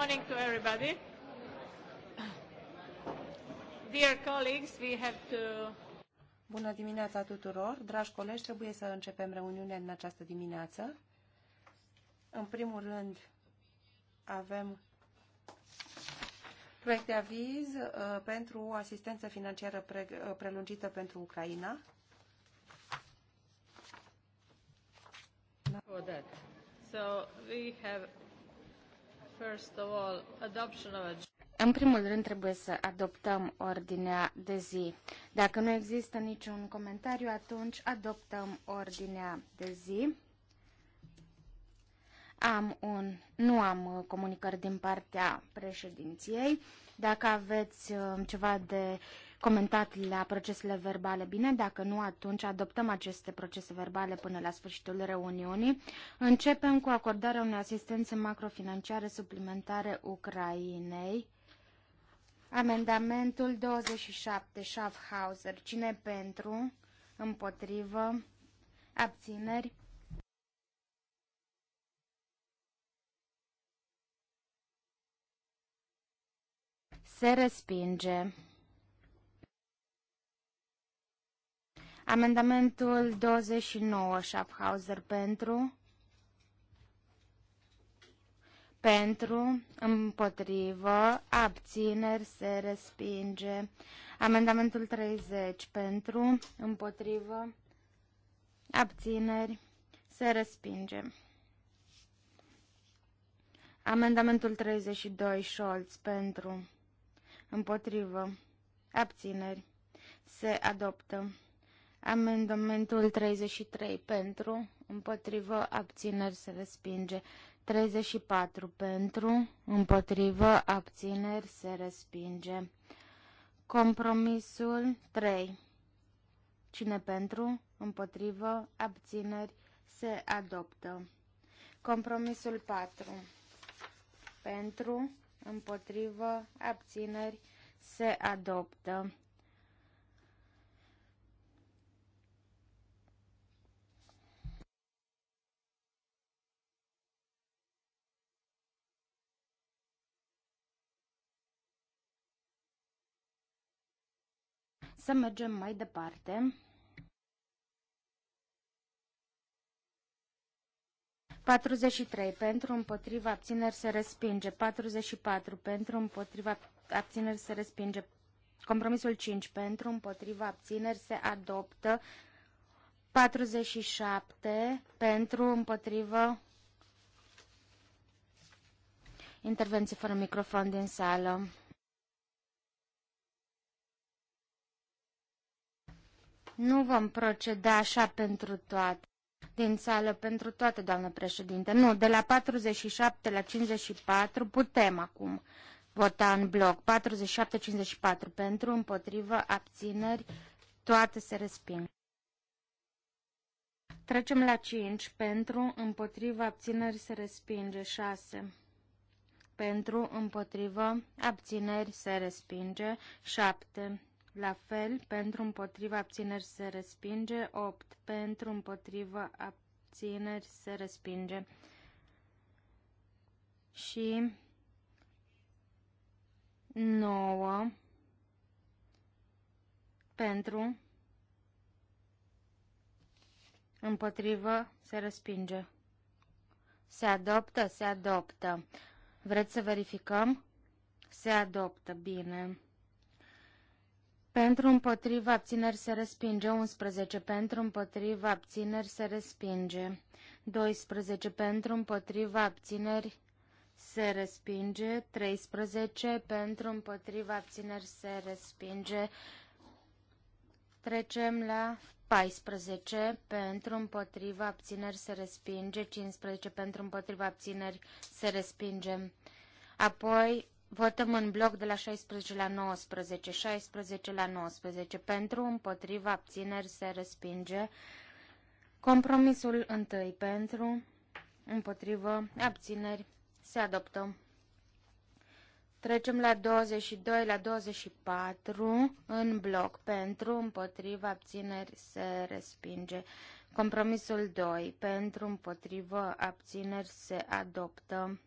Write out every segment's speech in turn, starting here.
morning to everybody. Dear colleagues, we have to... Bună dimineața tuturor! Dragi colegi, trebuie să începem reuniunea în această dimineață. În primul rând, avem proiect de aviz uh, pentru asistență financiară pre, uh, prelungită pentru Ucraina. So we have în primul rând trebuie să adoptăm ordinea de zi. Dacă nu există niciun comentariu, atunci adoptăm ordinea de zi. Am un, nu am uh, comunicări din partea președinției. Dacă aveți uh, ceva de uh, comentat la procesele verbale bine, dacă nu, atunci adoptăm aceste procese verbale până la sfârșitul reuniunii. Începem cu acordarea unei asistențe macrofinanciare suplimentare Ucrainei. Amendamentul 27, Schaffhauser. Cine pentru? Împotrivă? Abțineri? Se respinge. Amendamentul 29, Schaffhauser, pentru, pentru, împotrivă, abțineri, se respinge. Amendamentul 30, pentru, împotrivă, abțineri, se respinge. Amendamentul 32, Scholz, pentru, împotrivă, abțineri, se adoptă. Amendamentul 33 pentru, împotrivă, abțineri se respinge. 34 pentru, împotrivă, abțineri se respinge. Compromisul 3. Cine pentru, împotrivă, abțineri se adoptă. Compromisul 4. Pentru, împotrivă, abțineri se adoptă. Să mergem mai departe. 43 pentru împotriva abțineri se respinge. 44 pentru împotriva abțineri se respinge. Compromisul 5 pentru împotriva abțineri se adoptă. 47 pentru împotriva intervenție fără microfon din sală. Nu vom proceda așa pentru toate. Din sală pentru toate, doamnă președinte. Nu, de la 47 la 54 putem acum vota în bloc. 47-54 pentru, împotrivă, abțineri, toate se resping. Trecem la 5. Pentru, împotrivă, abțineri se respinge. 6. Pentru, împotrivă, abțineri se respinge. 7. La fel, pentru împotriva abțineri se respinge. 8. Pentru împotriva abțineri se respinge. Și 9. Pentru împotrivă se respinge. Se adoptă, se adoptă. Vreți să verificăm? Se adoptă, bine pentru împotriva abțineri se respinge, 11 pentru împotriva abțineri se respinge, 12 pentru împotriva abțineri se respinge, 13 pentru împotriva abțineri se respinge. Trecem la 14 pentru împotriva abțineri se respinge, 15 pentru împotriva abțineri se respinge. Apoi Votăm în bloc de la 16 la 19, 16 la 19. Pentru, împotriva, abțineri se respinge. Compromisul întâi pentru, împotrivă, abțineri se adoptă. Trecem la 22, la 24, în bloc pentru, împotriva, abțineri se respinge. Compromisul 2, pentru, împotrivă, abțineri se adoptă.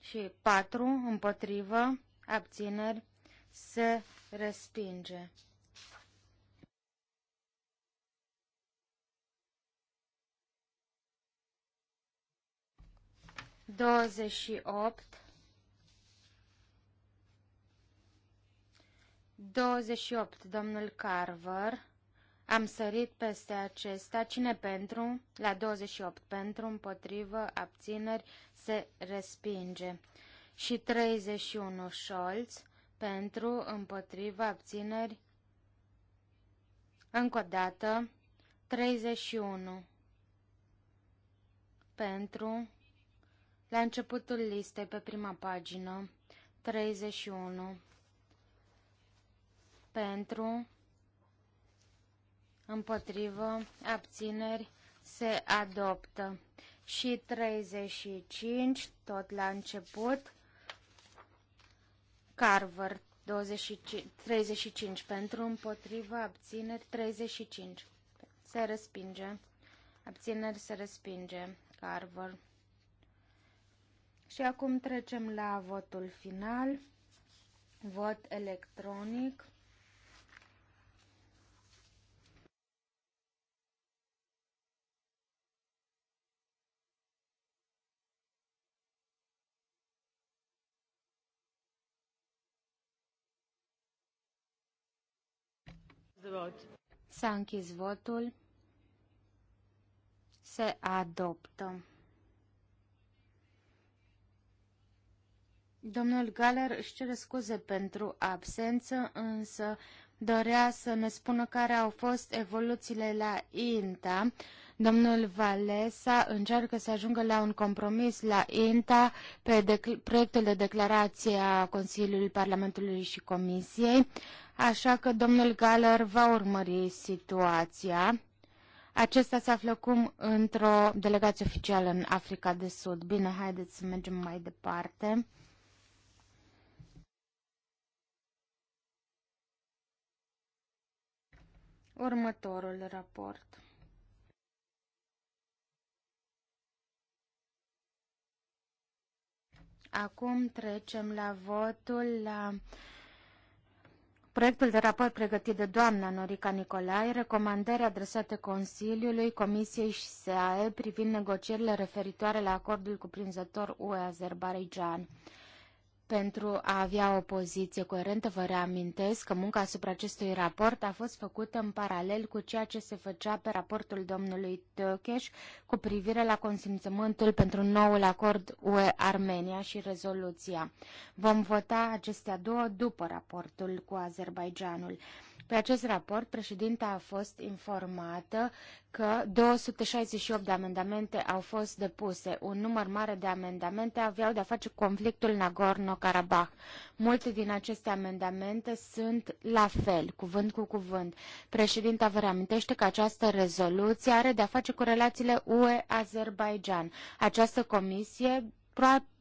și 4 împotrivă, abțineri, se respinge. Douăzeci și opt, douăzeci și opt, domnul Carver. Am sărit peste acesta. Cine pentru? La 28 pentru, împotrivă, abțineri, se respinge. Și 31 Scholz, pentru, împotrivă, abțineri. Încă o dată, 31 pentru, la începutul listei, pe prima pagină, 31 pentru, împotrivă, abțineri, se adoptă. Și 35, tot la început, Carver, 25, 35 pentru, împotrivă, abțineri, 35. Se respinge. Abțineri se respinge. Carver. Și acum trecem la votul final. Vot electronic. S-a închis votul. Se adoptă. Domnul Galer își cere scuze pentru absență, însă dorea să ne spună care au fost evoluțiile la INTA. Domnul Valesa încearcă să ajungă la un compromis la INTA pe proiectul de declarație a Consiliului Parlamentului și Comisiei așa că domnul Galler va urmări situația. Acesta se află acum într-o delegație oficială în Africa de Sud. Bine, haideți să mergem mai departe. Următorul raport. Acum trecem la votul la Proiectul de raport pregătit de doamna Norica Nicolae, recomandări adresate Consiliului, Comisiei și SAE privind negocierile referitoare la acordul cuprinzător UE-Azerbaidjan. Pentru a avea o poziție coerentă, vă reamintesc că munca asupra acestui raport a fost făcută în paralel cu ceea ce se făcea pe raportul domnului Tökeș cu privire la consimțământul pentru noul acord UE-Armenia și rezoluția. Vom vota acestea două după raportul cu Azerbaijanul. Pe acest raport, președinta a fost informată că 268 de amendamente au fost depuse. Un număr mare de amendamente aveau de-a face conflictul Nagorno-Karabakh. Multe din aceste amendamente sunt la fel, cuvânt cu cuvânt. Președinta vă reamintește că această rezoluție are de-a face cu relațiile UE-Azerbaijan. Această comisie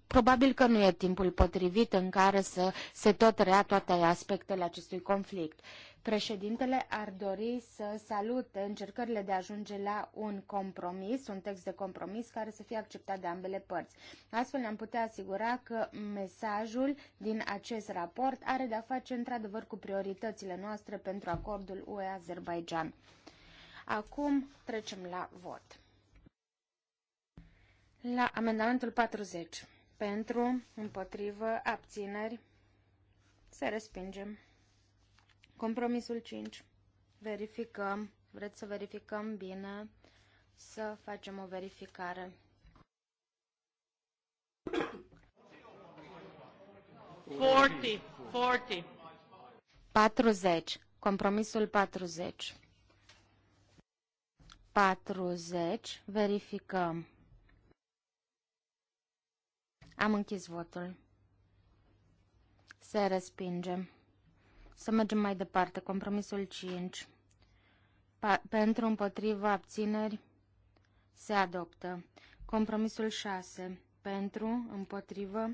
Probabil că nu e timpul potrivit în care să se tot rea toate aspectele acestui conflict. Președintele ar dori să salute încercările de a ajunge la un compromis, un text de compromis care să fie acceptat de ambele părți. Astfel ne-am putea asigura că mesajul din acest raport are de-a face într-adevăr cu prioritățile noastre pentru acordul UE-Azerbaijan. Acum trecem la vot. La amendamentul 40. Pentru, împotrivă, abțineri, se respingem. Compromisul 5. Verificăm. Vreți să verificăm bine? Să facem o verificare. Forty. Forty. 40. Compromisul 40. 40. Verificăm. Am închis votul. Se respingem. Să mergem mai departe. Compromisul 5. Pa pentru împotriva abțineri se adoptă. Compromisul 6. Pentru împotrivă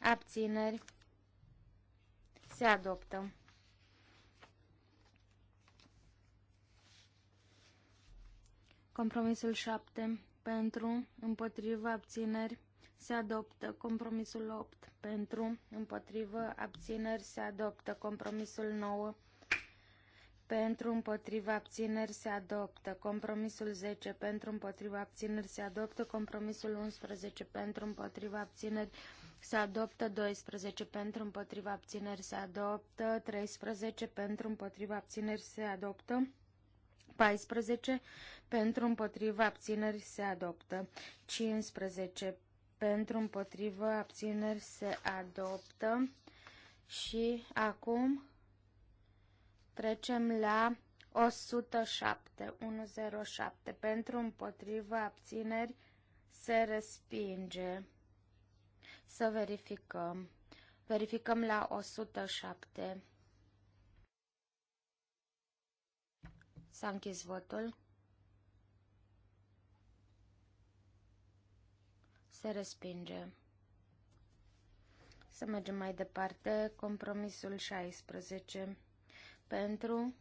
abțineri se adoptă. Compromisul 7. Pentru împotriva abțineri se adoptă. Compromisul 8 pentru, împotrivă, abțineri se adoptă. Compromisul 9 pentru, împotriva abțineri se adoptă. Compromisul 10 pentru, împotriva abțineri se adoptă. Compromisul 11 pentru, împotriva abțineri se adoptă. 12 pentru, împotriva abțineri se adoptă. 13 pentru, împotriva abțineri se adoptă. 14 pentru, împotriva abțineri se adoptă. 15 pentru împotrivă abțineri se adoptă și acum trecem la 107, 107 pentru împotrivă abțineri se respinge. Să verificăm. Verificăm la 107. S-a închis votul. Se respinge. Să mergem mai departe. Compromisul 16. Pentru.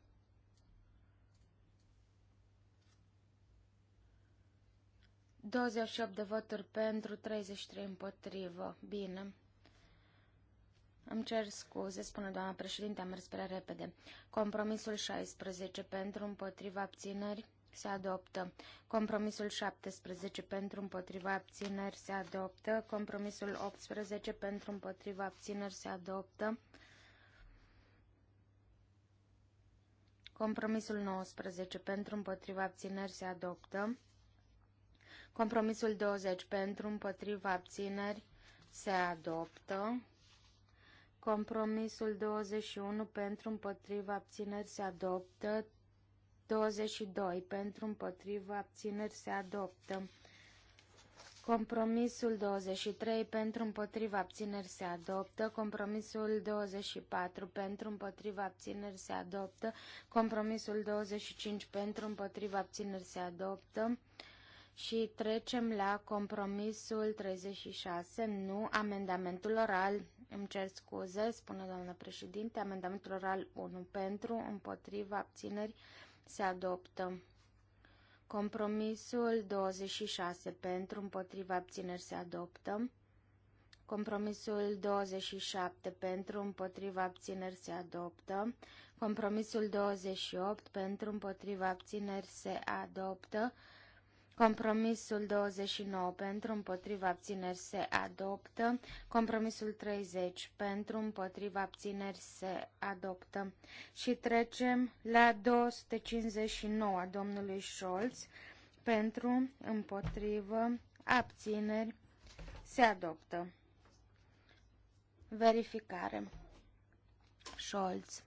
...28 de voturi pentru, 33 împotrivă. Bine. Îmi cer scuze, spune doamna președinte, am mers prea repede. Compromisul 16 pentru, împotriva abțineri, se adoptă. Compromisul 17 pentru împotriva abțineri se adoptă. Compromisul 18 pentru împotriva abțineri se adoptă. Compromisul 19 pentru împotriva abțineri se adoptă. Compromisul 20 pentru împotriva abțineri se adoptă. Compromisul 21 pentru împotriva abțineri se adoptă. 22 pentru împotrivă abțineri se adoptă. Compromisul 23 pentru împotriva abțineri se adoptă. Compromisul 24 pentru împotriva abțineri se adoptă. Compromisul 25 pentru împotriva abțineri se adoptă. Și trecem la compromisul 36, nu amendamentul oral. Îmi cer scuze, spune doamna președinte, amendamentul oral 1 pentru, împotriva, abțineri, se adoptă. Compromisul 26 pentru, împotriva abțineri se adoptă. Compromisul 27 pentru împotriva abțineri se adoptă. Compromisul 28 pentru împotriva abțineri se adoptă. Compromisul 29 pentru împotriva abțineri se adoptă. Compromisul 30 pentru împotriva abțineri se adoptă. Și trecem la 259 a domnului Scholz pentru împotrivă abțineri se adoptă. Verificare. Scholz.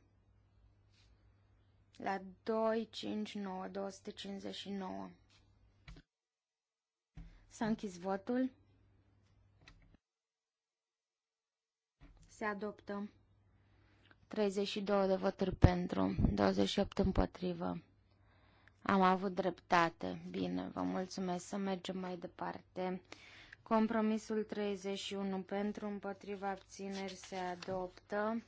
La 259, 259. S-a închis votul. Se adoptă. 32 de voturi pentru, 28 împotrivă. Am avut dreptate. Bine, vă mulțumesc să mergem mai departe. Compromisul 31 pentru, împotriva abțineri se adoptă.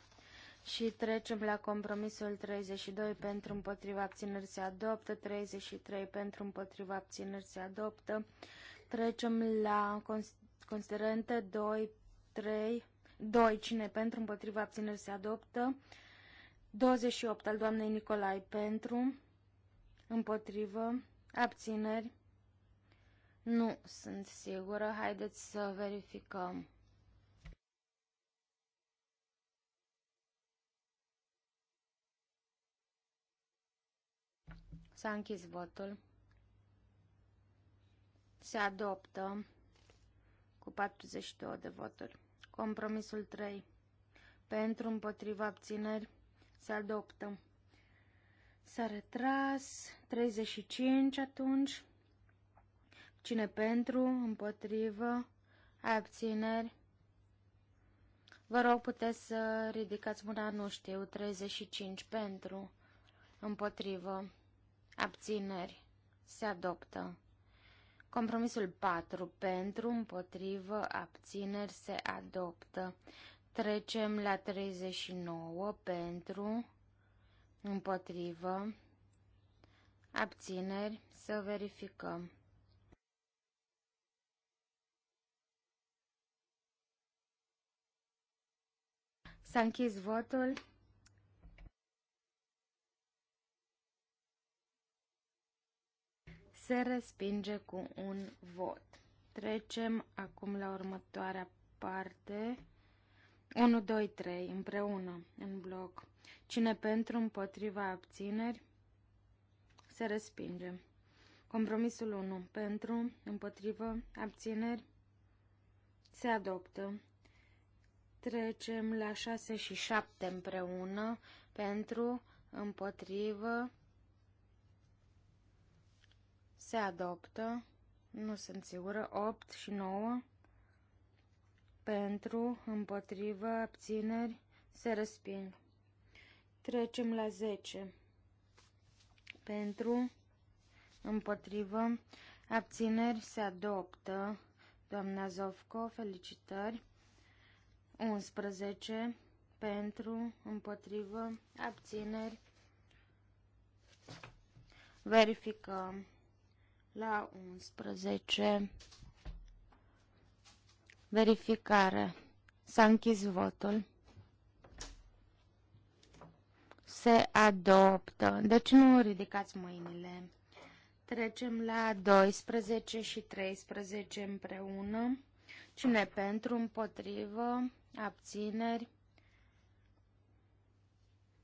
Și trecem la compromisul 32 pentru împotriva abțineri se adoptă, 33 pentru împotriva abțineri se adoptă, Trecem la considerente 2, 3, 2, cine pentru, împotriva abțineri se adoptă. 28 al doamnei Nicolai pentru, împotrivă, abțineri. Nu sunt sigură, haideți să verificăm. S-a închis votul. Se adoptă cu 42 de voturi. Compromisul 3. Pentru împotriva abțineri se adoptă. S-a retras 35 atunci. Cine pentru, împotrivă, abțineri. Vă rog, puteți să ridicați mâna, nu știu, 35 pentru, împotrivă, abțineri. Se adoptă. Compromisul 4 pentru, împotrivă, abțineri se adoptă. Trecem la 39 pentru, împotrivă, abțineri, să verificăm. S-a închis votul. se respinge cu un vot. Trecem acum la următoarea parte. 1, 2, 3, împreună, în bloc. Cine pentru, împotriva, abțineri, se respinge. Compromisul 1. Pentru, împotrivă, abțineri, se adoptă. Trecem la 6 și 7 împreună, pentru, împotrivă, se adoptă, nu sunt sigură, 8 și 9. Pentru, împotrivă, abțineri, se resping. Trecem la 10. Pentru, împotrivă, abțineri, se adoptă. Doamna Zovco, felicitări. 11. Pentru, împotrivă, abțineri. Verificăm. La 11. Verificare. S-a închis votul. Se adoptă. Deci nu ridicați mâinile. Trecem la 12 și 13 împreună. Cine pentru, împotrivă, abțineri.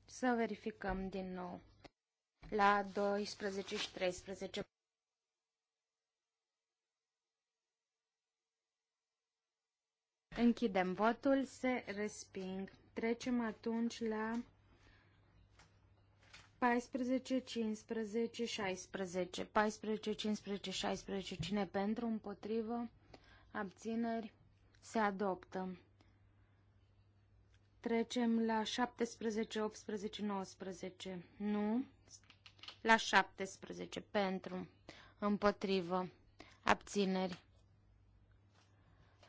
Să verificăm din nou. La 12 și 13. Închidem votul, se resping. Trecem atunci la 14, 15, 16. 14, 15, 16. Cine pentru, împotrivă, abțineri, se adoptă. Trecem la 17, 18, 19. Nu. La 17. Pentru. Împotrivă. Abțineri.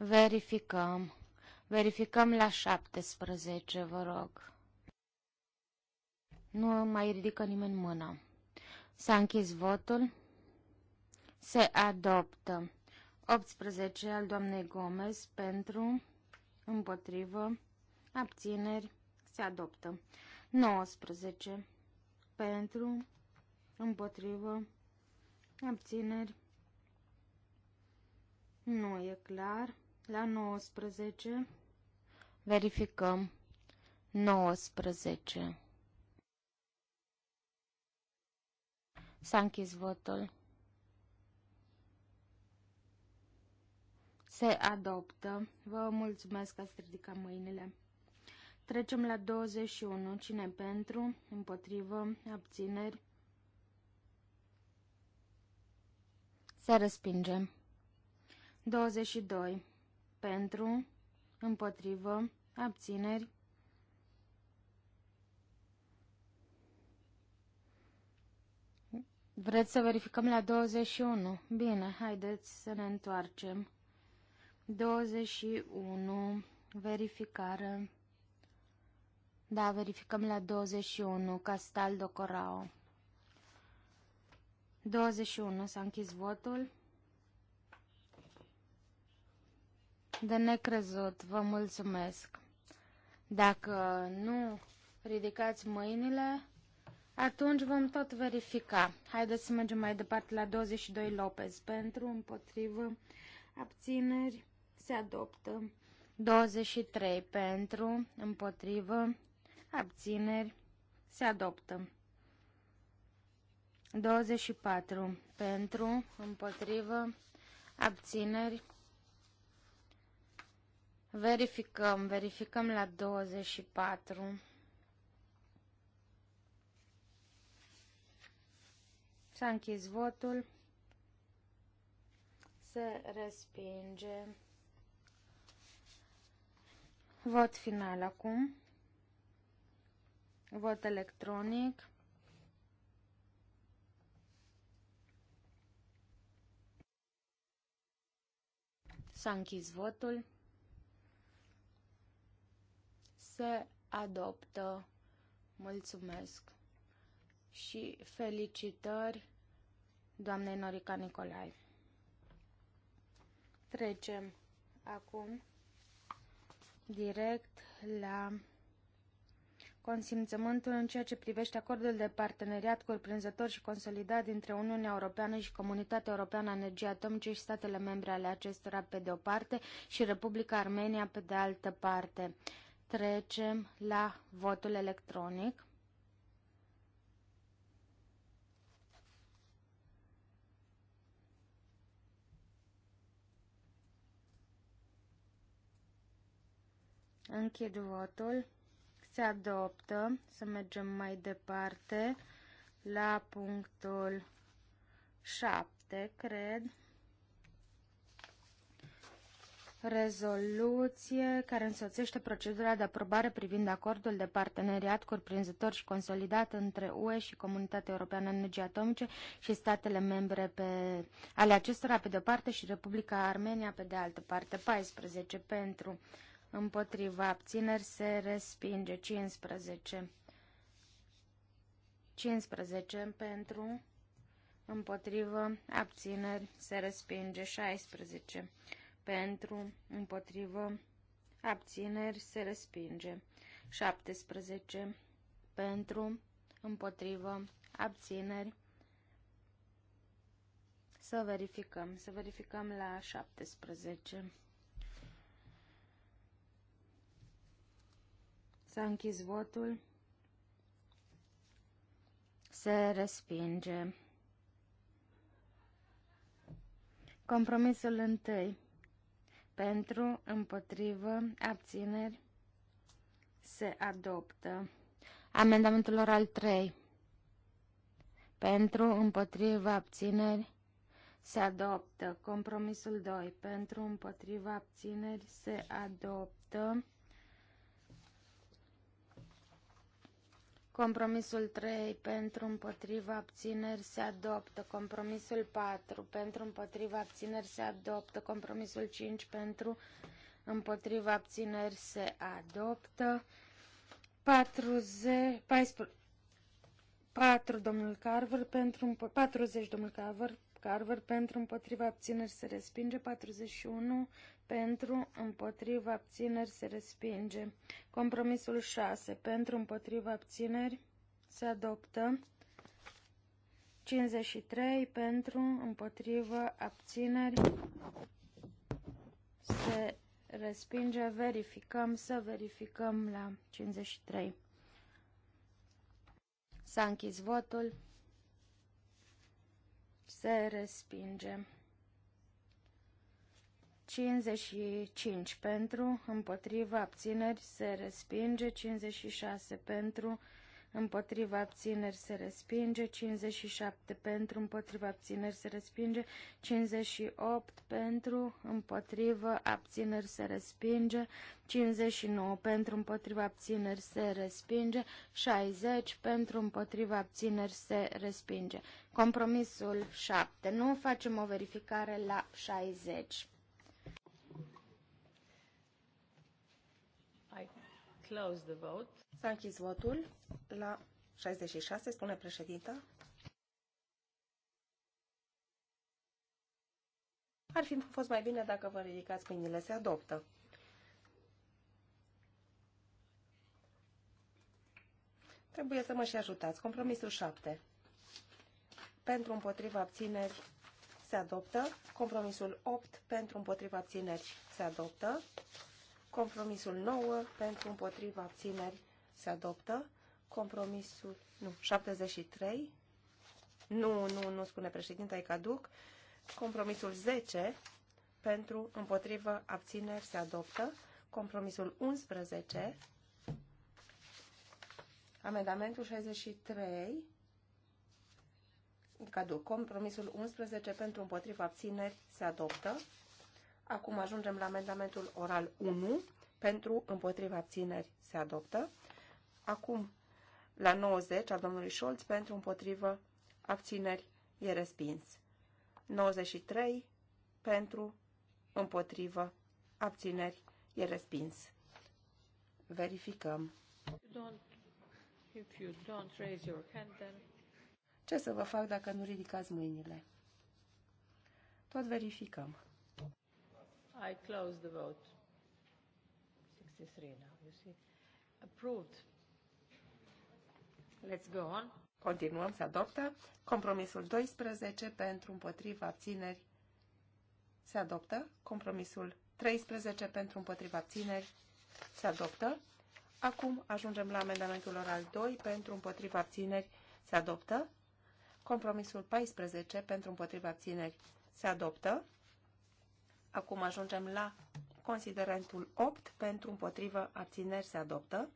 Verificăm. Verificăm la 17, vă rog. Nu mai ridică nimeni mâna. S-a închis votul. Se adoptă. 18 al doamnei Gomez pentru, împotrivă, abțineri, se adoptă. 19 pentru, împotrivă, abțineri, nu e clar. La 19. Verificăm. 19. S-a închis votul. Se adoptă. Vă mulțumesc că ați ridicat mâinile. Trecem la 21. Cine pentru? Împotrivă? Abțineri? Se respinge. 22 pentru, împotrivă, abțineri. Vreți să verificăm la 21? Bine, haideți să ne întoarcem. 21, verificare. Da, verificăm la 21, Castaldo Corao. 21, s-a închis votul. de necrezut. Vă mulțumesc. Dacă nu ridicați mâinile, atunci vom tot verifica. Haideți să mergem mai departe la 22 Lopez. Pentru, împotrivă, abțineri, se adoptă. 23 pentru, împotrivă, abțineri, se adoptă. 24 pentru, împotrivă, abțineri, Verificăm, verificăm la 24. S-a închis votul. Se respinge. Vot final acum. Vot electronic. S-a închis votul se adoptă. Mulțumesc și felicitări doamnei Norica Nicolai. Trecem acum direct la consimțământul în ceea ce privește acordul de parteneriat cuprinzător și consolidat dintre Uniunea Europeană și Comunitatea Europeană a Energiei Atomice și statele membre ale acestora pe de o parte și Republica Armenia pe de altă parte. Trecem la votul electronic. Închid votul. Se adoptă. Să mergem mai departe la punctul 7, cred rezoluție care însoțește procedura de aprobare privind acordul de parteneriat cuprinzător și consolidat între UE și Comunitatea Europeană a Energiei Atomice și statele membre pe, ale acestora pe de o parte și Republica Armenia pe de altă parte. 14 pentru, împotriva, abțineri se respinge. 15. 15 pentru, împotrivă, abțineri se respinge. 16 pentru, împotrivă, abțineri se respinge. 17 pentru, împotrivă, abțineri. Să verificăm, să verificăm la 17. S-a închis votul. Se respinge. Compromisul întâi pentru, împotrivă, abțineri, se adoptă. Amendamentul oral 3. Pentru, împotrivă, abțineri, se adoptă. Compromisul 2. Pentru, împotrivă, abțineri, se adoptă. Compromisul 3 pentru împotriva abțineri se adoptă. Compromisul 4 pentru împotriva abțineri se adoptă. Compromisul 5 pentru împotriva abțineri se adoptă. 40, 14, 4 domnul Carver pentru 40 domnul Carver Carver pentru împotriva abțineri se respinge 41 pentru, împotriva, abțineri, se respinge. Compromisul 6, pentru, împotriva, abțineri, se adoptă. 53, pentru, împotriva, abțineri, se respinge. Verificăm, să verificăm la 53. S-a închis votul. Se respinge. 55 pentru, împotriva abțineri se respinge, 56 pentru, împotriva abțineri se respinge, 57 pentru, împotriva abțineri se respinge, 58 pentru, împotriva abțineri se respinge, 59 pentru, împotriva abțineri se respinge, 60 pentru, împotriva abțineri se respinge. Compromisul 7. Nu facem o verificare la 60. close the vote. S-a închis votul la 66, spune președinta. Ar fi fost mai bine dacă vă ridicați mâinile, se adoptă. Trebuie să mă și ajutați. Compromisul 7. Pentru împotriva abțineri se adoptă. Compromisul 8. Pentru împotriva abțineri se adoptă. Compromisul 9 pentru împotriva abțineri se adoptă. Compromisul, nu, 73. Nu, nu, nu spune președinte ai caduc. Compromisul 10 pentru împotriva abțineri se adoptă. Compromisul 11. Amendamentul 63 caduc. Compromisul 11 pentru împotriva abțineri se adoptă. Acum ajungem la amendamentul oral 1. Pentru, împotriva abțineri se adoptă. Acum la 90 al domnului Scholz pentru, împotrivă abțineri e respins. 93 pentru, împotrivă abțineri e respins. Verificăm. Ce să vă fac dacă nu ridicați mâinile? Tot verificăm. I close the vote. 63 now, you see. Approved. Let's go on. Continuăm, să adoptă. Compromisul 12 pentru împotriva abțineri se adoptă. Compromisul 13 pentru împotriva abțineri se adoptă. Acum ajungem la amendamentul oral 2 pentru împotriva abțineri se adoptă. Compromisul 14 pentru împotriva abțineri se adoptă. Acum ajungem la considerentul 8 pentru împotrivă abțineri se adoptă.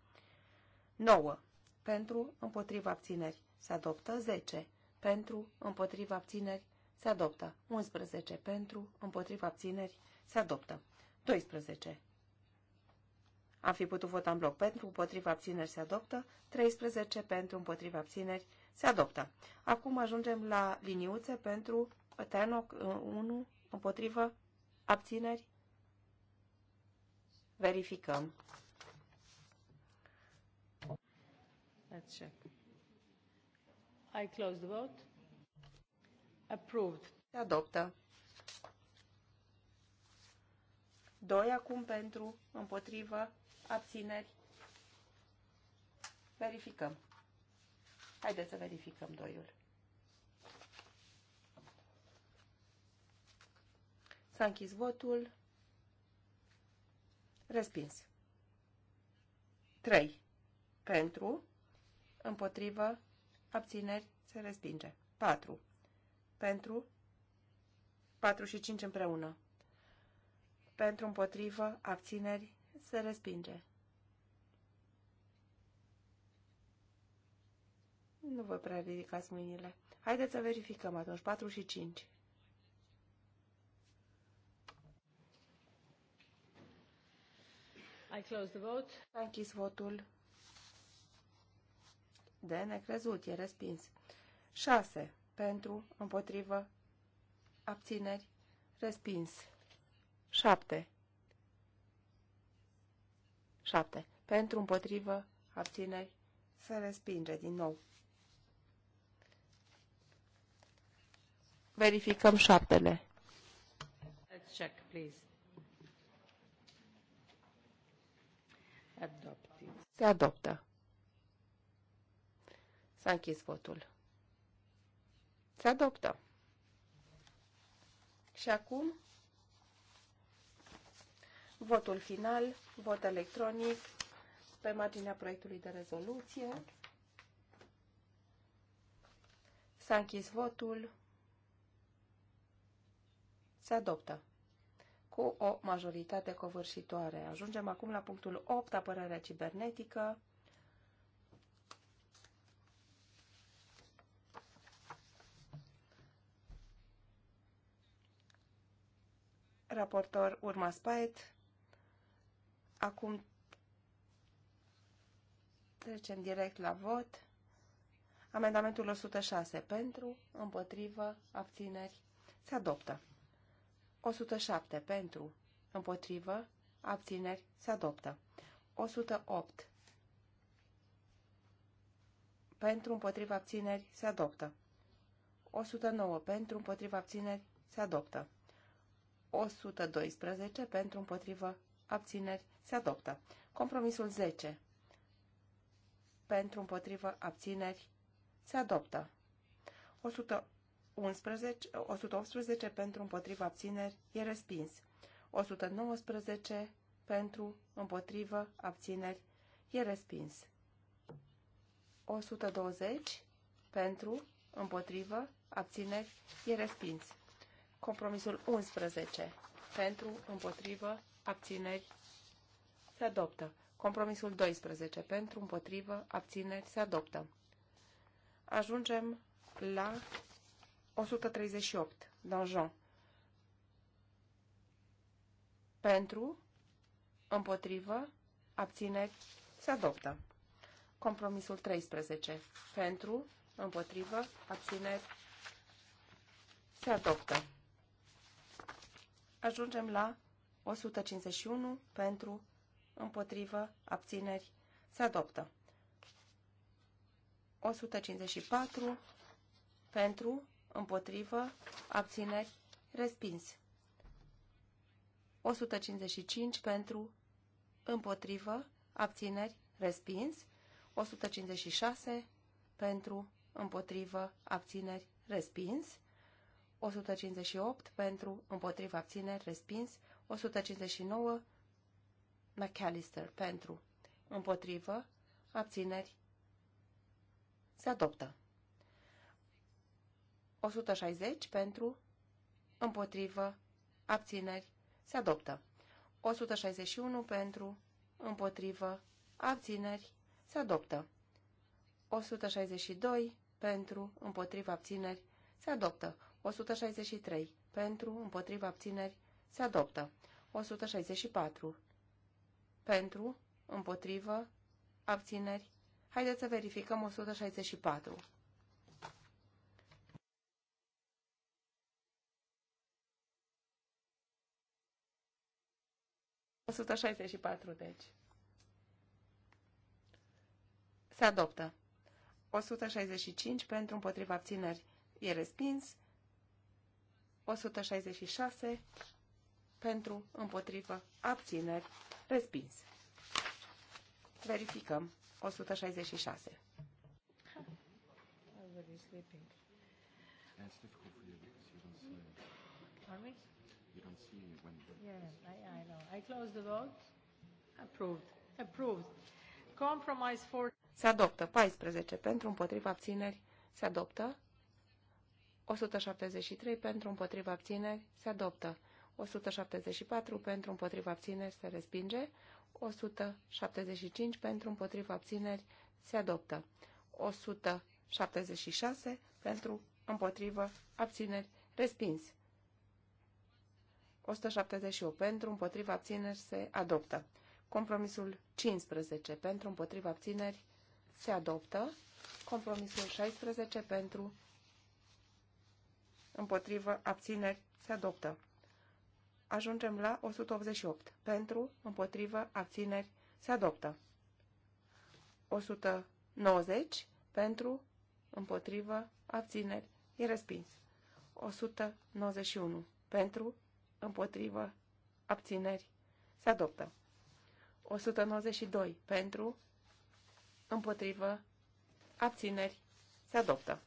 9 pentru împotrivă abțineri se adoptă. 10 pentru împotrivă abțineri se adoptă. 11 pentru împotrivă abțineri se adoptă. 12 am fi putut vota în bloc pentru, împotriva abțineri se adoptă, 13 pentru, împotriva abțineri se adoptă. Acum ajungem la liniuțe pentru Tenoc 1, împotriva Abțineri? Verificăm. Let's check. I close the vote. Approved. Se adoptă. Doi acum pentru, împotrivă, abțineri. Verificăm. Haideți să verificăm doiul. S-a închis votul. Respins. 3. Pentru. Împotrivă. Abțineri. Se respinge. 4. Pentru. 4 și 5 împreună. Pentru împotrivă. Abțineri. Se respinge. Nu vă prea ridicați mâinile. Haideți să verificăm atunci. 4 și 5. I close the vote. A închis votul. De necrezut, e respins. 6. Pentru, împotrivă, abțineri, respins. 7. 7. Pentru, împotrivă, abțineri, se respinge din nou. Verificăm șaptele. Let's check, please. Se adoptă. S-a închis votul. Se adoptă. Și acum, votul final, vot electronic, pe marginea proiectului de rezoluție. S-a închis votul. Se adoptă cu o majoritate covârșitoare. Ajungem acum la punctul 8, apărarea cibernetică. Raportor Urma Spaet. Acum trecem direct la vot. Amendamentul 106 pentru, împotrivă, abțineri, se adoptă. 107 pentru, împotrivă, abțineri, se adoptă. 108 pentru, Împotrivă. abțineri, se adoptă. 109 pentru, Împotrivă. abțineri, se adoptă. 112 pentru, Împotrivă. abțineri, se adoptă. Compromisul 10 pentru, Împotrivă. abțineri, se adoptă. 100 11, 118 pentru împotriva abțineri e respins. 119 pentru împotriva abțineri e respins. 120 pentru împotriva abțineri e respins. Compromisul 11 pentru împotriva abțineri se adoptă. Compromisul 12 pentru împotriva abțineri se adoptă. Ajungem la 138. Danjean. Pentru, împotrivă, abțineri, se adoptă. Compromisul 13. Pentru, împotrivă, abțineri, se adoptă. Ajungem la 151 pentru, împotrivă, abțineri, se adoptă. 154 pentru, împotrivă, abțineri, respins. 155 pentru, împotrivă, abțineri, respins. 156 pentru, împotrivă, abțineri, respins. 158 pentru, împotrivă, abțineri, respins. 159 McAllister pentru, împotrivă, abțineri, se adoptă. 160 pentru, împotrivă, abțineri, se adoptă. 161 pentru, împotrivă, abțineri, se adoptă. 162 pentru, împotrivă, abțineri, se adoptă. 163 pentru, împotrivă, abțineri, se adoptă. 164 pentru, împotrivă, abțineri. Haideți să verificăm 164. 164, deci. Se adoptă. 165 pentru împotriva abțineri e respins. 166 pentru împotriva abțineri respins. Verificăm. 166. Are we? you don't see when. Yeah, I, I know. I close the vote. Approved. Approved. Compromise for... Se adoptă 14 pentru împotriva abțineri. Se adoptă 173 pentru împotriva abțineri. Se adoptă 174 pentru împotriva abțineri. Se respinge 175 pentru împotriva abțineri. Se adoptă 176 pentru împotriva abțineri. Respins 178 pentru, împotriva abțineri se adoptă. Compromisul 15 pentru, împotriva abțineri se adoptă. Compromisul 16 pentru, împotriva abțineri se adoptă. Ajungem la 188 pentru, împotriva abțineri se adoptă. 190 pentru, împotriva abțineri, e respins. 191 pentru, împotrivă, abțineri, se adoptă. 192 pentru, împotrivă, abțineri, se adoptă.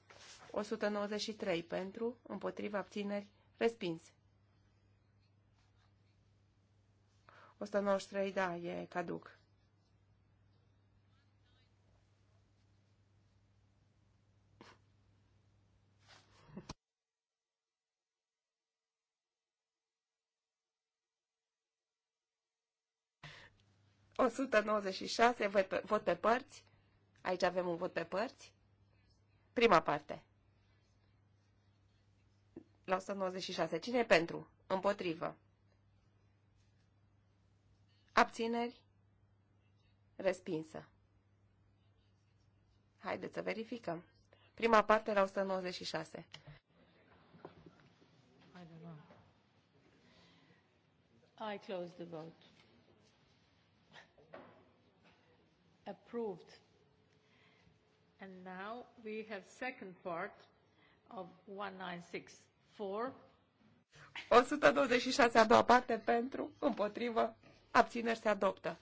193 pentru, împotrivă, abțineri, respins. 193, da, e caduc. 196, vot pe, vot pe părți. Aici avem un vot pe părți. Prima parte. La 196. Cine e pentru? Împotrivă. Abțineri? Respinsă. Haideți să verificăm. Prima parte la 196. I close the vote. approved. And now we have second part of 1964. 126 a doua parte pentru, împotrivă, abțineri se adoptă.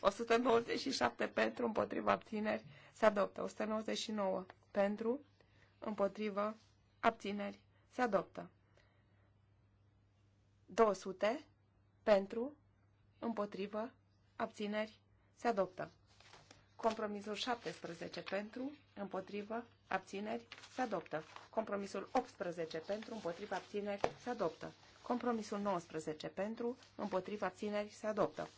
197 pentru, împotrivă, abțineri se adoptă. 199 pentru, împotrivă, abțineri se adoptă. 200 pentru, împotrivă, abțineri, se adoptă. Compromisul 17 pentru, împotrivă, abțineri, se adoptă. Compromisul 18 pentru, împotrivă, abțineri, se adoptă. Compromisul 19 pentru, împotrivă, abțineri, se adoptă.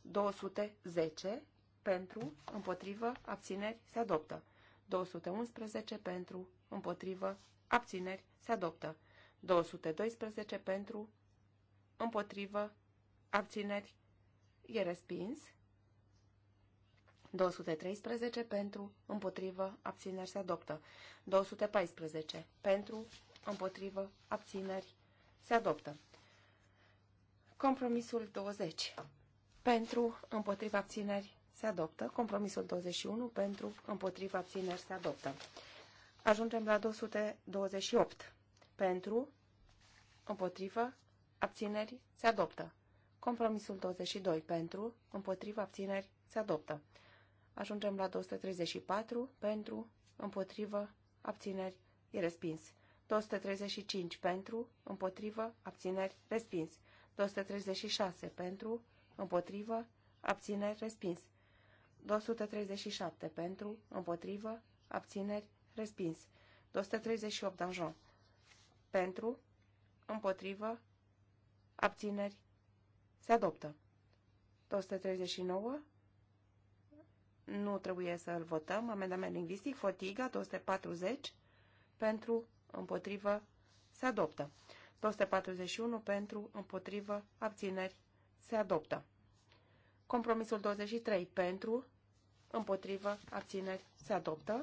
210 pentru, împotrivă, abțineri, se adoptă. 211 pentru, împotrivă, abțineri, se adoptă. 212 pentru, împotrivă, abțineri, E respins. 213 pentru, împotrivă, abțineri se adoptă. 214 pentru, împotrivă, abțineri se adoptă. Compromisul 20 pentru, împotriva abțineri se adoptă. Compromisul 21 pentru, împotriva abțineri se adoptă. Ajungem la 228 pentru, împotrivă, abțineri se adoptă. Compromisul 22 pentru, împotriva abțineri, se adoptă. Ajungem la 234 pentru, împotrivă, abțineri, e respins. 235 pentru, împotrivă, abțineri, respins. 236 pentru, împotrivă, abțineri, respins. 237 pentru, împotrivă, abțineri, respins. 238 Danjon. Pentru, împotrivă, abțineri, se adoptă. 239. Nu trebuie să-l votăm. Amendament lingvistic. Fotiga. 240. Pentru, împotrivă, se adoptă. 241 pentru, împotrivă, abțineri, se adoptă. Compromisul 23 pentru, împotrivă, abțineri, se adoptă.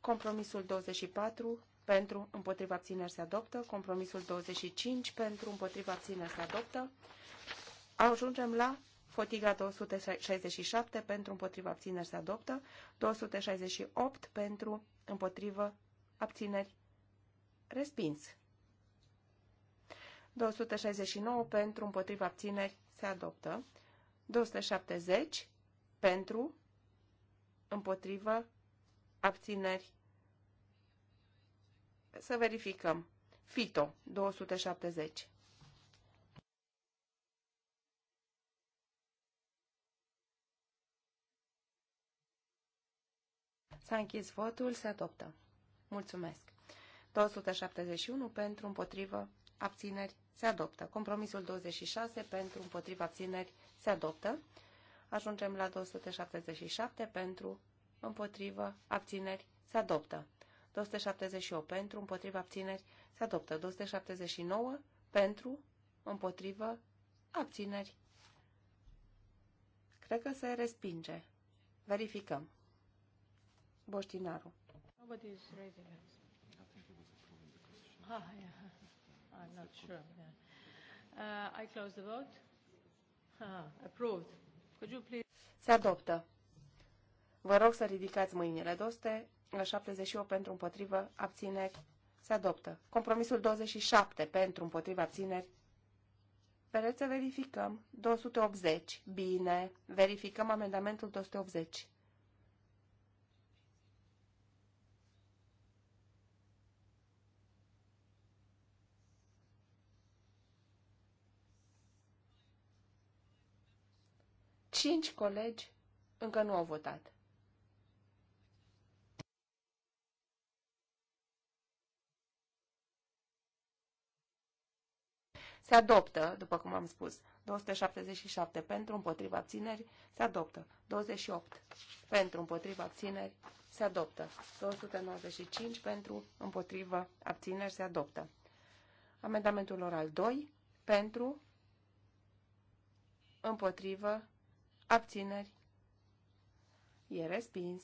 Compromisul 24 pentru, împotrivă, abțineri, se adoptă. Compromisul 25 pentru, împotrivă, abțineri, se adoptă. Ajungem la Fotiga 267 pentru împotriva abțineri se adoptă, 268 pentru împotrivă abțineri respins. 269 pentru împotriva abțineri se adoptă, 270 pentru împotrivă abțineri. Să verificăm. FITO 270. S-a închis votul, se adoptă. Mulțumesc. 271 pentru, împotrivă, abțineri, se adoptă. Compromisul 26 pentru, împotrivă, abțineri, se adoptă. Ajungem la 277 pentru, împotrivă, abțineri, se adoptă. 278 pentru, împotrivă, abțineri, se adoptă. 279 pentru, împotrivă, abțineri. Cred că se respinge. Verificăm. Boștinaru. raising it. Ah, yeah. I'm not sure. Yeah. Uh, I close the vote. Ah, approved. Could you please... Se adoptă. Vă rog să ridicați mâinile. 78 pentru împotrivă, abțineri, se adoptă. Compromisul 27 pentru împotrivă, abțineri. Vedeți să verificăm. 280. Bine. Verificăm amendamentul 280. Cinci colegi încă nu au votat. Se adoptă, după cum am spus, 277 pentru, împotriva abțineri, se adoptă. 28 pentru, împotriva abțineri, se adoptă. 295 pentru, împotriva abțineri, se adoptă. Amendamentul oral 2 pentru, împotrivă, Abțineri. E respins.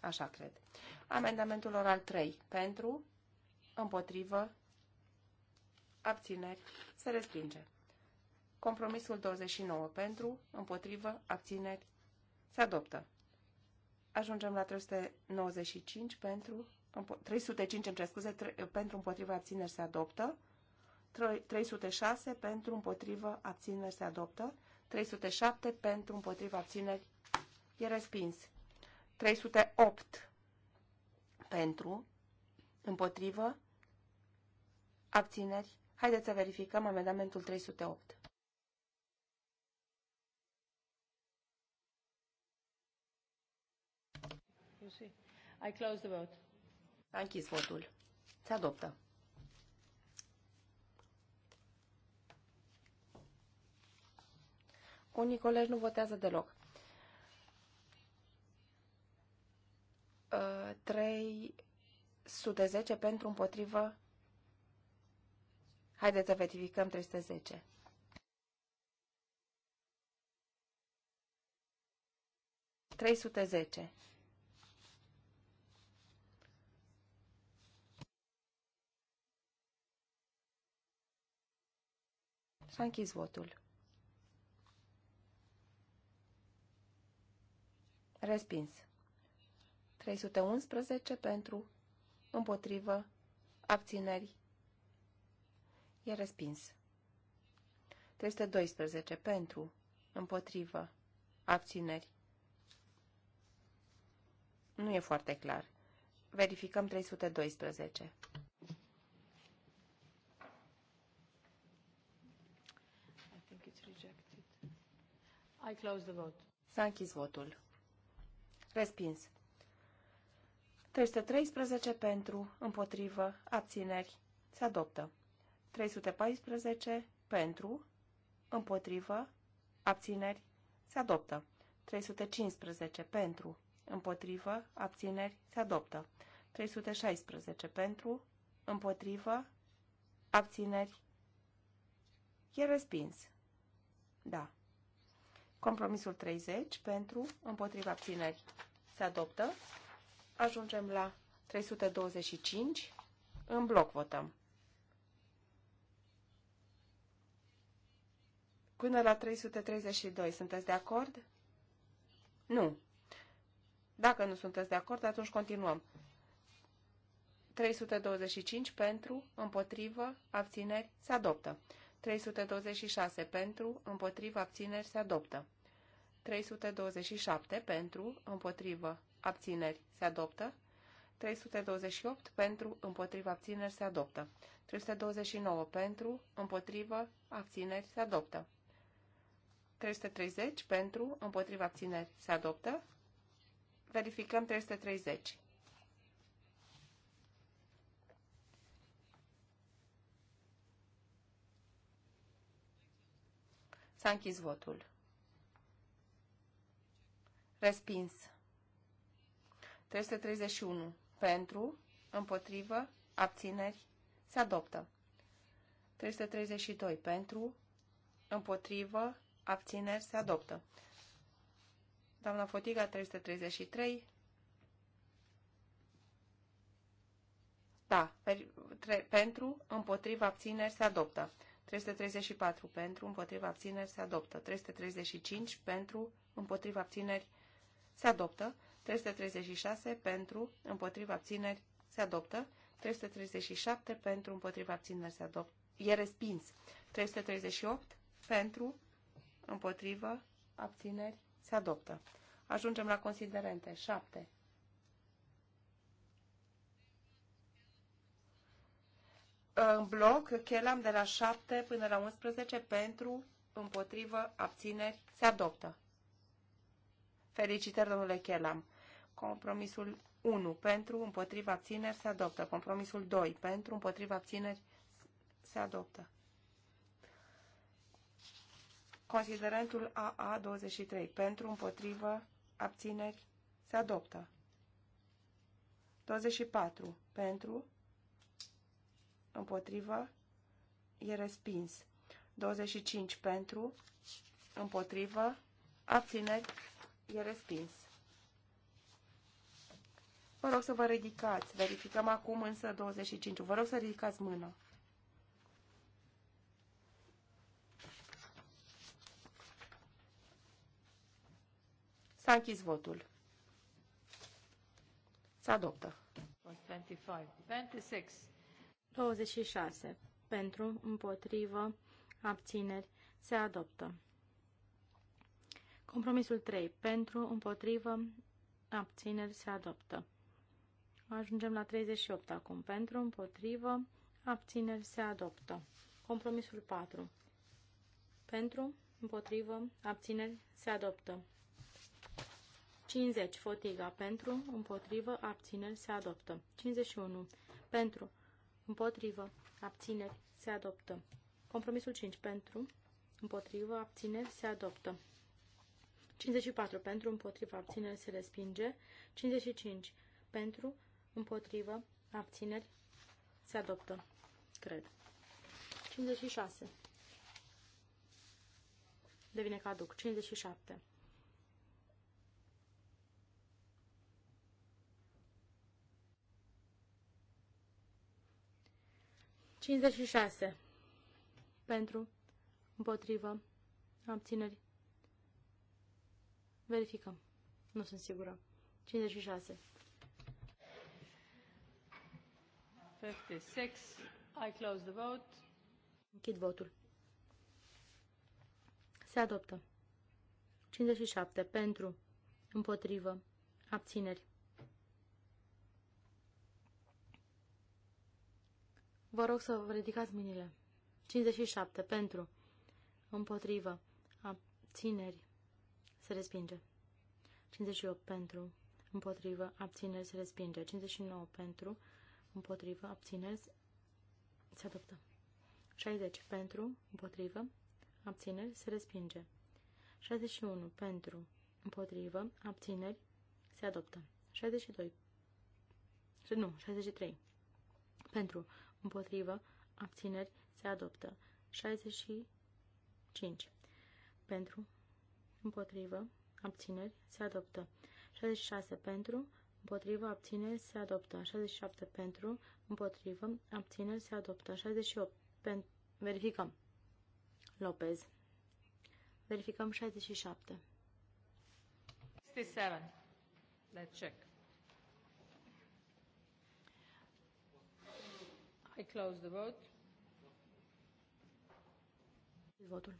Așa cred. Amendamentul oral 3. Pentru, împotrivă, abțineri, se respinge. Compromisul 29. Pentru, împotrivă, abțineri, se adoptă. Ajungem la 395 pentru, 305, îmi scuze, pentru împotriva abțineri se adoptă. 306 pentru împotrivă abțineri se adoptă. 307 pentru împotrivă abțineri e respins. 308 pentru împotrivă abțineri. Haideți să verificăm amendamentul 308. You see. I close the vote. închis votul. Se adoptă. unii colegi nu votează deloc. 310 uh, pentru împotrivă. Haideți să verificăm 310. Trei sute zece. S-a închis votul. Respins. 311 pentru, împotrivă, abțineri. E respins. 312 pentru, împotrivă, abțineri. Nu e foarte clar. Verificăm 312. I close the vote. S-a închis votul. Respins. 313 pentru, împotrivă, abțineri, se adoptă. 314 pentru, împotrivă, abțineri, se adoptă. 315 pentru, împotrivă, abțineri, se adoptă. 316 pentru, împotrivă, abțineri, e respins. Da. Compromisul 30 pentru, împotriva abțineri, se adoptă. Ajungem la 325. În bloc votăm. Până la 332. Sunteți de acord? Nu. Dacă nu sunteți de acord, atunci continuăm. 325 pentru, împotrivă, abțineri, se adoptă. 326 pentru, împotrivă, abțineri, se adoptă. 327 pentru, împotrivă, abțineri se adoptă. 328 pentru, împotrivă, abțineri se adoptă. 329 pentru, împotrivă, abțineri se adoptă. 330 pentru, împotriva abțineri se adoptă. Verificăm 330. S-a închis votul. Respins. 331. Pentru, împotrivă, abțineri, se adoptă. 332. Pentru, împotrivă, abțineri, se adoptă. Doamna Fotiga, 333. Da, per, tre, pentru, împotriva, abțineri, se adoptă. 334 pentru, împotriva abțineri se adoptă. 335 pentru, împotriva abțineri se adoptă. 336 pentru, împotriva abțineri, se adoptă. 337 pentru, împotriva abțineri, se adoptă. E respins. 338 pentru, împotriva abțineri, se adoptă. Ajungem la considerente. 7. În bloc, chelam de la 7 până la 11 pentru, împotrivă, abțineri, se adoptă. Felicitări, domnule Chelam. Compromisul 1 pentru, împotriva abțineri se adoptă. Compromisul 2 pentru, împotriva abțineri se adoptă. Considerentul AA23 pentru, împotriva abțineri se adoptă. 24 pentru, împotriva e respins. 25 pentru, împotriva abțineri, E respins. Vă rog să vă ridicați. Verificăm acum însă 25. Vă rog să ridicați mâna. S-a închis votul. Se adoptă. 25. 26. 26. Pentru, împotrivă, abțineri, se adoptă. Compromisul 3. Pentru, împotrivă, abțineri se adoptă. Ajungem la 38 acum. Pentru, împotrivă, abțineri se adoptă. Compromisul 4. Pentru, împotrivă, abțineri se adoptă. 50. Fotiga. Pentru, împotrivă, abțineri se adoptă. 51. Pentru, împotrivă, abțineri se adoptă. Compromisul 5. Pentru, împotrivă, abțineri se adoptă. 54 pentru, împotriva, abțineri, se respinge. 55 pentru, împotriva, abțineri, se adoptă, cred. 56 devine caduc. 57 Cincizeci și șase. pentru, împotrivă, abțineri, Verificăm. Nu sunt sigură. 56. 56. I close the vote. Închid votul. Se adoptă. 57. Pentru. Împotrivă. Abțineri. Vă rog să vă ridicați mâinile. 57. Pentru. Împotrivă. Abțineri se respinge. 58 pentru, împotrivă, abțineri, se respinge. 59 pentru, împotrivă, abțineri, se adoptă. 60 pentru, împotrivă, abțineri, se respinge. 61 pentru, împotrivă, abțineri, se adoptă. 62 nu, 63 pentru, împotrivă, abțineri, se adoptă. 65 pentru, împotrivă, abțineri, se adoptă. 66 pentru, împotrivă, abțineri, se adoptă. 67 pentru, împotrivă, abțineri, se adoptă. 68 pentru, verificăm. Lopez. Verificăm 67. 67. Let's check. I close the vote. Votul.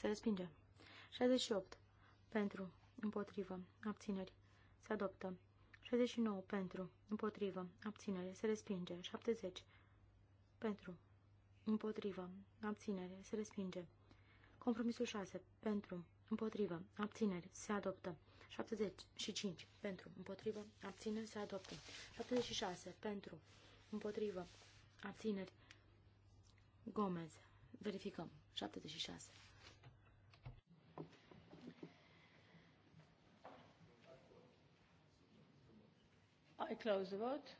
Se respinge. 68. Pentru. Împotrivă. Abțineri. Se adoptă. 69. Pentru. Împotrivă. Abținere. Se respinge. 70. Pentru. Împotrivă. Abținere. Se respinge. Compromisul 6. Pentru. Împotrivă. Abțineri. Se adoptă. 75. Pentru. Împotrivă. Abțineri. Se adoptă. 76. Pentru. Împotrivă. Abțineri. Gomez. Verificăm. 76. I close the vote.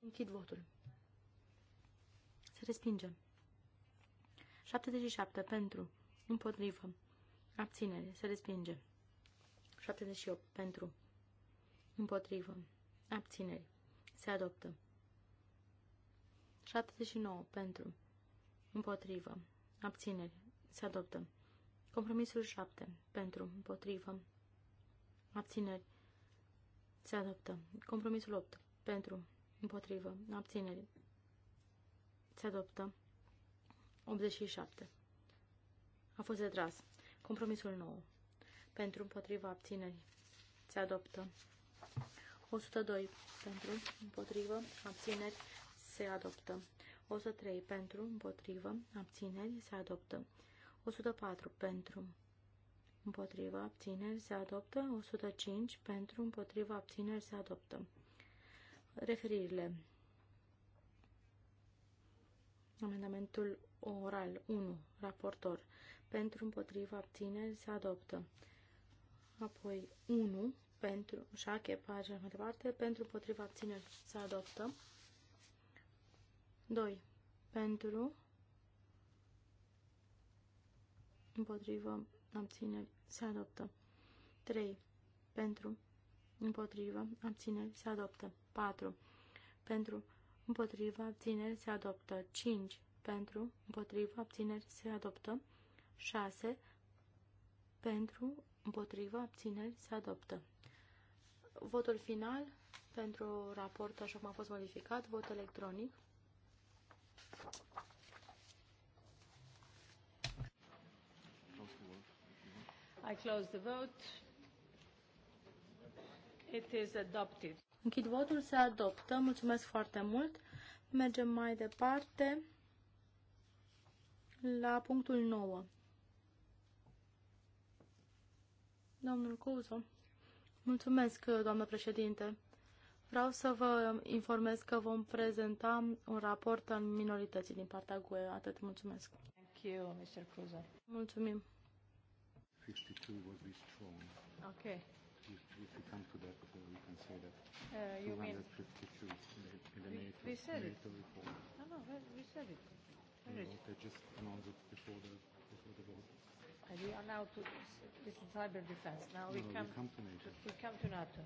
Închid votul. Se respinge. 77 pentru, împotrivă, abținere, se respinge. 78 pentru, împotrivă, abținere, se adoptă. 79 pentru, împotrivă, abținere, se adoptă. Compromisul 7 pentru, împotrivă, abțineri, se adoptă. Compromisul 8. Pentru. Împotrivă. Abțineri. Se adoptă. 87. A fost retras. Compromisul 9. Pentru. Împotriva. Abțineri. Se adoptă. 102. Pentru. Împotrivă. Abțineri. Se adoptă. 103. Pentru. Împotrivă. Abțineri. Se adoptă. 104. Pentru împotriva abțineri se adoptă, 105 pentru împotriva abțineri se adoptă. Referirile. Amendamentul oral 1, raportor, pentru împotriva abțineri se adoptă. Apoi 1 pentru șache, pagina mai departe, pentru împotriva abțineri se adoptă. 2. Pentru împotriva abțineri se adoptă. 3. Pentru, împotrivă, abțineri, se adoptă. 4. Pentru, împotrivă, abțineri, se adoptă. 5. Pentru, împotrivă, abțineri, se adoptă. 6. Pentru, împotrivă, abțineri, se adoptă. Votul final pentru raport, așa cum a fost modificat, vot electronic. I close the vote. It is adopted. Închid votul, se adoptă. Mulțumesc foarte mult. Mergem mai departe la punctul 9. Domnul Cuzo. Mulțumesc, doamnă președinte. Vreau să vă informez că vom prezenta un raport al minorității din partea GUE. Atât, mulțumesc. Thank you, Mr. Cuzo. Mulțumim. 52 was withdrawn. Okay. If, if we come to that, uh, we can say that. Uh, you 252 mean? In the, in the we, NATO, we said NATO it. report. No, no, we said it. Where they just announced it before the, before the vote. And we are now to, this is cyber defense. Now we, no, come, we come to NATO. To, we come to NATO.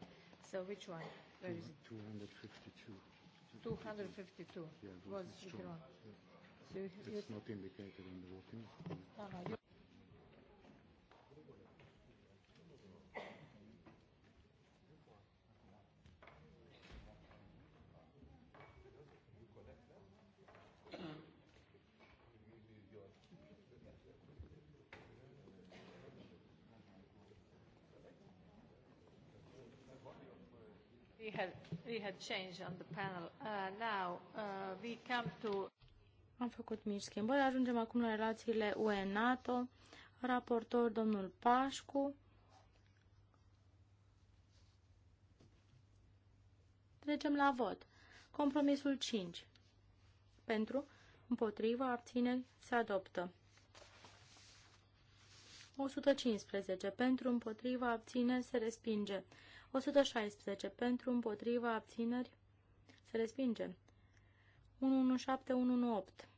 So which one? Where Two, is it? 252. 252 yeah, was strong. Yeah. So it's you, not indicated in the voting. No, no, you change on the panel. Uh, now uh, we come to... Am făcut mici schimbări. Ajungem acum la relațiile UE-NATO. Raportor domnul Pașcu. Trecem la vot. Compromisul 5. Pentru, împotriva, abțineri, se adoptă. 115. Pentru, împotriva, abține, se respinge. 116. Pentru, împotriva, abțineri, se respinge. 117-118.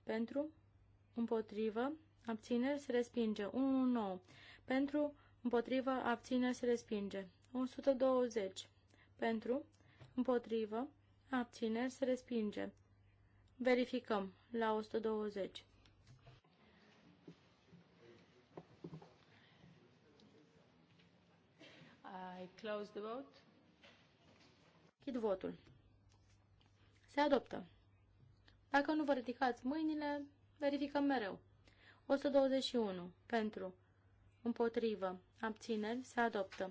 Pentru, împotriva abțineri, se respinge. 119. Pentru, împotriva abțineri, se respinge. 120. Pentru, împotriva abțineri, se respinge. Verificăm la 120. I close the vote. Chid votul. Se adoptă. Dacă nu vă ridicați mâinile, verificăm mereu. 121. Pentru. Împotrivă. Abțineri. Se adoptă.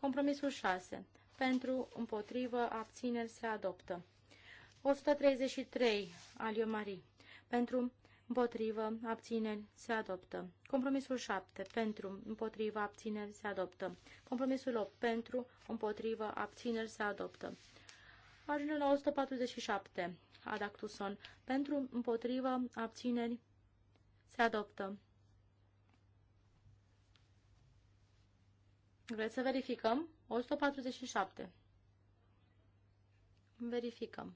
Compromisul 6. Pentru. Împotrivă. Abțineri. Se adoptă. 133. Alio Marie. Pentru împotrivă, abțineri, se adoptă. Compromisul 7, pentru, împotrivă, abțineri, se adoptă. Compromisul 8, pentru, împotrivă, abțineri, se adoptă. Ajunge la 147, Adactuson, pentru, împotrivă, abțineri, se adoptă. Vreți să verificăm? 147. Verificăm.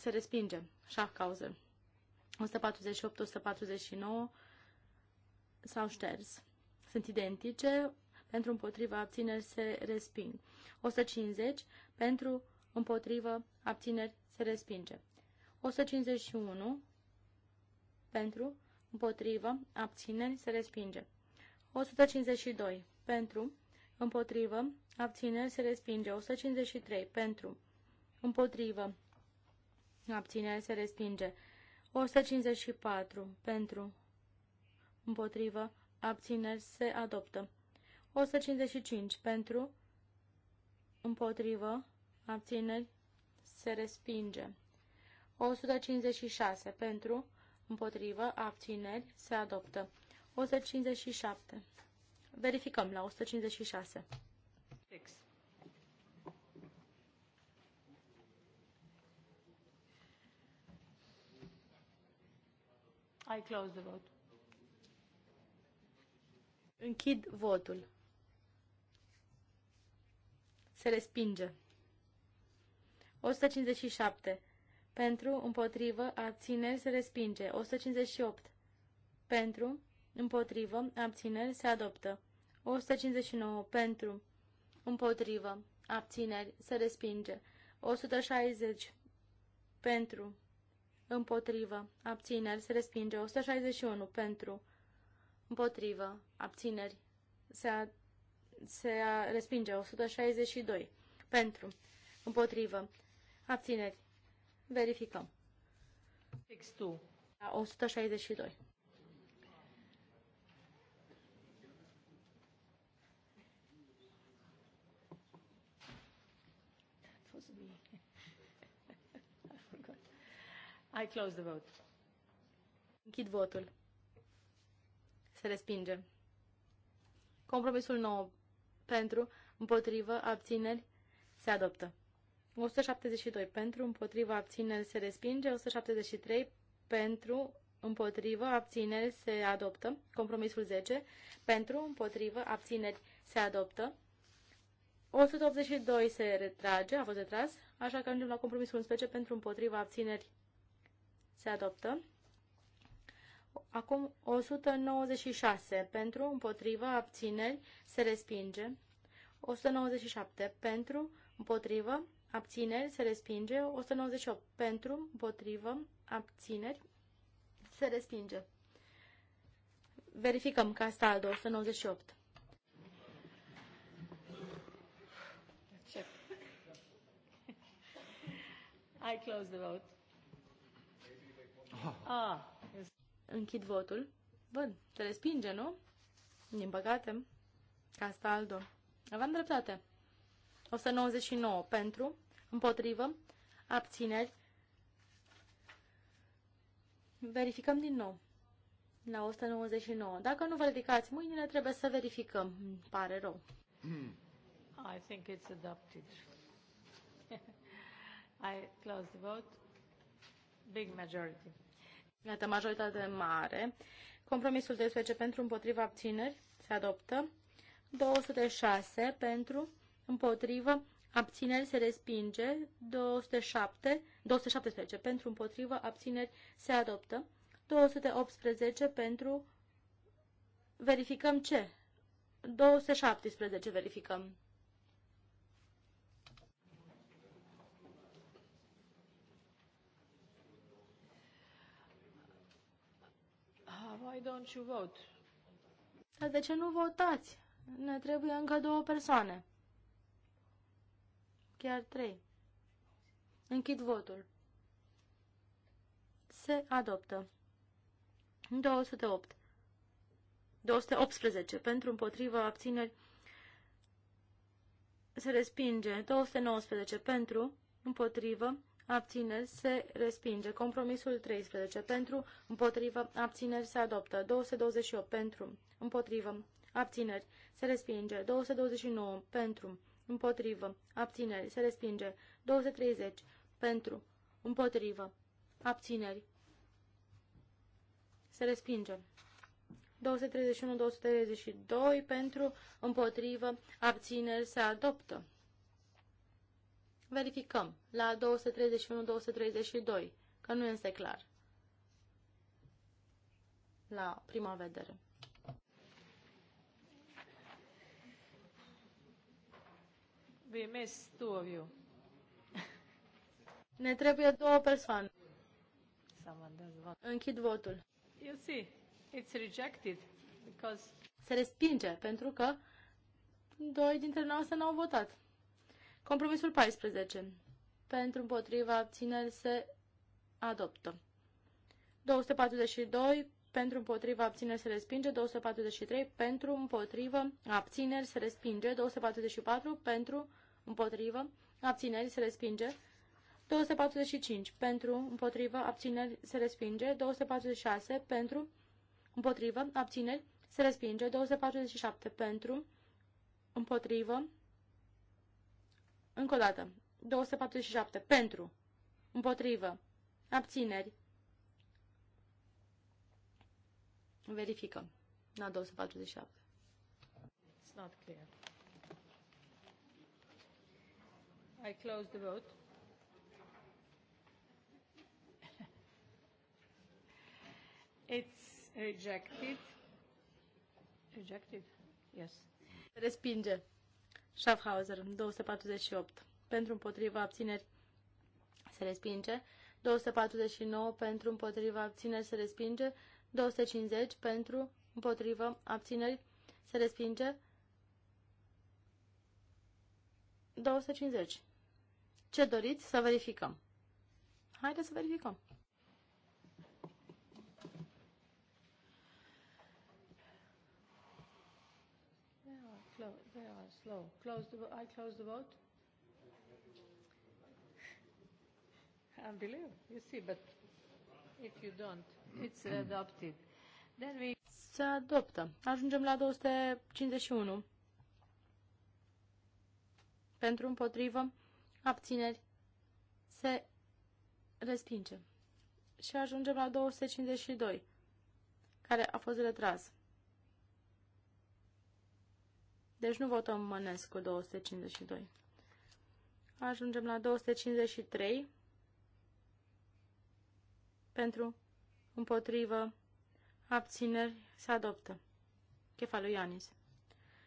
se respinge. Schaffhausen. 148, 149 sau șters. Sunt identice, pentru împotriva abțineri se resping. 150 pentru împotriva abțineri se respinge. 151 pentru împotriva abțineri se respinge. 152 pentru împotrivă, abțineri se respinge, 153 pentru, împotrivă, abțineri, se respinge. 154 pentru, împotrivă, abțineri, se adoptă. 155 pentru, împotrivă, abțineri, se respinge. 156 pentru, împotrivă, abțineri, se adoptă. 157. Verificăm la 156. I close the vote. Închid votul. Se respinge. 157. Pentru, împotrivă, abțineri, se respinge. 158. Pentru, împotrivă, abțineri, se adoptă. 159. Pentru, împotrivă, abțineri, se respinge. 160. Pentru, împotrivă, abțineri, se respinge. 161 pentru, împotrivă, abțineri, se, a, se a, respinge. 162 pentru, împotrivă, abțineri, verificăm. Textul. 162. I close the vote. Închid votul. Se respinge. Compromisul 9 pentru, împotrivă, abțineri, se adoptă. 172 pentru, împotrivă, abțineri, se respinge. 173 pentru, împotrivă, abțineri, se adoptă. Compromisul 10 pentru, împotrivă, abțineri, se adoptă. 182 se retrage, a fost retras, așa că ajungem la compromisul 11 pentru împotriva abțineri se adoptă. Acum 196 pentru, împotriva, abțineri, se respinge. 197 pentru, împotrivă, abțineri, se respinge. 198 pentru, împotrivă, abțineri, se respinge. Verificăm al 198. I close the vote. Ah. Închid votul. Văd, se respinge, nu? Din păcate. Castaldo. Aveam dreptate. 199 pentru, împotrivă, abțineri. Verificăm din nou. La 199. Dacă nu vă ridicați mâinile, trebuie să verificăm. Îmi pare rău. Hmm. I think it's adopted. I close the vote. Big majority. Iată, majoritate mare. Compromisul 12 pentru împotriva abțineri se adoptă. 206 pentru împotrivă abțineri se respinge. 207, 217 pentru împotrivă abțineri se adoptă. 218 pentru verificăm ce? 217 verificăm. Why don't you vote? Dar de ce nu votați? Ne trebuie încă două persoane. Chiar trei. Închid votul. Se adoptă. 208. 218. Pentru împotrivă abțineri se respinge. 219. Pentru împotrivă abțineri se respinge. Compromisul 13 pentru, împotrivă, abțineri se adoptă. 228 pentru, împotrivă, abțineri se respinge. 229 pentru, împotrivă, abțineri se respinge. 230 pentru, împotrivă, abțineri se respinge. 231-232 pentru, împotrivă, abțineri se adoptă. Verificăm la 231-232, că nu este clar la prima vedere. We missed two of you. ne trebuie două persoane. Închid votul. You see, it's rejected because... Se respinge pentru că doi dintre noi să n-au votat. Compromisul 14. Pentru împotriva abțineri se adoptă. 242 pentru împotriva abțineri se respinge, 243 pentru împotriva abțineri se respinge, 244 pentru împotriva abțineri se respinge, 245 pentru împotriva abțineri se respinge, 246 pentru împotriva abțineri se respinge, 247 pentru împotriva încă o dată. 247. Pentru. Împotrivă. Abțineri. Verificăm. La 247. It's not clear. I close the vote. It's rejected. Rejected? Yes. Respinge. Schaffhauser, 248. Pentru împotriva abțineri se respinge. 249 pentru împotriva abțineri se respinge. 250 pentru împotriva abțineri se respinge. 250. Ce doriți să verificăm? Haideți să verificăm. slow. Close the, I close the vote. Unbelievable. You see, but if you don't, it's mm-hmm. adopted. Then we... Se adoptă. Ajungem la 251. Pentru împotrivă, abțineri, se respinge. Și ajungem la 252, care a fost retras. Deci nu votăm Mănescu 252. Ajungem la 253 pentru, împotrivă, abțineri, se adoptă. Chefa lui Ianis.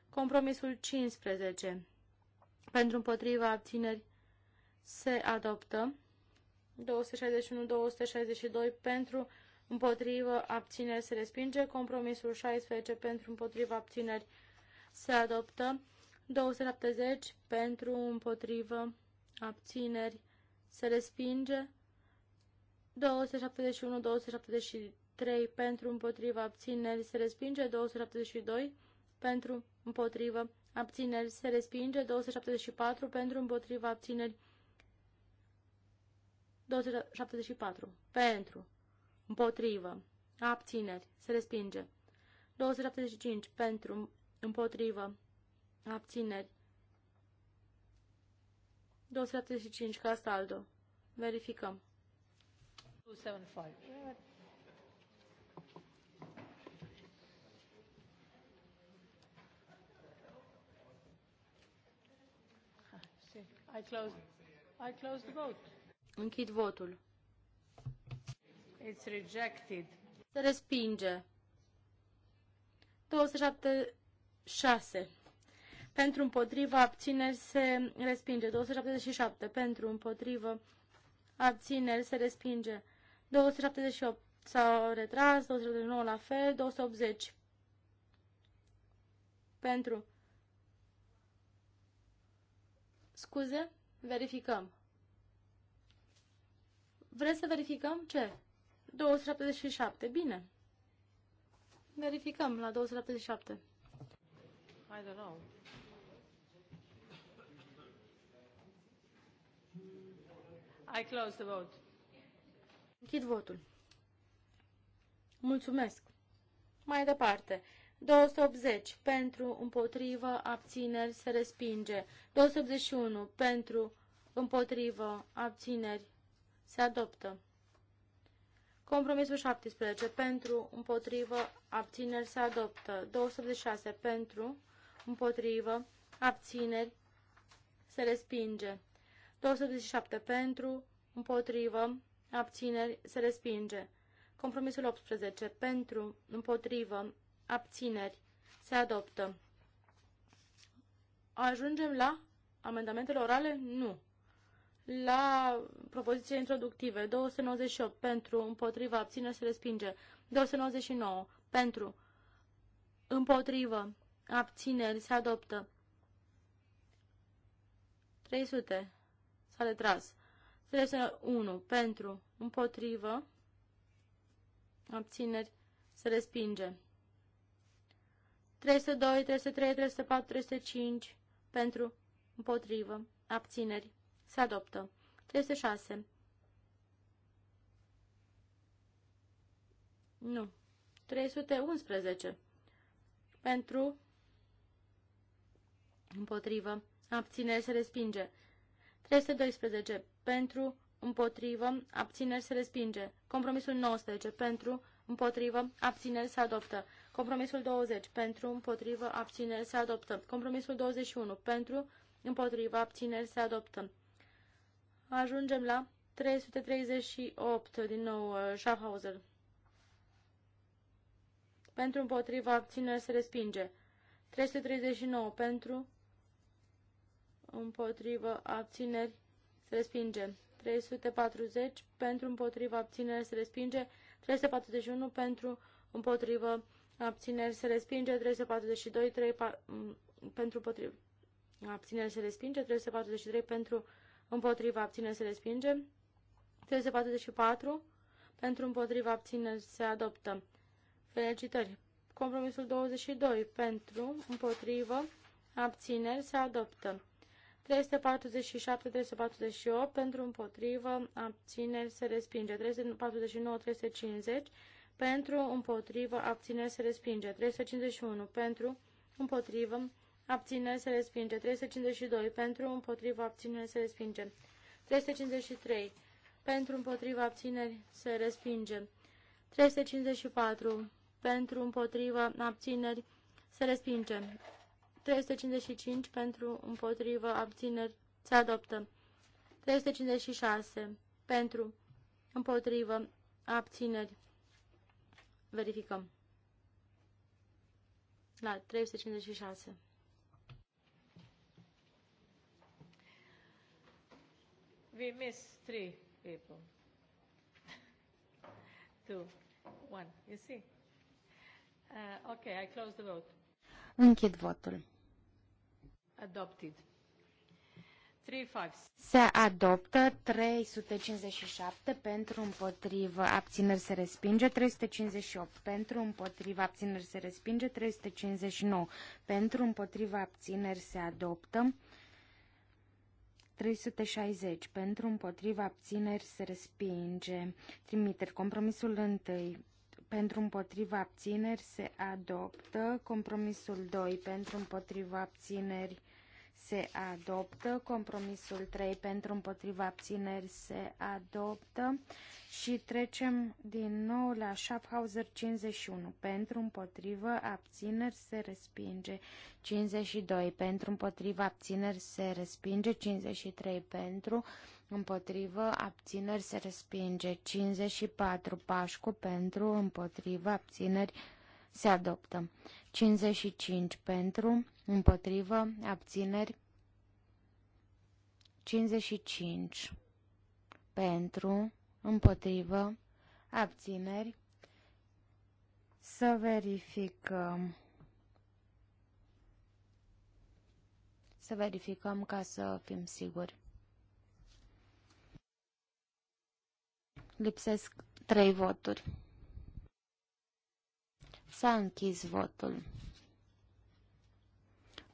Compromisul 15 pentru, împotrivă, abțineri, se adoptă. 261-262 pentru, împotrivă, abțineri, se respinge. Compromisul 16 pentru, împotrivă, abțineri, se adoptă. 270 pentru, împotrivă, abțineri, se respinge. 271, 273 pentru, împotrivă, abțineri, se respinge. 272 pentru, împotrivă, abțineri, se respinge. 274 pentru, împotrivă, abțineri, 274 pentru, împotrivă, abțineri, se respinge. 275 pentru, Împotrivă. Abțineri. 275 Castaldo. Verificăm. 275. I close, I close the vote. Închid votul. It's rejected. Se respinge. 27 6. Pentru împotriva abțineri se respinge. 277. Pentru împotrivă abțineri se respinge. 278 s-au retras, 279 la fel, 280 pentru scuze, verificăm. Vreți să verificăm ce? 277, bine. Verificăm la 277. I don't know. I close the vote. Închid votul. Mulțumesc. Mai departe. 280 pentru, împotrivă, abțineri, se respinge. 281 pentru, împotrivă, abțineri, se adoptă. Compromisul 17 pentru, împotrivă, abțineri, se adoptă. 286 pentru, împotrivă, abțineri, se respinge. 27 pentru, împotrivă, abțineri, se respinge. Compromisul 18 pentru, împotrivă, abțineri, se adoptă. Ajungem la amendamentele orale? Nu. La propoziție introductive, 298 pentru, împotrivă, abțineri, se respinge. 299 pentru, împotrivă, Abțineri. Se adoptă. 300. S-a retras. 301. Pentru. Împotrivă. Abțineri. Se respinge. 302, 303, 304, 305. Pentru. Împotrivă. Abțineri. Se adoptă. 306. Nu. 311. Pentru împotrivă, abține, se respinge. 312 pentru, împotrivă, abține, se respinge. Compromisul 19 pentru, împotrivă, abține, se adoptă. Compromisul 20 pentru, împotrivă, abține, se adoptă. Compromisul 21 pentru, împotrivă, abține, se adoptă. Ajungem la 338 din nou uh, Schaffhauser. Pentru împotriva abțineri se respinge. 339 pentru împotrivă, abțineri, se respinge. 340 pentru, împotrivă, abțineri, se respinge. 341 pentru, împotrivă, abțineri, se respinge. 342 3, pentru, împotrivă, abțineri, se respinge. 343 pentru, împotrivă, abțineri, se respinge. 344 pentru, împotrivă, abțineri, se adoptă. Felicitări! Compromisul 22 pentru, împotrivă, abțineri se adoptă. 347, 348 pentru împotrivă, abțineri se respinge. 349, 350 pentru împotrivă, abțineri se respinge. 351 pentru împotrivă, abțineri se respinge. 352 pentru împotrivă, abțineri se respinge. 353 pentru împotrivă, abțineri se respinge. 354 pentru împotrivă, abțineri se respinge. 355 pentru împotrivă abțineri se adoptă. 356 pentru împotrivă abțineri. Verificăm. La 356. We miss three people. Two, one. You see? Uh, okay, I close the vote. Închid votul. Adopted. 35. Se adoptă 357 pentru împotrivă, abțineri se respinge, 358 pentru împotrivă, abțineri se respinge, 359 pentru împotrivă, abțineri se adoptă, 360 pentru împotrivă, abțineri se respinge, trimiteri, compromisul întâi pentru împotriva abțineri se adoptă, compromisul 2 pentru împotriva abțineri se adoptă, compromisul 3 pentru împotriva abțineri se adoptă și trecem din nou la Schaffhauser 51 pentru împotriva abțineri se respinge, 52 pentru împotriva abțineri se respinge, 53 pentru împotriva abțineri se respinge, 54 Pașcu pentru împotriva abțineri se se adoptă. 55 pentru, împotrivă, abțineri. 55 pentru, împotrivă, abțineri. Să verificăm. Să verificăm ca să fim siguri. Lipsesc trei voturi. S-a închis votul.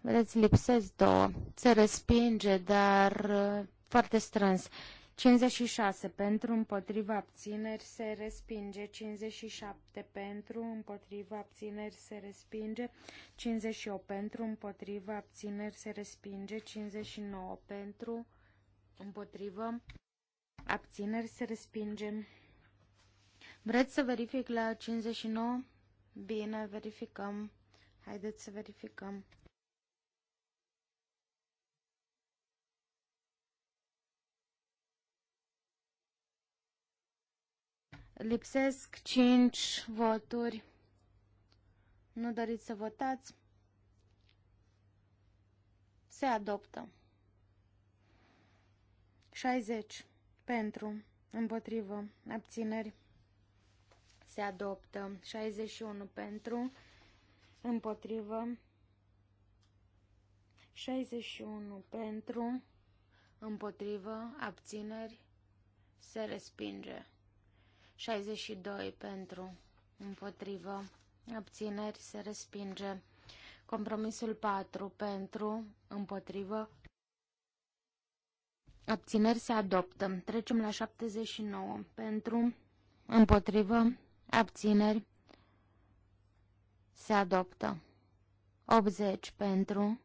Vedeți, lipsesc două. Se respinge, dar uh, foarte strâns. 56 pentru, împotriva abțineri, se respinge. 57 pentru, împotriva abțineri, se respinge. 58 pentru, împotriva abțineri, se respinge. 59 pentru, împotriva abțineri, se respinge. Vreți să verific la 59? Bine, verificăm. Haideți să verificăm. Lipsesc 5 voturi. Nu doriți să votați? Se adoptă. 60 pentru, împotrivă, abțineri, se adoptă. 61 pentru, împotrivă. 61 pentru, împotrivă, abțineri, se respinge. 62 pentru, împotrivă, abțineri, se respinge. Compromisul 4 pentru, împotrivă, abțineri se adoptă. Trecem la 79 pentru, împotrivă, abțineri, se adoptă. 80 pentru,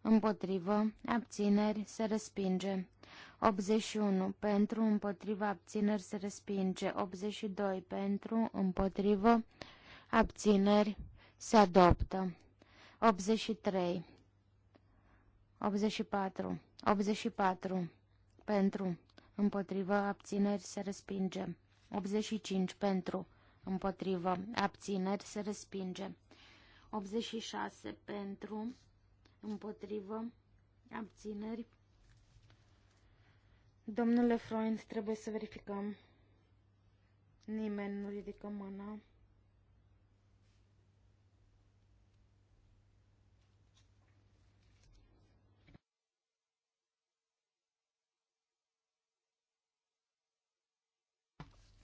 împotrivă, abțineri, se respinge. 81 pentru, împotrivă, abțineri, se respinge. 82 pentru, împotrivă, abțineri, se adoptă. 83 84 84 pentru, împotrivă, abțineri, se respinge. 85 pentru, împotrivă, abțineri, se respinge. 86 pentru, împotrivă, abțineri. Domnule Freund, trebuie să verificăm. Nimeni nu ridică mâna.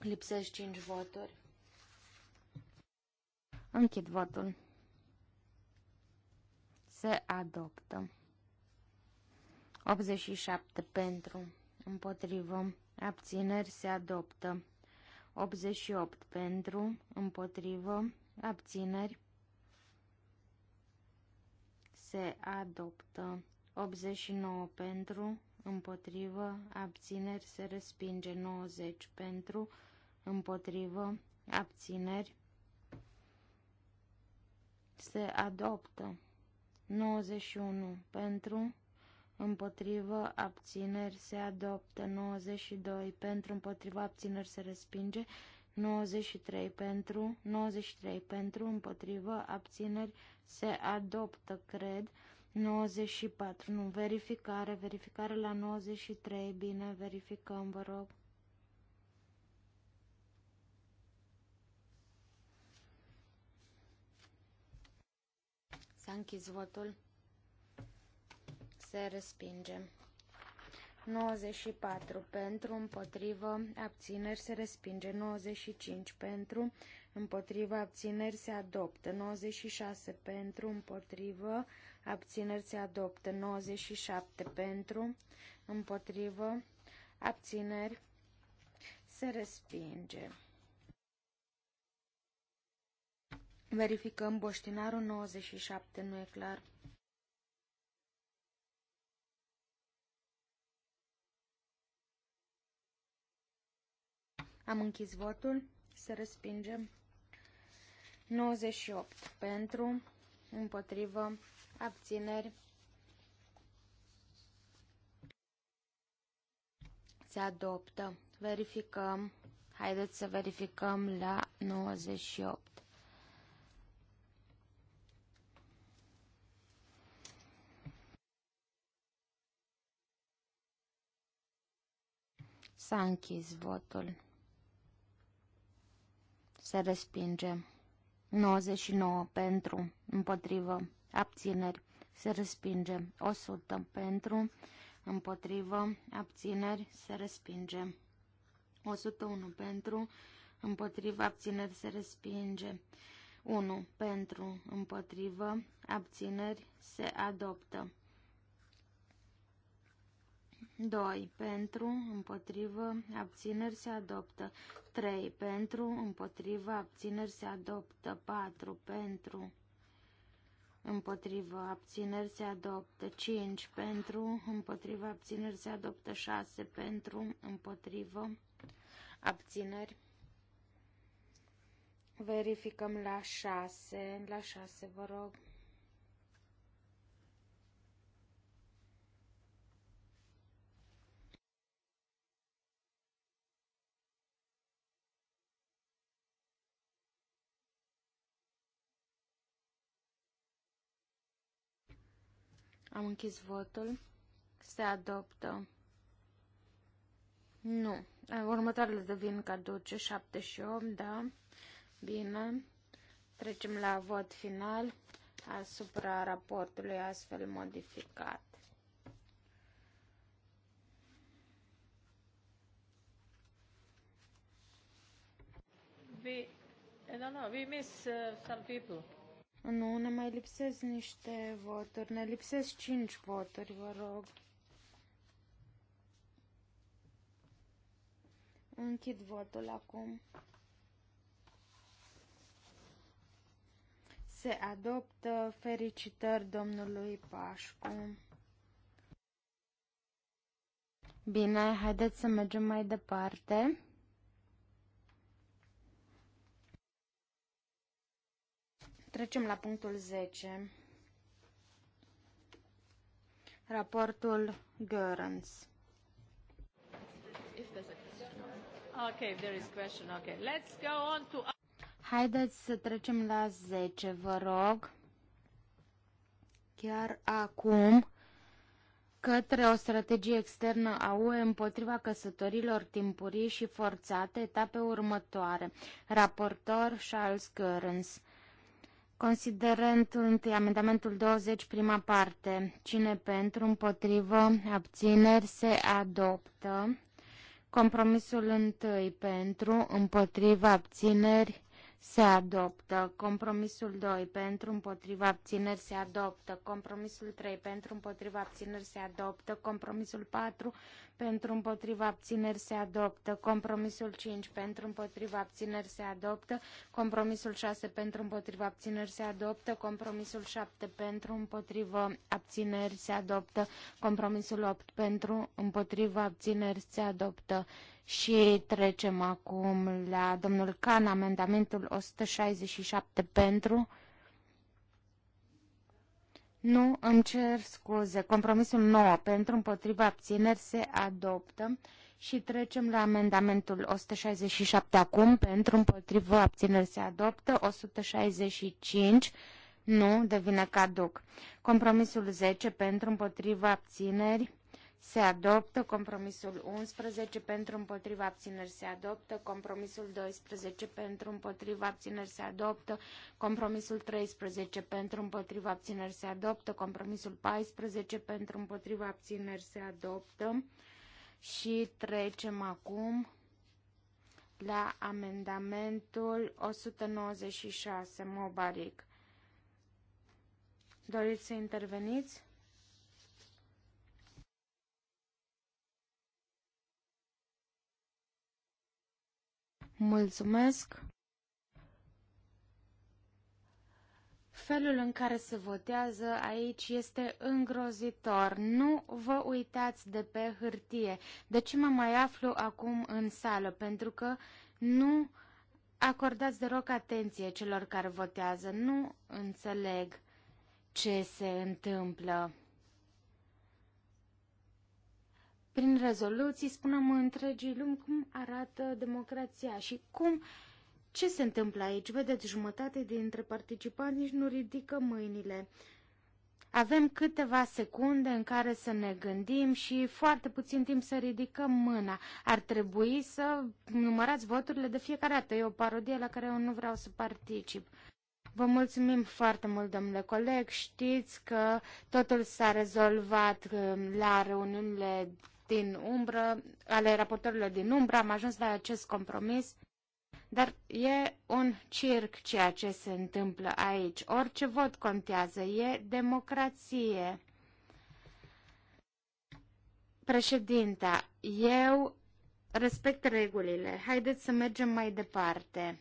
Lipsești 5 voturi. Închid votul. Se adoptă. 87 pentru. Împotrivă. Abțineri se adoptă. 88 pentru. Împotrivă. Abțineri. Se adoptă. 89 pentru. Împotrivă. Abțineri se respinge. 90 pentru împotrivă, abțineri, se adoptă. 91 pentru, împotrivă, abțineri, se adoptă. 92 pentru, împotrivă, abțineri, se respinge. 93 pentru, 93 pentru, împotrivă, abțineri, se adoptă, cred. 94, nu, verificare, verificare la 93, bine, verificăm, vă rog. S-a închis votul. Se respinge. 94 pentru, împotrivă, abțineri se respinge. 95 pentru, împotrivă, abțineri se adoptă. 96 pentru, împotrivă, abțineri se adoptă. 97 pentru, împotrivă, abțineri se respinge. Verificăm boștinarul 97, nu e clar. Am închis votul. Să respingem. 98 pentru, împotrivă, abțineri. Se adoptă. Verificăm. Haideți să verificăm la 98. S-a închis votul. Se respinge. 99 pentru, împotrivă, abțineri. Se respinge. 100 pentru, împotrivă, abțineri. Se respinge. 101 pentru, împotrivă, abțineri. Se respinge. 1 pentru, împotrivă, abțineri. Se adoptă. 2. Pentru, împotrivă, abțineri se adoptă. 3. Pentru, împotrivă, abțineri se adoptă. 4. Pentru, împotrivă, abțineri se adoptă. 5. Pentru, împotrivă, abțineri se adoptă. 6. Pentru, împotrivă, abțineri. Verificăm la 6. La 6, vă rog. Am închis votul. Se adoptă. Nu. Următoarele devin caduce. 7 și 8, da. Bine. Trecem la vot final asupra raportului astfel modificat. We, I don't know, we miss uh, some people. Nu, ne mai lipsesc niște voturi. Ne lipsesc 5 voturi, vă rog. Închid votul acum. Se adoptă fericitări domnului Pașcu. Bine, haideți să mergem mai departe. Trecem la punctul 10. Raportul Görans. Okay, there is question. Okay. Let's go on to... Haideți să trecem la 10, vă rog. Chiar acum, către o strategie externă a UE împotriva căsătorilor timpurii și forțate, etape următoare. Raportor Charles Görans. Considerentul 1, amendamentul 20, prima parte. Cine pentru, împotrivă, abțineri, se adoptă. Compromisul 1, pentru, împotrivă, abțineri, se adoptă. Compromisul 2, pentru, împotriva, abțineri, se adoptă. Compromisul 3, pentru, împotriva, abțineri, se adoptă. Compromisul 4, pentru împotriva abțineri se adoptă, compromisul 5 pentru împotriva abțineri se adoptă, compromisul 6 pentru împotriva abțineri se adoptă, compromisul 7 pentru împotriva abțineri se adoptă, compromisul 8 pentru împotriva abțineri se adoptă. Și trecem acum la domnul Can, amendamentul 167 pentru nu, îmi cer scuze. Compromisul 9 pentru împotriva abțineri se adoptă și trecem la amendamentul 167 acum. Pentru împotriva abțineri se adoptă 165. Nu, devine caduc. Compromisul 10 pentru împotriva abțineri se adoptă, compromisul 11 pentru împotriva abțineri se adoptă, compromisul 12 pentru împotriva abțineri se adoptă, compromisul 13 pentru împotriva abțineri se adoptă, compromisul 14 pentru împotriva abțineri se adoptă și trecem acum la amendamentul 196, Mobaric. Doriți să interveniți? Mulțumesc! Felul în care se votează aici este îngrozitor. Nu vă uitați de pe hârtie. De ce mă mai aflu acum în sală? Pentru că nu acordați deloc atenție celor care votează. Nu înțeleg ce se întâmplă. prin rezoluții spunem întregii lumi cum arată democrația și cum ce se întâmplă aici? Vedeți, jumătate dintre participanți nici nu ridică mâinile. Avem câteva secunde în care să ne gândim și foarte puțin timp să ridicăm mâna. Ar trebui să numărați voturile de fiecare dată. E o parodie la care eu nu vreau să particip. Vă mulțumim foarte mult, domnule coleg. Știți că totul s-a rezolvat um, la reuniunile din umbră, ale raportorilor din umbră, am ajuns la acest compromis, dar e un circ ceea ce se întâmplă aici. Orice vot contează, e democrație. Președinta, eu respect regulile. Haideți să mergem mai departe.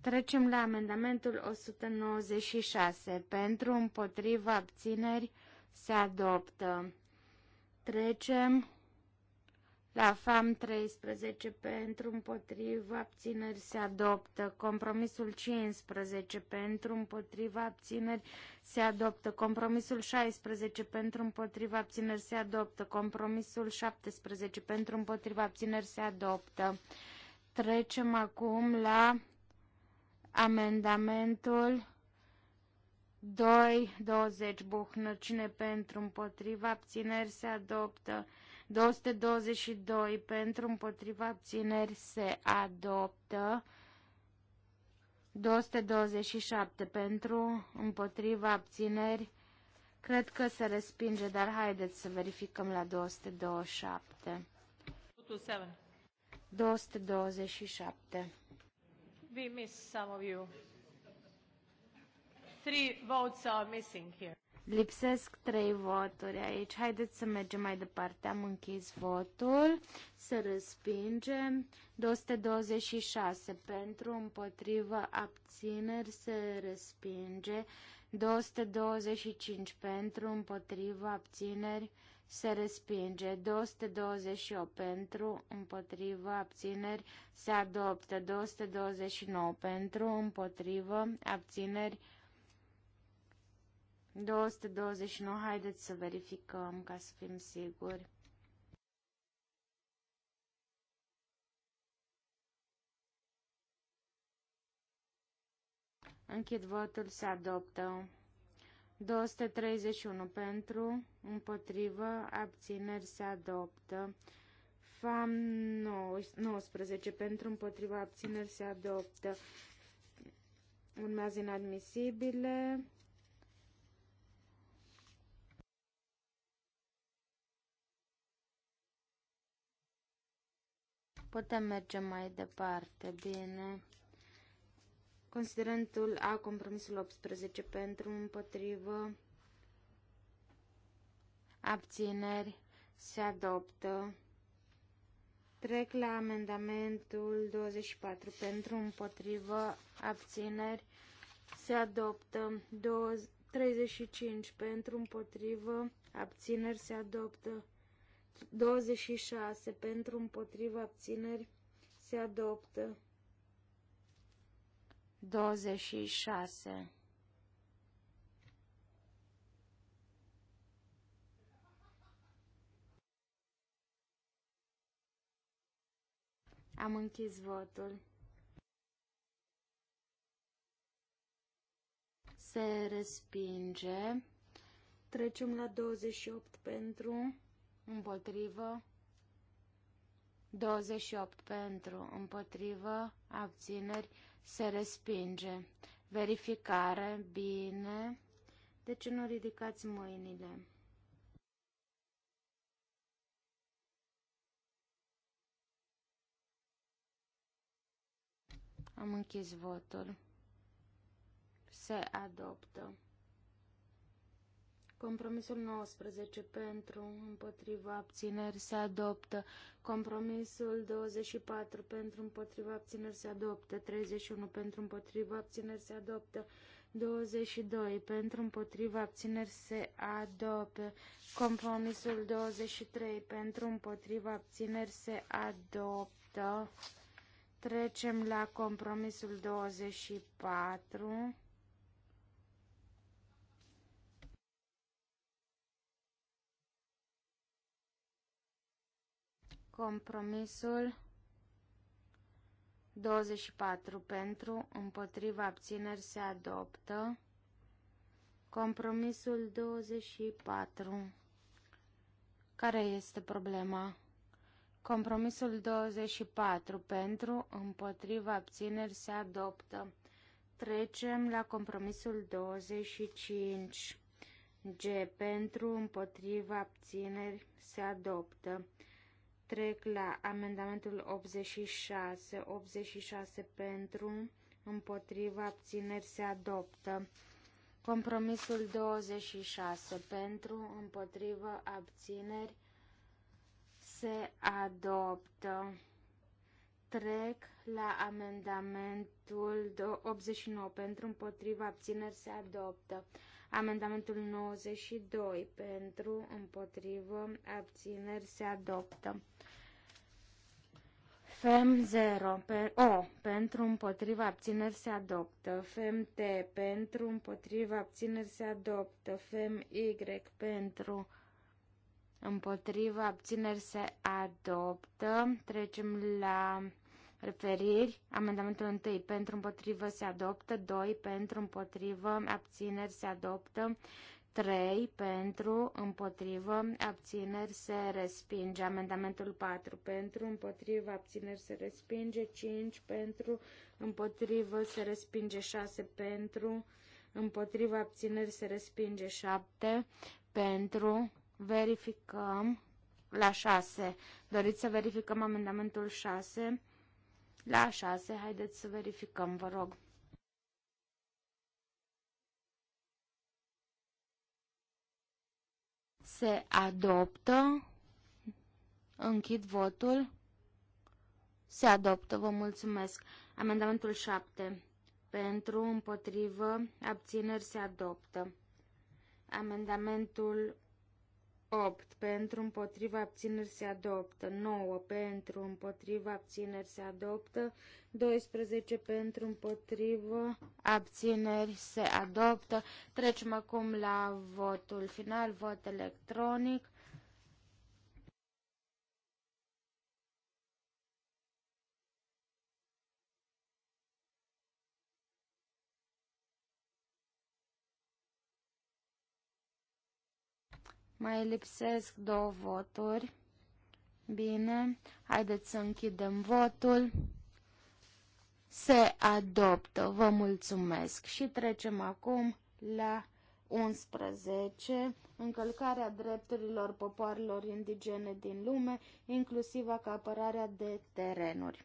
Trecem la amendamentul 196. Pentru împotriva abțineri se adoptă. Trecem la FAM 13 pentru împotriva abțineri se adoptă. Compromisul 15 pentru împotriva abțineri se adoptă. Compromisul 16 pentru împotriva abțineri se adoptă. Compromisul 17 pentru împotriva abțineri se adoptă. Trecem acum la amendamentul 2, 20 buhnă, cine pentru împotriva abțineri se adoptă, 222 pentru împotriva abțineri se adoptă, 227 pentru împotriva abțineri, cred că se respinge, dar haideți să verificăm la 227. 227. We miss some of you three votes are missing here. Lipsesc trei voturi aici. Haideți să mergem mai departe. Am închis votul. Să respingem. 226 pentru, împotrivă, abțineri, se respinge. 225 pentru, împotrivă, abțineri, se respinge. 228 pentru, împotrivă, abțineri, se adoptă. 229 pentru, împotrivă, abțineri, se 229, haideți să verificăm ca să fim siguri. Închid votul, se adoptă. 231 pentru, împotrivă, abțineri, se adoptă. FAM 19 pentru, împotrivă, abțineri, se adoptă. Urmează inadmisibile. Putem merge mai departe, bine. Considerentul A, compromisul 18 pentru, împotrivă, abțineri, se adoptă. Trec la amendamentul 24 pentru, împotrivă, abțineri, se adoptă. 35 pentru, împotrivă, abțineri, se adoptă. 26 pentru împotriva abțineri se adoptă. 26 Am închis votul. Se respinge. Trecem la 28 pentru împotrivă, 28 pentru, împotrivă, abțineri, se respinge. Verificare, bine. De deci ce nu ridicați mâinile? Am închis votul. Se adoptă. Compromisul 19 pentru, împotriva abțineri se adoptă. Compromisul 24 pentru, împotriva abțineri se adoptă. 31 pentru, împotriva abțineri se adoptă. 22 pentru, împotriva abțineri se adoptă. Compromisul 23 pentru, împotriva abțineri se adoptă. Trecem la compromisul 24. Compromisul 24 pentru, împotriva abțineri se adoptă. Compromisul 24. Care este problema? Compromisul 24 pentru, împotriva abțineri se adoptă. Trecem la compromisul 25. G pentru, împotriva abțineri se adoptă. Trec la amendamentul 86. 86 pentru, împotriva, abțineri se adoptă. Compromisul 26 pentru, împotriva, abțineri se adoptă. Trec la amendamentul 89 pentru, împotriva, abțineri se adoptă. Amendamentul 92 pentru, împotrivă, abțineri se adoptă. FEM 0 pe, O pentru împotriva abțineri se adoptă. FEM T pentru împotriva abțineri se adoptă. FEM Y pentru împotriva abțineri se adoptă. Trecem la referiri, amendamentul 1 pentru împotrivă se adoptă, 2 pentru împotrivă, abțineri se adoptă, 3 pentru împotrivă, abțineri se respinge, amendamentul 4 pentru împotrivă, abțineri se respinge, 5 pentru împotrivă se respinge, 6 pentru împotrivă, abțineri se respinge, 7 pentru verificăm la 6. Doriți să verificăm amendamentul 6? La 6, haideți să verificăm, vă rog. Se adoptă. Închid votul. Se adoptă, vă mulțumesc. Amendamentul 7. Pentru, împotrivă, abțineri se adoptă. Amendamentul 8 pentru împotriva abțineri se adoptă, 9 pentru împotriva abțineri se adoptă, 12 pentru împotriva abțineri se adoptă. Trecem acum la votul final, vot electronic. Mai lipsesc două voturi. Bine, haideți să închidem votul. Se adoptă, vă mulțumesc. Și trecem acum la 11. Încălcarea drepturilor popoarelor indigene din lume, inclusiv acapărarea de terenuri.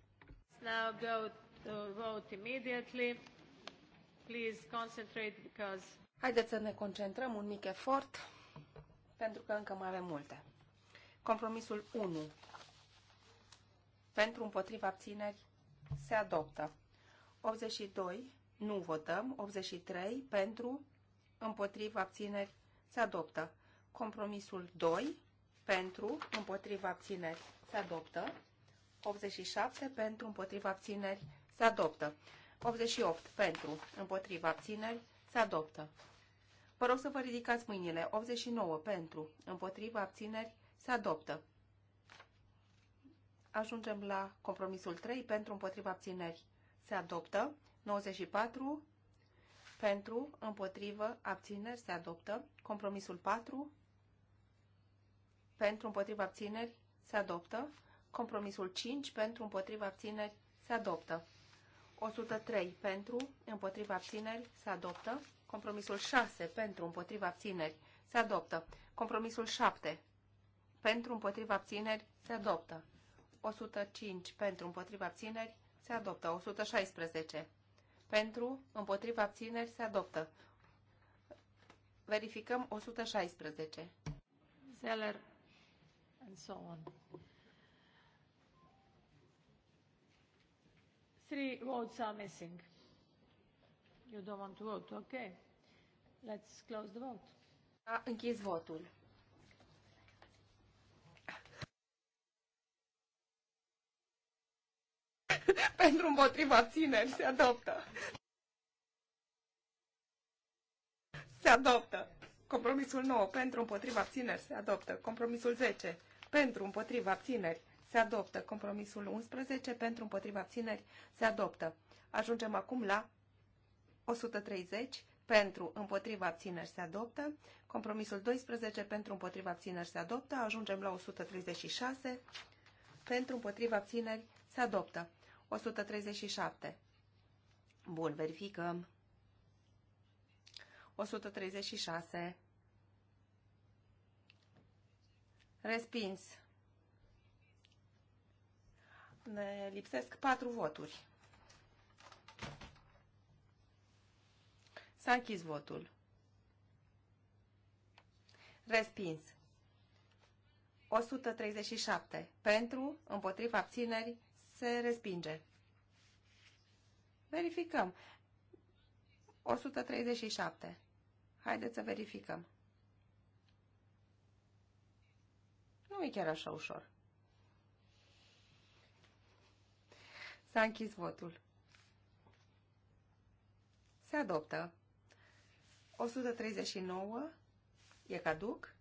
Now go to vote immediately. Please concentrate because... Haideți să ne concentrăm un mic efort pentru că încă mai avem multe. Compromisul 1. Pentru împotriva abțineri se adoptă. 82. Nu votăm. 83. Pentru împotriva abțineri se adoptă. Compromisul 2. Pentru împotriva abțineri se adoptă. 87. Pentru împotriva abțineri se adoptă. 88. Pentru împotriva abțineri se adoptă. Vă rog să vă ridicați mâinile. 89 pentru, împotriva abțineri, se adoptă. Ajungem la compromisul 3 pentru, împotriva abțineri, se adoptă. 94 pentru, împotrivă, abțineri, se adoptă. Compromisul 4 pentru, împotriva abțineri, se adoptă. Compromisul 5 pentru, împotriva abțineri, se adoptă. 103 pentru, împotriva abțineri, se adoptă. Compromisul 6 pentru împotriva abțineri se adoptă. Compromisul 7 pentru împotriva abțineri se adoptă. 105 pentru împotriva abțineri se adoptă. 116 pentru împotriva abțineri se adoptă. Verificăm 116. Seller and so on. Three votes are missing. You don't want to vote. Okay. Let's close the vote. A închis votul. Pentru împotriva abțineri se adoptă. Se adoptă. Compromisul 9. Pentru împotriva abțineri se adoptă. Compromisul 10. Pentru împotriva abțineri se adoptă. Compromisul 11. Pentru împotriva abțineri se adoptă. Ajungem acum la 130 pentru împotriva abțineri se adoptă, compromisul 12 pentru împotriva abțineri se adoptă, ajungem la 136 pentru împotriva abțineri se adoptă, 137. Bun, verificăm. 136. Respins. Ne lipsesc patru voturi. S-a închis votul. Respins. 137. Pentru, împotriva abțineri, se respinge. Verificăm. 137. Haideți să verificăm. Nu e chiar așa ușor. S-a închis votul. Se adoptă. 139 e caduc.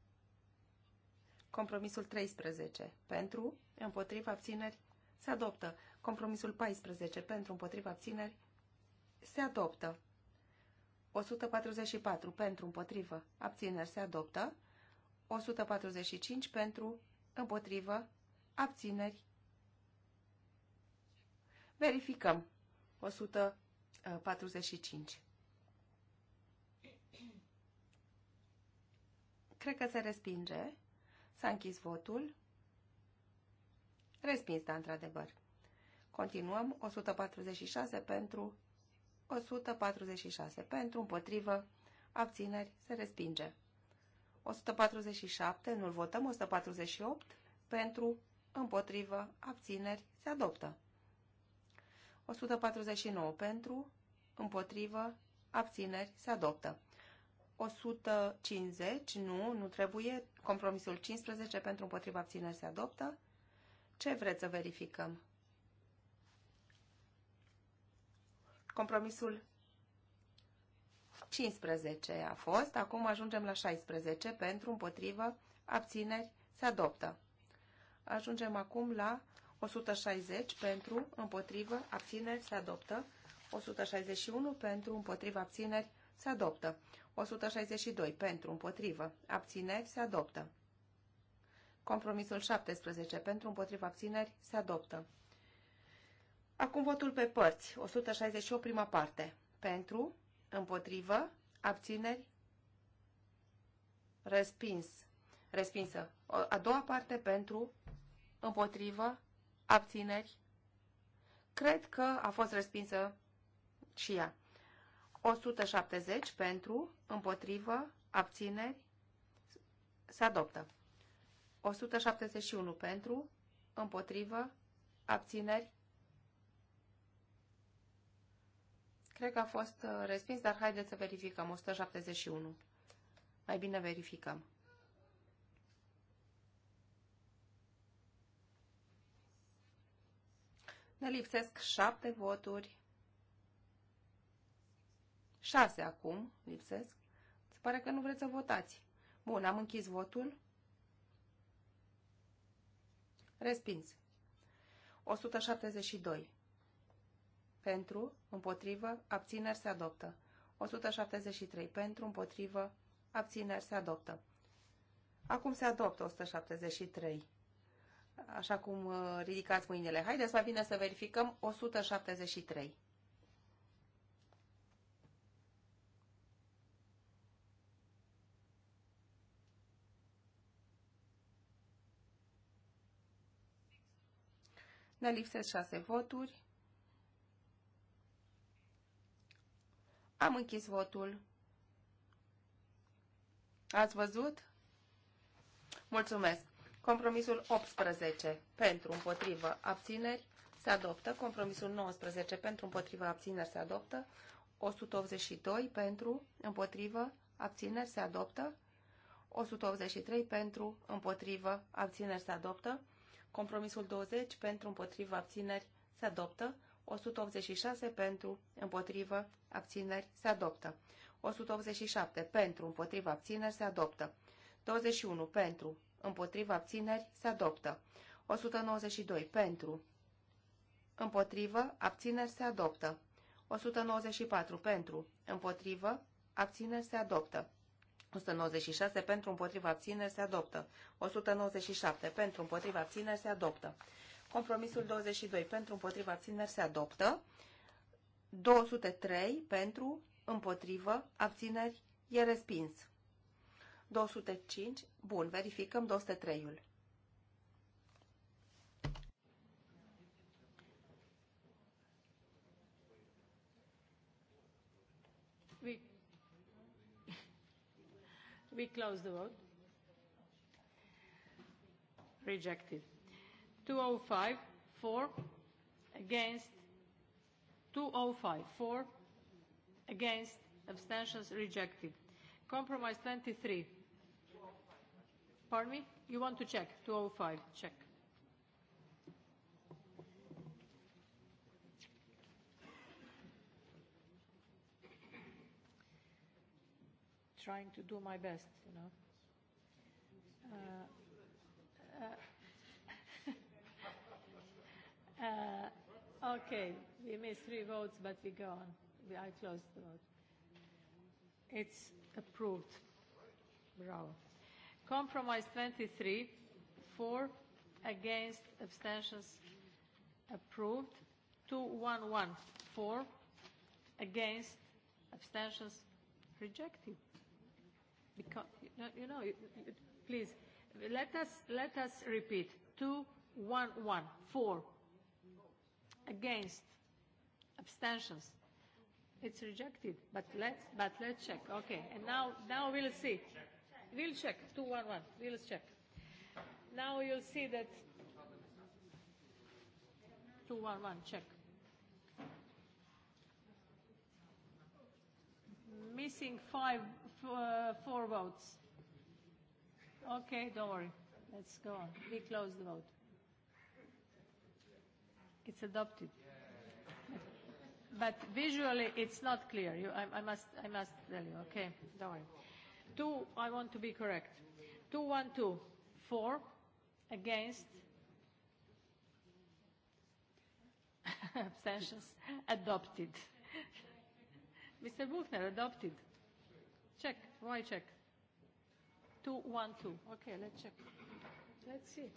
Compromisul 13 pentru, împotriva abțineri, se adoptă. Compromisul 14 pentru, împotriva abțineri, se adoptă. 144 pentru, împotrivă, abțineri, se adoptă. 145 pentru, împotrivă, abțineri. Verificăm. 145. Cred că se respinge. S-a închis votul. Respins, da, într-adevăr. Continuăm. 146 pentru 146 pentru, împotrivă, abțineri, se respinge. 147, nu-l votăm, 148, pentru, împotrivă, abțineri, se adoptă. 149 pentru, împotrivă, abțineri, se adoptă. 150, nu, nu trebuie. Compromisul 15 pentru împotriva abțineri se adoptă. Ce vreți să verificăm? Compromisul 15 a fost, acum ajungem la 16 pentru împotrivă abțineri se adoptă. Ajungem acum la 160 pentru împotrivă abțineri se adoptă. 161 pentru împotriva abțineri se adoptă. 162 pentru, împotrivă, abțineri, se adoptă. Compromisul 17 pentru, împotrivă, abțineri, se adoptă. Acum votul pe părți. 168 prima parte. Pentru, împotrivă, abțineri, respins. Respinsă. A doua parte pentru, împotrivă, abțineri. Cred că a fost respinsă și ea. 170 pentru, împotrivă, abțineri, se adoptă. 171 pentru, împotrivă, abțineri. Cred că a fost uh, respins, dar haideți să verificăm. 171. Mai bine verificăm. Ne lipsesc șapte voturi. 6 acum lipsesc. Se pare că nu vreți să votați. Bun, am închis votul. Respins. 172. Pentru, împotrivă, abțineri se adoptă. 173. Pentru, împotrivă, abțineri se adoptă. Acum se adoptă 173. Așa cum uh, ridicați mâinile. Haideți mai bine să verificăm 173. Ne lipsesc șase voturi. Am închis votul. Ați văzut? Mulțumesc. Compromisul 18 pentru împotrivă abțineri se adoptă. Compromisul 19 pentru împotrivă abțineri se adoptă. 182 pentru împotrivă abțineri se adoptă. 183 pentru împotrivă abțineri se adoptă. Compromisul 20 pentru împotriva abțineri se adoptă. 186 pentru împotriva abțineri se adoptă. 187 pentru împotriva abțineri se adoptă. 21 pentru împotriva abțineri se adoptă. 192 pentru împotriva abțineri se adoptă. 194 pentru împotriva abțineri se adoptă. 196 pentru împotriva abțineri se adoptă. 197 pentru împotriva abțineri se adoptă. Compromisul 22 pentru împotriva abțineri se adoptă. 203 pentru împotrivă abțineri e respins. 205. Bun, verificăm 203-ul. we close the vote? Rejected. 205, 4, against, 205, 4, against, abstentions rejected. Compromise 23. Pardon me? You want to check? 205, check. trying to do my best, you know. Uh, uh, uh, okay, we missed three votes, but we go on. We, I close the vote. It's approved. Bravo. Compromise 23, four against, abstentions approved. one, four against, abstentions rejected you know, please, let us, let us repeat. Two, one, one, four. Against. Abstentions. It's rejected, but let's, but let's check. Okay, and now, now we'll see. We'll check. Two, one, one. We'll check. Now you'll see that. Two, one, one. Check. Missing five Uh, four votes. Okay, don't worry. Let's go on. We close the vote. It's adopted. But visually, it's not clear. You, I, I, must, I must tell you. Okay, don't worry. Two, I want to be correct. Two, one, two, four, against, abstentions, adopted. Mr. Buchner, adopted. Check. Why check? Two, one, two. Okay, let's check. Let's see.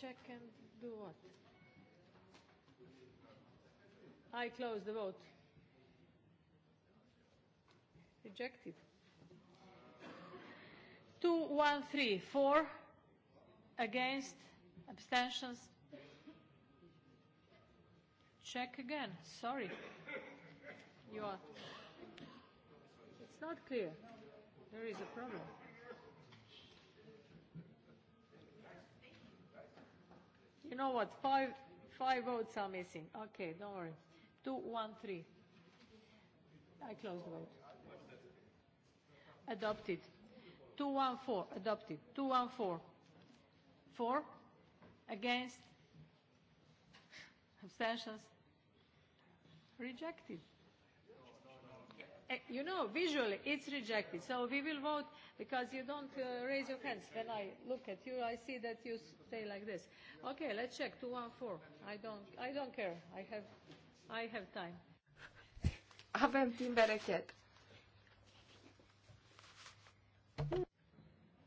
Check and do what? I close the vote. Rejected. Two, one, three, Four. Against. Abstentions Check again. Sorry. You are. It's not clear. There is a problem. You know what? Five, five votes are missing. Okay, don't worry. Two, one, three. I close the vote. Adopted. Two, one, four. Adopted. Two, one, four. Four. Against. Abstentions. Rejected. Eh, you know, visually, it's rejected. So we will vote because you don't uh, raise your hands. When I look at you, I see that you stay like this. Okay, let's check. 214. I don't, I don't care. I have, I have time. Avem timp berechet.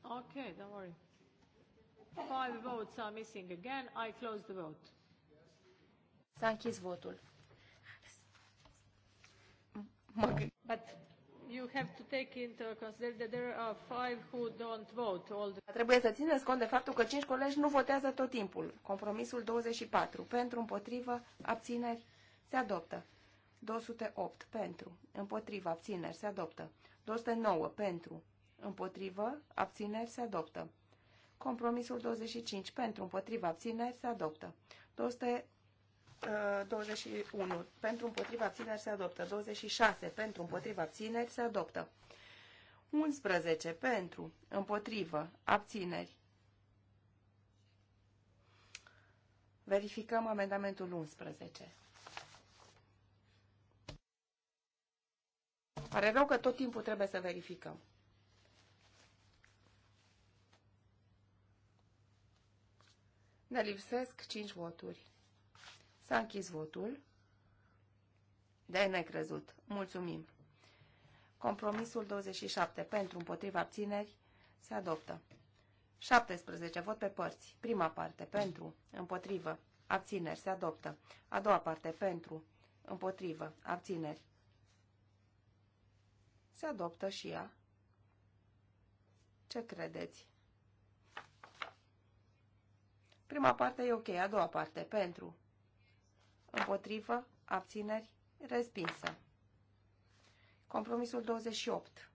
Okay, don't worry. Five votes are missing again. I close the vote. S-a închis votul you have to take into that there are five who don't vote all the... Trebuie să țineți cont de faptul că cinci colegi nu votează tot timpul. Compromisul 24. Pentru, împotrivă, abțineri, se adoptă. 208 pentru, împotrivă, abțineri, se adoptă. 209 pentru, împotrivă, abțineri, se adoptă. Compromisul 25 pentru, împotrivă, abțineri, se adoptă. 200 21. Uh, Pentru împotriva abțineri se adoptă. 26. Pentru împotriva abțineri se adoptă. 11. Pentru împotrivă abțineri. Verificăm amendamentul 11. Pare rău că tot timpul trebuie să verificăm. Ne lipsesc 5 voturi. S-a închis votul. De necrezut. Mulțumim. Compromisul 27 pentru împotriva abțineri se adoptă. 17 vot pe părți. Prima parte pentru împotrivă abțineri se adoptă. A doua parte pentru împotrivă abțineri se adoptă și ea. Ce credeți? Prima parte e ok, a doua parte pentru împotrivă, abțineri, respinsă. Compromisul 28.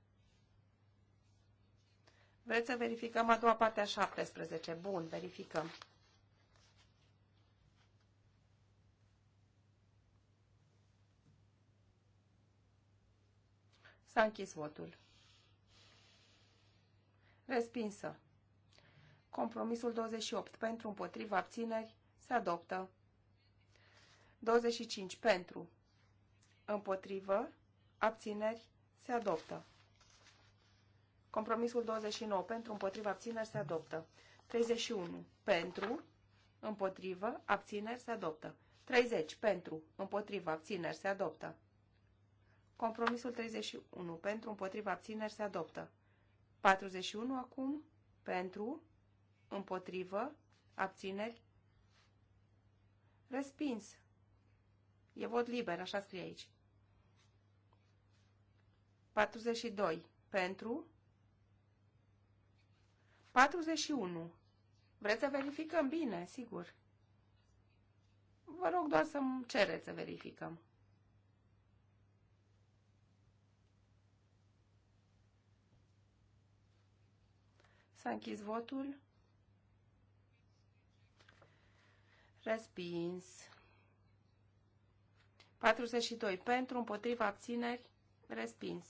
Vreți să verificăm a doua parte a 17. Bun, verificăm. S-a închis votul. Respinsă. Compromisul 28. Pentru împotriva abțineri se adoptă. 25 pentru, împotrivă, abțineri, se adoptă. Compromisul 29 pentru, împotrivă, abțineri, se adoptă. 31 pentru, împotrivă, abțineri, se adoptă. 30 pentru, împotrivă, abțineri, se adoptă. Compromisul 31 pentru, împotrivă, abțineri, se adoptă. 41 acum, pentru, împotrivă, abțineri, respins. E vot liber, așa scrie aici. 42 pentru. 41. Vreți să verificăm? Bine, sigur. Vă rog doar să-mi cereți să verificăm. S-a închis votul. Respins. 42. Pentru, împotriva, abțineri, respins.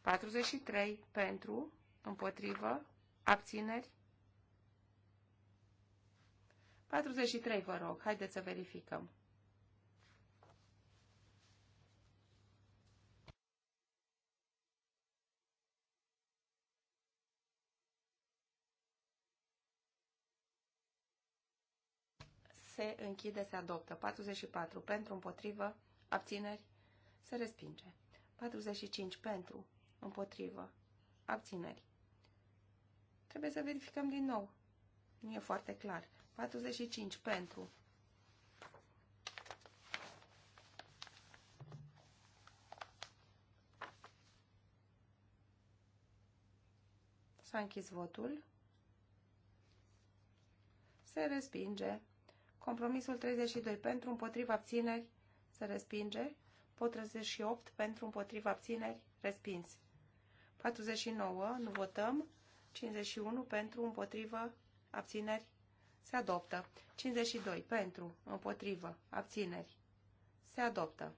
43. Pentru, împotrivă, abțineri. 43, vă rog, haideți să verificăm. se închide, se adoptă. 44 pentru, împotrivă, abțineri, se respinge. 45 pentru, împotrivă, abțineri. Trebuie să verificăm din nou. Nu e foarte clar. 45 pentru. S-a închis votul. Se respinge Compromisul 32 pentru împotriva abțineri se respinge. 48 pentru împotriva abțineri respins. 49 nu votăm. 51 pentru împotriva abțineri se adoptă. 52 pentru împotriva abțineri se adoptă.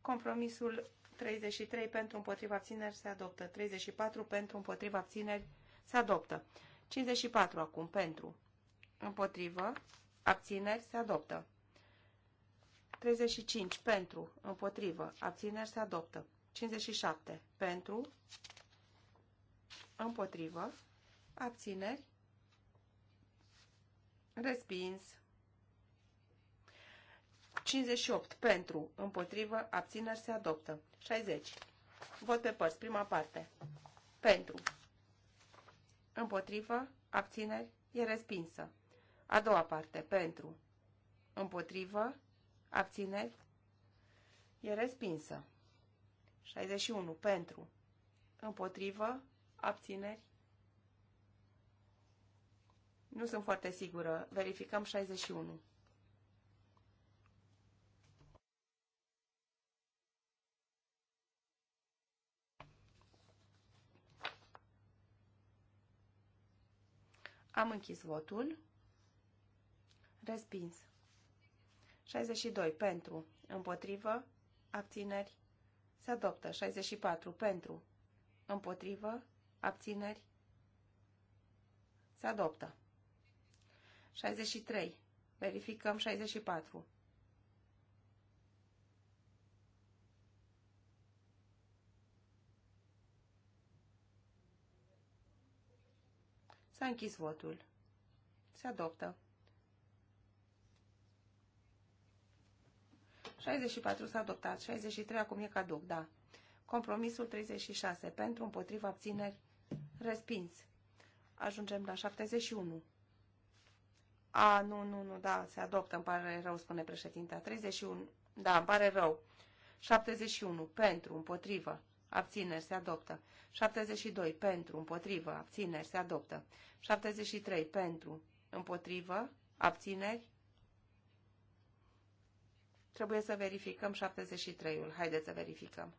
Compromisul 33 pentru împotriva abțineri se adoptă. 34 pentru împotriva abțineri se adoptă. 54 acum pentru împotrivă, abțineri, se adoptă. 35. Pentru, împotrivă, abțineri, se adoptă. 57. Pentru, împotrivă, abțineri, respins. 58. Pentru, împotrivă, abțineri, se adoptă. 60. Vot pe părți, prima parte. Pentru, împotrivă, abțineri, e respinsă. A doua parte, pentru, împotrivă, abțineri, e respinsă. 61, pentru, împotrivă, abțineri. Nu sunt foarte sigură. Verificăm 61. Am închis votul. Respins. 62. Pentru. Împotrivă. Abțineri. Se adoptă. 64. Pentru. Împotrivă. Abțineri. Se adoptă. 63. Verificăm 64. S-a închis votul. Se adoptă. 64 s-a adoptat, 63 acum e caduc, da. Compromisul 36 pentru împotriva abțineri respins. Ajungem la 71. A, nu, nu, nu, da, se adoptă, îmi pare rău, spune președinta. 31, da, îmi pare rău. 71 pentru împotrivă abțineri se adoptă. 72 pentru împotrivă abțineri se adoptă. 73 pentru împotrivă abțineri Trebuie să verificăm 73-ul. Haideți să verificăm.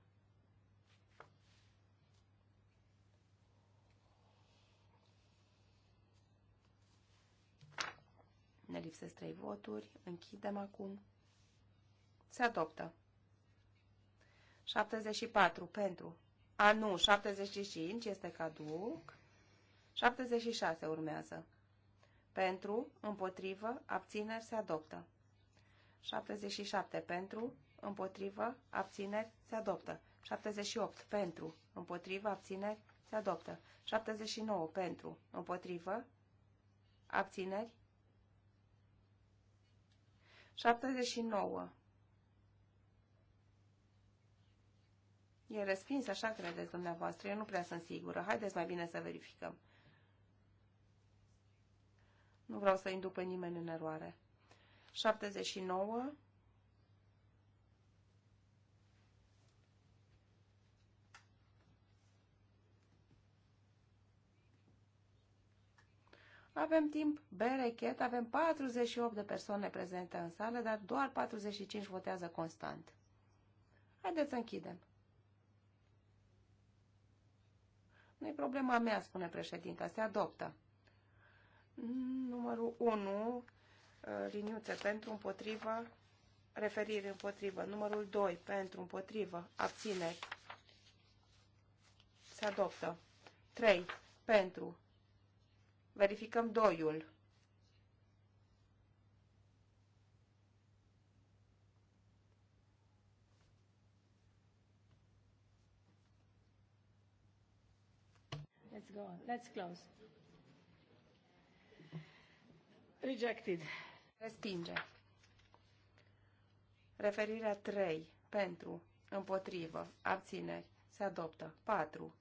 Ne lipsesc 3 voturi. Închidem acum. Se adoptă. 74 pentru. A, nu, 75 este caduc. 76 urmează. Pentru, împotrivă, abțineri se adoptă. 77 pentru, împotrivă, abțineri, se adoptă. 78 pentru, împotrivă, abțineri, se adoptă. 79 pentru, împotrivă, abțineri. 79. E respins, așa credeți dumneavoastră. Eu nu prea sunt sigură. Haideți mai bine să verificăm. Nu vreau să induc pe nimeni în eroare. 79. Avem timp berechet, avem 48 de persoane prezente în sală, dar doar 45 votează constant. Haideți să închidem. Nu-i problema mea, spune președinta, se adoptă. Numărul 1 Uh, liniuțe pentru împotrivă, referire împotrivă, numărul 2 pentru împotrivă, abțineri, se adoptă. 3 pentru, verificăm 2-ul. Let's go. Let's close. Rejected. Respinge. Referirea 3. Pentru. Împotrivă. Abțineri. Se adoptă. 4.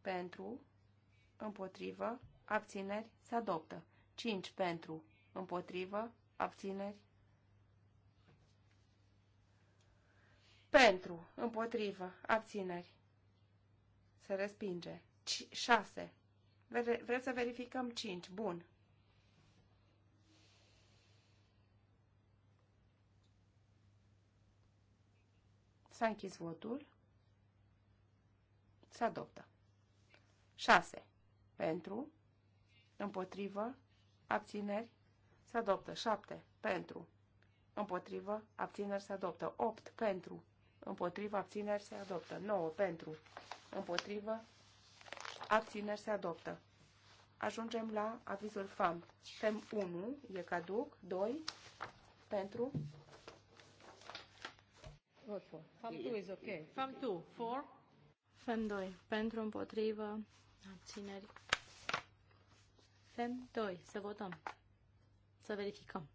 Pentru. Împotrivă. Abțineri. Se adoptă. 5. Pentru. Împotrivă. Abțineri. Pentru. Împotrivă. Abțineri. Se respinge. 6. Vreți să verificăm 5. Bun. S-a închis votul. Se adoptă. 6. Pentru. Împotrivă. Abțineri. Se adoptă. 7. Pentru. Împotrivă. Abțineri. Se adoptă. 8. Pentru. Împotrivă. Abțineri. Se adoptă. 9. Pentru. Împotrivă. Abțineri. Se adoptă. Ajungem la avizul FAM. FEM 1 e caduc. 2. Pentru. Vote FAM 2 is ok. FAM 2, 4. FAM 2, pentru, împotrivă, abțineri. FAM 2, să votăm. Să verificăm.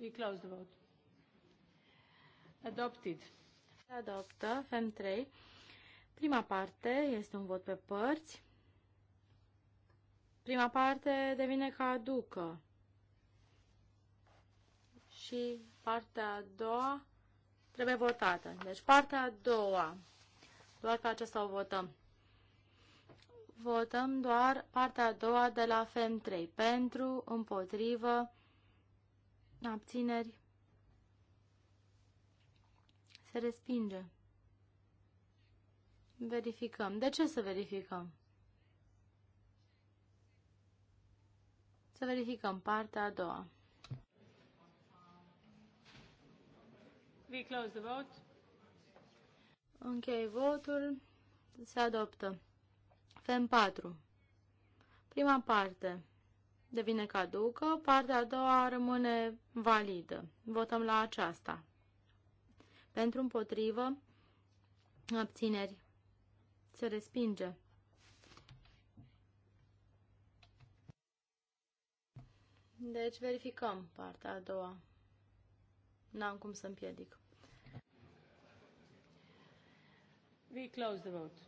We close the vote. Adopted. Adoptă, Fam 3. Prima parte este un vot pe părți. Prima parte devine caducă și partea a doua trebuie votată. Deci partea a doua, doar pe aceasta o votăm. Votăm doar partea a doua de la FEM3. Pentru, împotrivă, abțineri. Se respinge. Verificăm. De ce să verificăm? Să verificăm partea a doua. We close the vote. Închei votul. Se adoptă. FEM 4. Prima parte devine caducă, partea a doua rămâne validă. Votăm la aceasta. Pentru împotrivă, abțineri. Se respinge. Deci verificăm partea a doua. N-am cum să împiedic. We close the vote.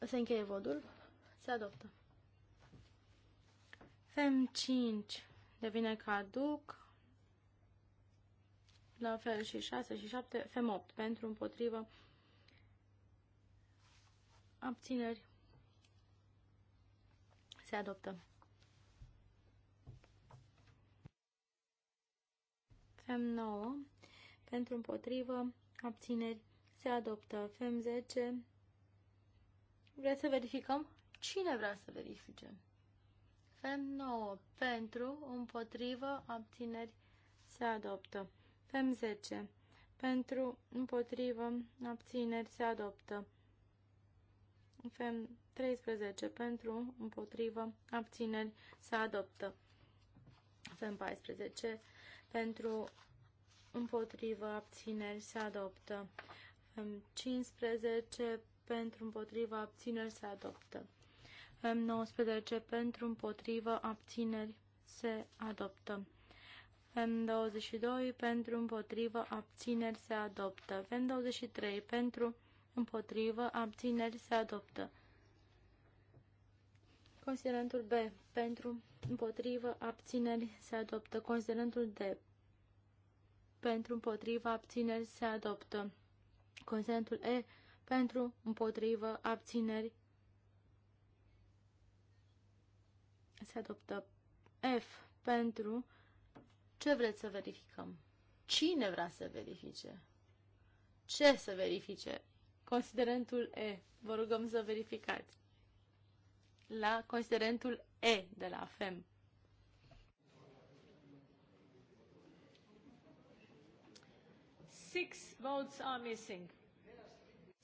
Se încheie votul. Se adoptă. FEM 5 devine caduc. La fel și 6 și 7. FEM 8 pentru împotrivă. Abțineri. Se adoptă. FEM 9 pentru împotrivă. Abțineri se adoptă. FEM 10. Vreți să verificăm? Cine vrea să verifice? FEM 9. Pentru, împotrivă, abțineri, se adoptă. FEM 10. Pentru, împotrivă, abțineri, se adoptă. FEM 13. Pentru, împotrivă, abțineri, se adoptă. FEM 14. Pentru, împotrivă, abțineri, se adoptă. 15 pentru împotriva abțineri se adoptă. M19 pentru împotriva abțineri se adoptă. M22 pentru împotriva abțineri se adoptă. M23 pentru împotriva abțineri se adoptă. Considerentul B pentru împotriva abțineri se adoptă. Considerentul D pentru împotriva abțineri se adoptă. Consentul E pentru, împotrivă, abțineri. Se adoptă F pentru. Ce vreți să verificăm? Cine vrea să verifice? Ce să verifice? Considerentul E. Vă rugăm să verificați. La considerentul E de la FEM. six votes are missing.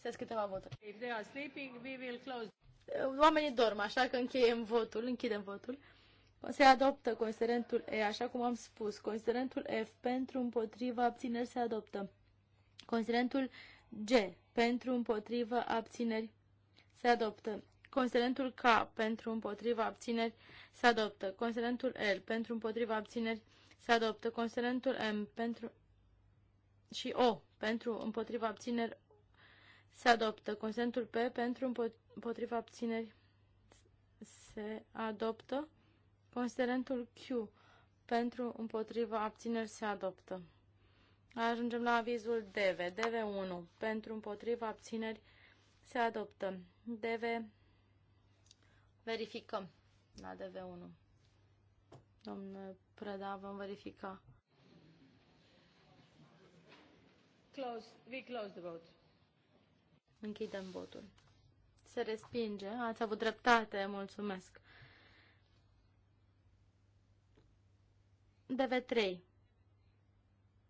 Sunt câteva voturi. If they are sleeping, we will close. Oamenii dorm, așa că încheiem votul, închidem votul. Se adoptă considerentul E, așa cum am spus. Considerentul F pentru împotriva abțineri se adoptă. Considerentul G pentru împotriva abțineri se adoptă. Considerentul K pentru împotriva abțineri se adoptă. Considerentul L pentru împotriva abțineri se adoptă. Considerentul M pentru și O pentru împotriva abțineri se adoptă. Consentul P pentru împotriva abțineri se adoptă. Considerentul Q pentru împotriva abțineri se adoptă. Ajungem la avizul DV. DV1 pentru împotriva abțineri se adoptă. DV verificăm la DV1. Domnule Preda, vom verifica. Închidem votul. Se respinge. Ați avut dreptate. Mulțumesc. DV3.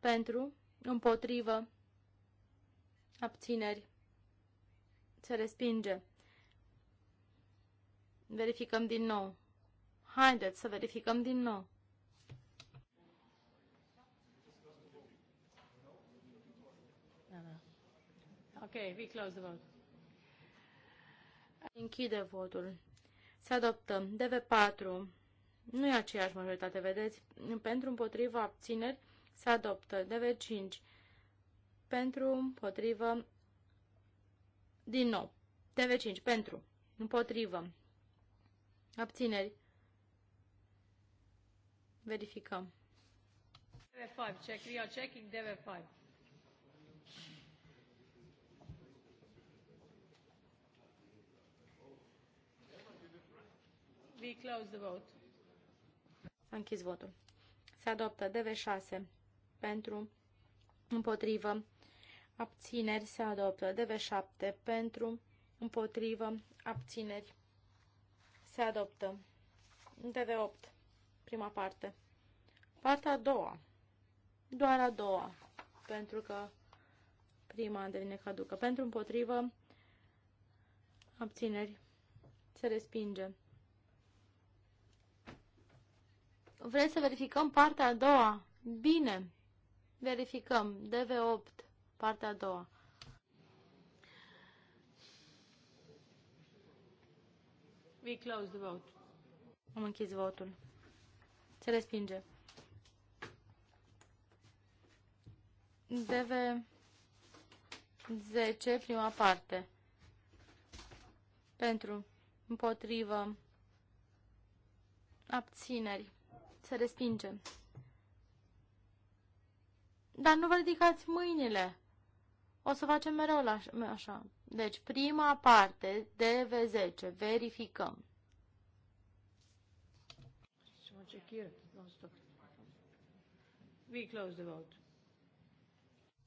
Pentru, împotrivă, abțineri. Se respinge. Verificăm din nou. Haideți să verificăm din nou. Ok, we close the vote. Închide votul. Se adoptă. DV4. Nu e aceeași majoritate, vedeți? Pentru împotriva abțineri se adoptă. DV5. Pentru împotrivă. Din nou. DV5. Pentru. Împotrivă. Abțineri. Verificăm. DV5. Check. We are checking DV5. We close the vote. S-a închis votul. Se adoptă DV6 pentru, împotrivă, abțineri. Se adoptă DV7 pentru, împotrivă, abțineri. Se adoptă DV8, prima parte. Partea a doua, doar a doua, pentru că prima devine caducă. Pentru, împotrivă, abțineri. Se respinge. Vreți să verificăm partea a doua? Bine. Verificăm. DV8, partea a doua. We close the vote. Am închis votul. Se respinge. DV10, prima parte. Pentru, împotrivă, abțineri se respinge. Dar nu vă ridicați mâinile. O să facem mereu la, așa. Deci, prima parte, DV10, verificăm. We close the vote.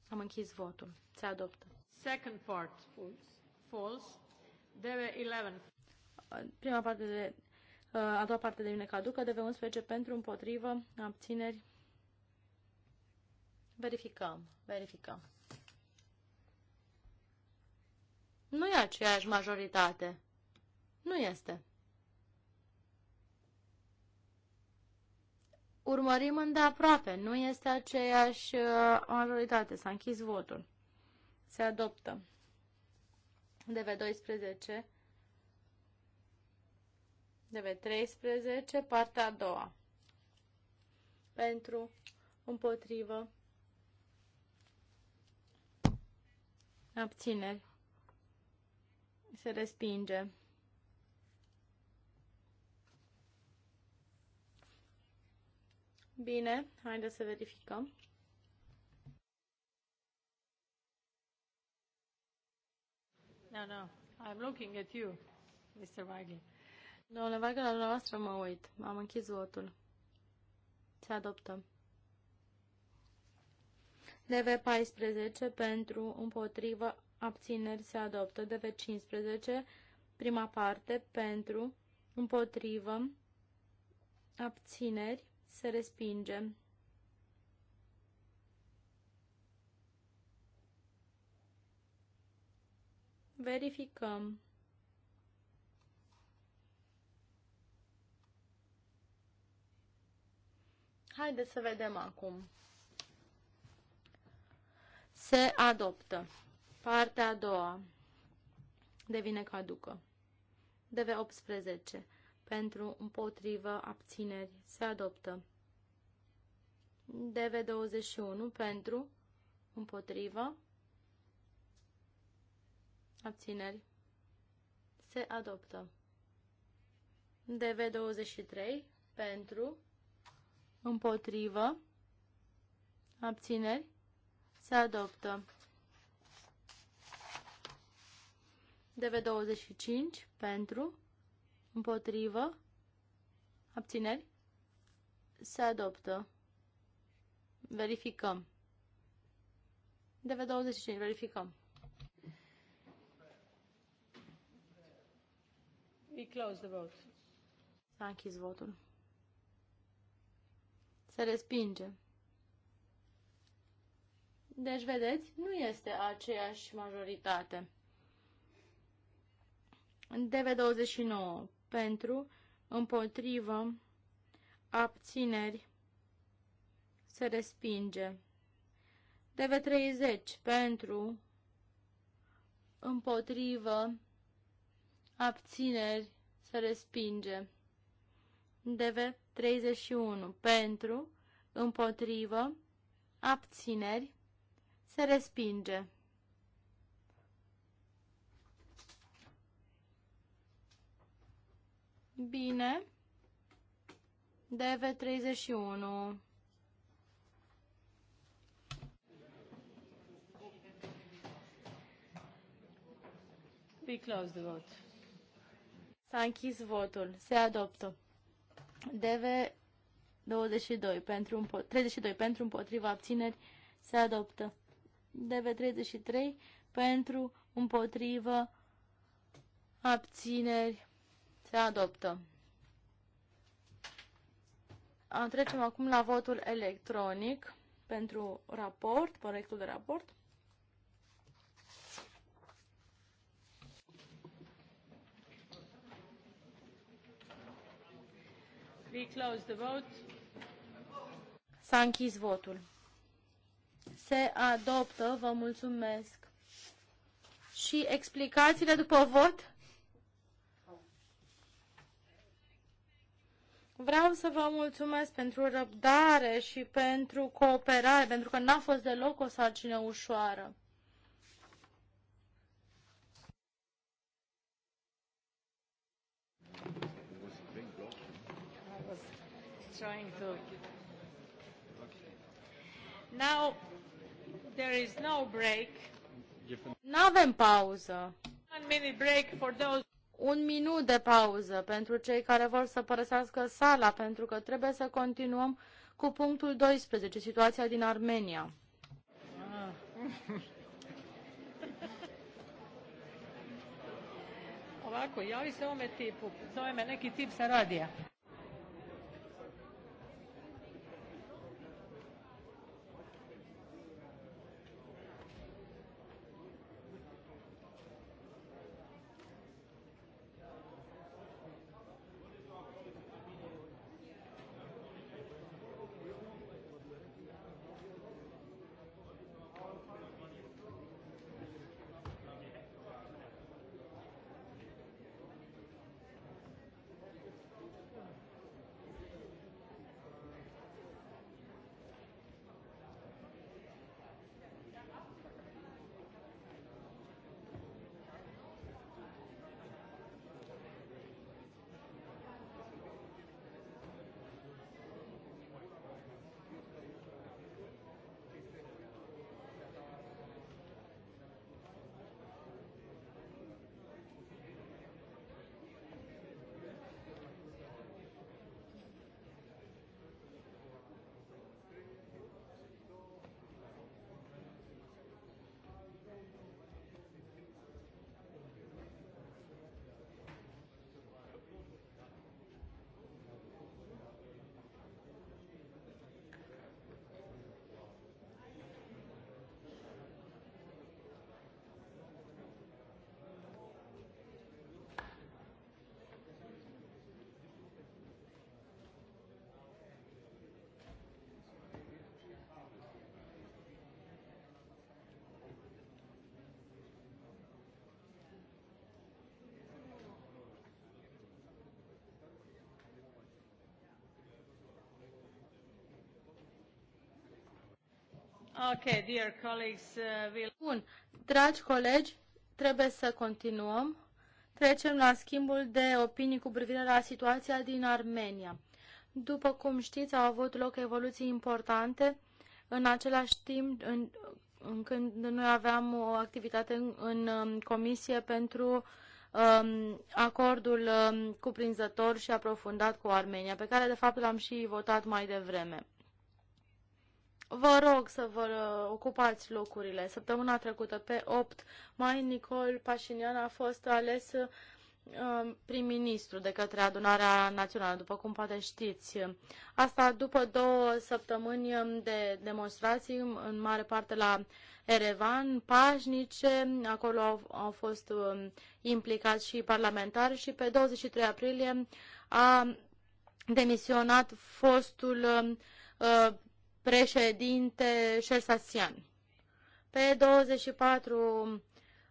Am închis votul. Se adoptă. Second part, false. False. There were 11 Prima parte de a doua parte devine caducă. DV11 pentru, împotrivă, abțineri. Verificăm, verificăm. Nu e aceeași majoritate. Nu este. Urmărim îndeaproape. Nu este aceeași uh, majoritate. S-a închis votul. Se adoptă. DV12 DV13, partea a doua. Pentru, împotrivă, abțineri, se respinge. Bine, haideți să verificăm. No, no, I'm looking at you, Mr. Weigel. Domnule Varga, la dumneavoastră mă uit. Am închis votul. Se adoptă. DV14 pentru împotrivă abțineri se adoptă. DV15 prima parte pentru împotrivă abțineri se respinge. Verificăm. Haideți să vedem acum. Se adoptă. Partea a doua devine caducă. DV18. Pentru, împotrivă, abțineri. Se adoptă. DV21. Pentru, împotrivă, abțineri. Se adoptă. DV23. Pentru, împotrivă, abțineri, se adoptă. DV25 pentru, împotrivă, abțineri, se adoptă. Verificăm. DV25, verificăm. We close the vote. Thank you, votul. Se respinge. Deci, vedeți, nu este aceeași majoritate. DV29 pentru, împotrivă, abțineri, se respinge. DV30 pentru, împotrivă, abțineri, se respinge. DV 31 pentru, împotrivă, abțineri, se respinge. Bine. DV31. We close the vote. S-a închis votul. Se adoptă. Deve 22 pentru 32 pentru împotriva abțineri se adoptă. Deve 33 pentru împotriva abțineri se adoptă. Trecem acum la votul electronic pentru raport, proiectul de raport. We close the vote. S-a închis votul. Se adoptă, vă mulțumesc. Și explicațiile după vot? Vreau să vă mulțumesc pentru răbdare și pentru cooperare, pentru că n-a fost deloc o sarcină ușoară. trying to. Now there is no break. Nu avem pauză. One minute break for those un minut de pauză pentru cei care vor să părăsească sala, pentru că trebuie să continuăm cu punctul 12, situația din Armenia. Ah. Ovako, javi se ovome tipu, zove me neki tip sa radija. Okay, dear colleagues, uh, we'll... Bun, dragi colegi, trebuie să continuăm. Trecem la schimbul de opinii cu privire la situația din Armenia. După cum știți, au avut loc evoluții importante. În același timp, în, în când noi aveam o activitate în, în, în um, comisie pentru um, acordul um, cuprinzător și aprofundat cu Armenia, pe care de fapt l-am și votat mai devreme. Vă rog să vă uh, ocupați locurile. Săptămâna trecută, pe 8 mai, Nicol Pașinian a fost ales uh, prim-ministru de către adunarea națională, după cum poate știți. Asta după două săptămâni um, de demonstrații, um, în mare parte la Erevan, pașnice, acolo au, au fost um, implicați și parlamentari și pe 23 aprilie a demisionat fostul uh, președinte Șersasian. Pe 24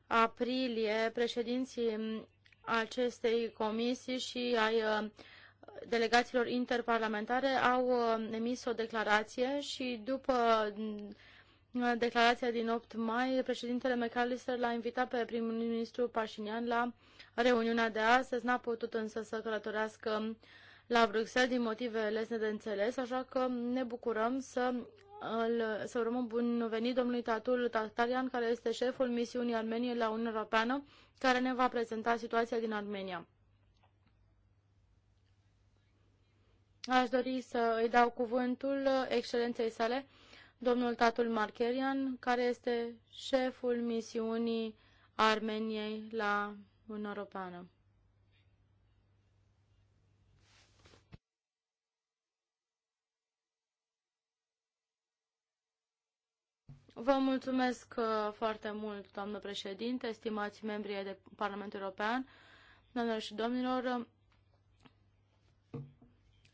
aprilie, președinții acestei comisii și ai uh, delegațiilor interparlamentare au uh, emis o declarație și după mm, declarația din 8 mai, președintele McAllister l-a invitat pe prim-ministru Pașinian la reuniunea de astăzi. N-a putut însă să călătorească la Bruxelles din motive lesne de înțeles, așa că ne bucurăm să îl, să un bun venit domnului Tatul Tatarian, care este șeful misiunii Armeniei la Uniunea Europeană, care ne va prezenta situația din Armenia. Aș dori să îi dau cuvântul excelenței sale, domnul Tatul Markerian, care este șeful misiunii Armeniei la Uniunea Europeană. Vă mulțumesc uh, foarte mult, doamnă președinte, stimați membrii de Parlamentul European, doamnelor și domnilor.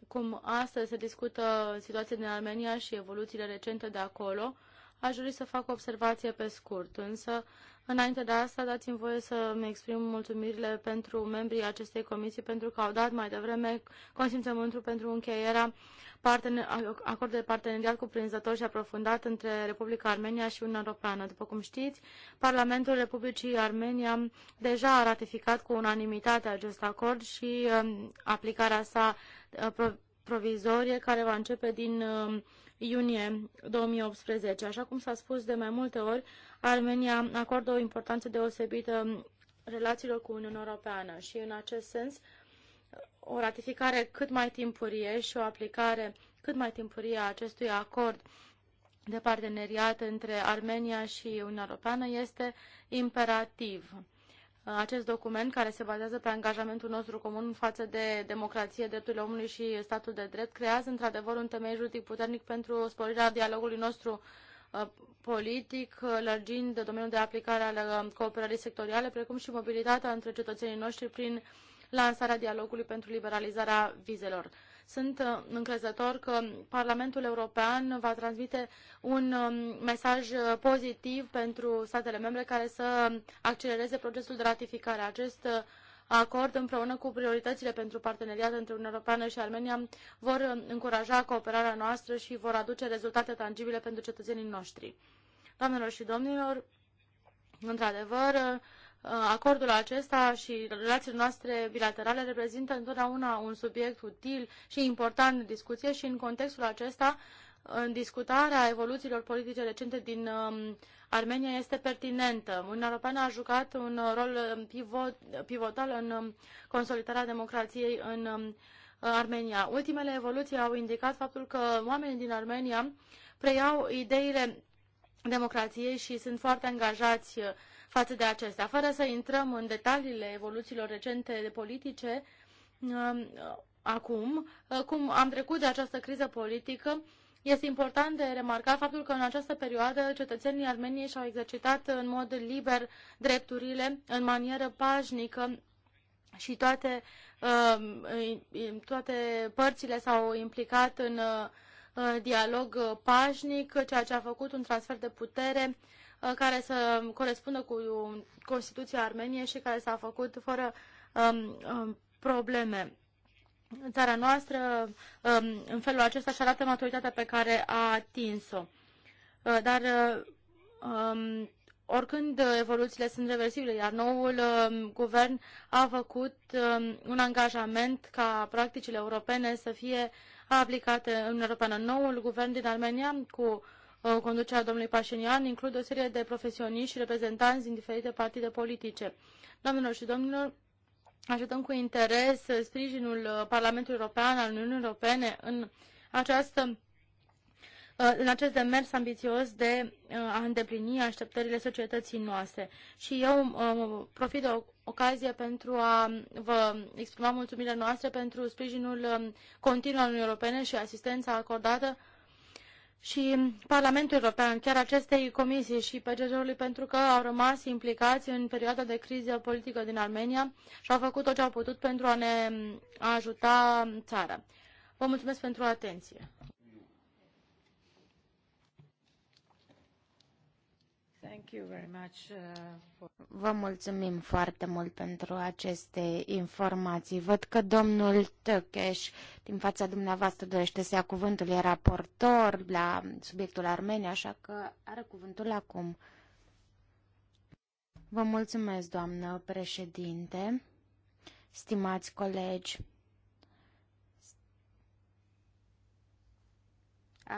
Cum astăzi se discută situația din Armenia și evoluțiile recente de acolo, aș dori să fac o observație pe scurt, însă Înainte de asta, dați-mi voie să-mi exprim mulțumirile pentru membrii acestei comisii pentru că au dat mai devreme consimțământul pentru încheierea acord de parteneriat cuprinzător și aprofundat între Republica Armenia și Uniunea Europeană. După cum știți, Parlamentul Republicii Armenia deja a ratificat cu unanimitate acest acord și uh, aplicarea sa uh, provizorie care va începe din uh, iunie 2018. Așa cum s-a spus de mai multe ori, Armenia acordă o importanță deosebită relațiilor cu Uniunea Europeană și în acest sens o ratificare cât mai timpurie și o aplicare cât mai timpurie a acestui acord de parteneriat între Armenia și Uniunea Europeană este imperativ. Acest document, care se bazează pe angajamentul nostru comun față de democrație, drepturile omului și statul de drept, creează într-adevăr un temei juridic puternic pentru sporirea dialogului nostru Uh, politic, uh, lărgind domeniul de aplicare al uh, cooperării sectoriale, precum și mobilitatea între cetățenii noștri prin lansarea dialogului pentru liberalizarea vizelor. Sunt încrezător că Parlamentul European va transmite un um, mesaj pozitiv pentru statele membre care să accelereze procesul de ratificare. Acest acord împreună cu prioritățile pentru parteneriat între Uniunea Europeană și Armenia vor uh, încuraja cooperarea noastră și vor aduce rezultate tangibile pentru cetățenii noștri. Doamnelor și domnilor, într-adevăr, uh, acordul acesta și relațiile noastre bilaterale reprezintă întotdeauna un subiect util și important de discuție și în contextul acesta în discutarea evoluțiilor politice recente din um, Armenia este pertinentă. Uniunea Europeană a jucat un rol um, pivot, pivotal în um, consolidarea democrației în Armenia. Ultimele evoluții au indicat faptul că oamenii din Armenia preiau ideile democrației și sunt foarte angajați uh, față de acestea. Fără să intrăm în detaliile evoluțiilor recente de politice, acum, uh, cum am trecut de această criză politică, este important de remarcat faptul că în această perioadă cetățenii Armeniei și-au exercitat în mod liber drepturile în manieră pașnică și toate, um, toate părțile s-au implicat uh, în dialog pașnic, ceea ce a făcut un transfer de putere uh, care să corespundă cu Constituția Armeniei și care s-a făcut fără um, um probleme. În țara noastră, um, în felul acesta, și arată maturitatea pe care a atins-o. Uh, dar uh, um, oricând evoluțiile sunt reversibile, iar noul um, guvern a făcut un angajament ca practicile europene să fie aplicate în Europeană. Noul guvern din Armenia, cu uh, conducerea domnului Pașinian, include o serie de profesioniști și reprezentanți din diferite partide politice. Doamnelor și domnilor, Așteptăm cu interes uh, sprijinul uh, Parlamentului European al Uniunii Europene în, această, uh, în acest demers ambițios de a îndeplini așteptările societății noastre. Și eu profit de ocazie pentru a vă exprima mulțumirea noastră pentru sprijinul continuu al Uniunii Europene și asistența acordată și Parlamentul European, chiar acestei comisii și PGJ-ului, pentru că au rămas implicați în perioada de criză politică din Armenia și au făcut tot ce au putut pentru a ne ajuta țara. Vă mulțumesc pentru atenție. Uh, Vă mulțumim foarte mult pentru aceste informații. Văd că domnul Tăcheș, din fața dumneavoastră, dorește să ia cuvântul, e raportor la subiectul Armenia, așa că are cuvântul acum. Vă mulțumesc, doamnă președinte, stimați colegi.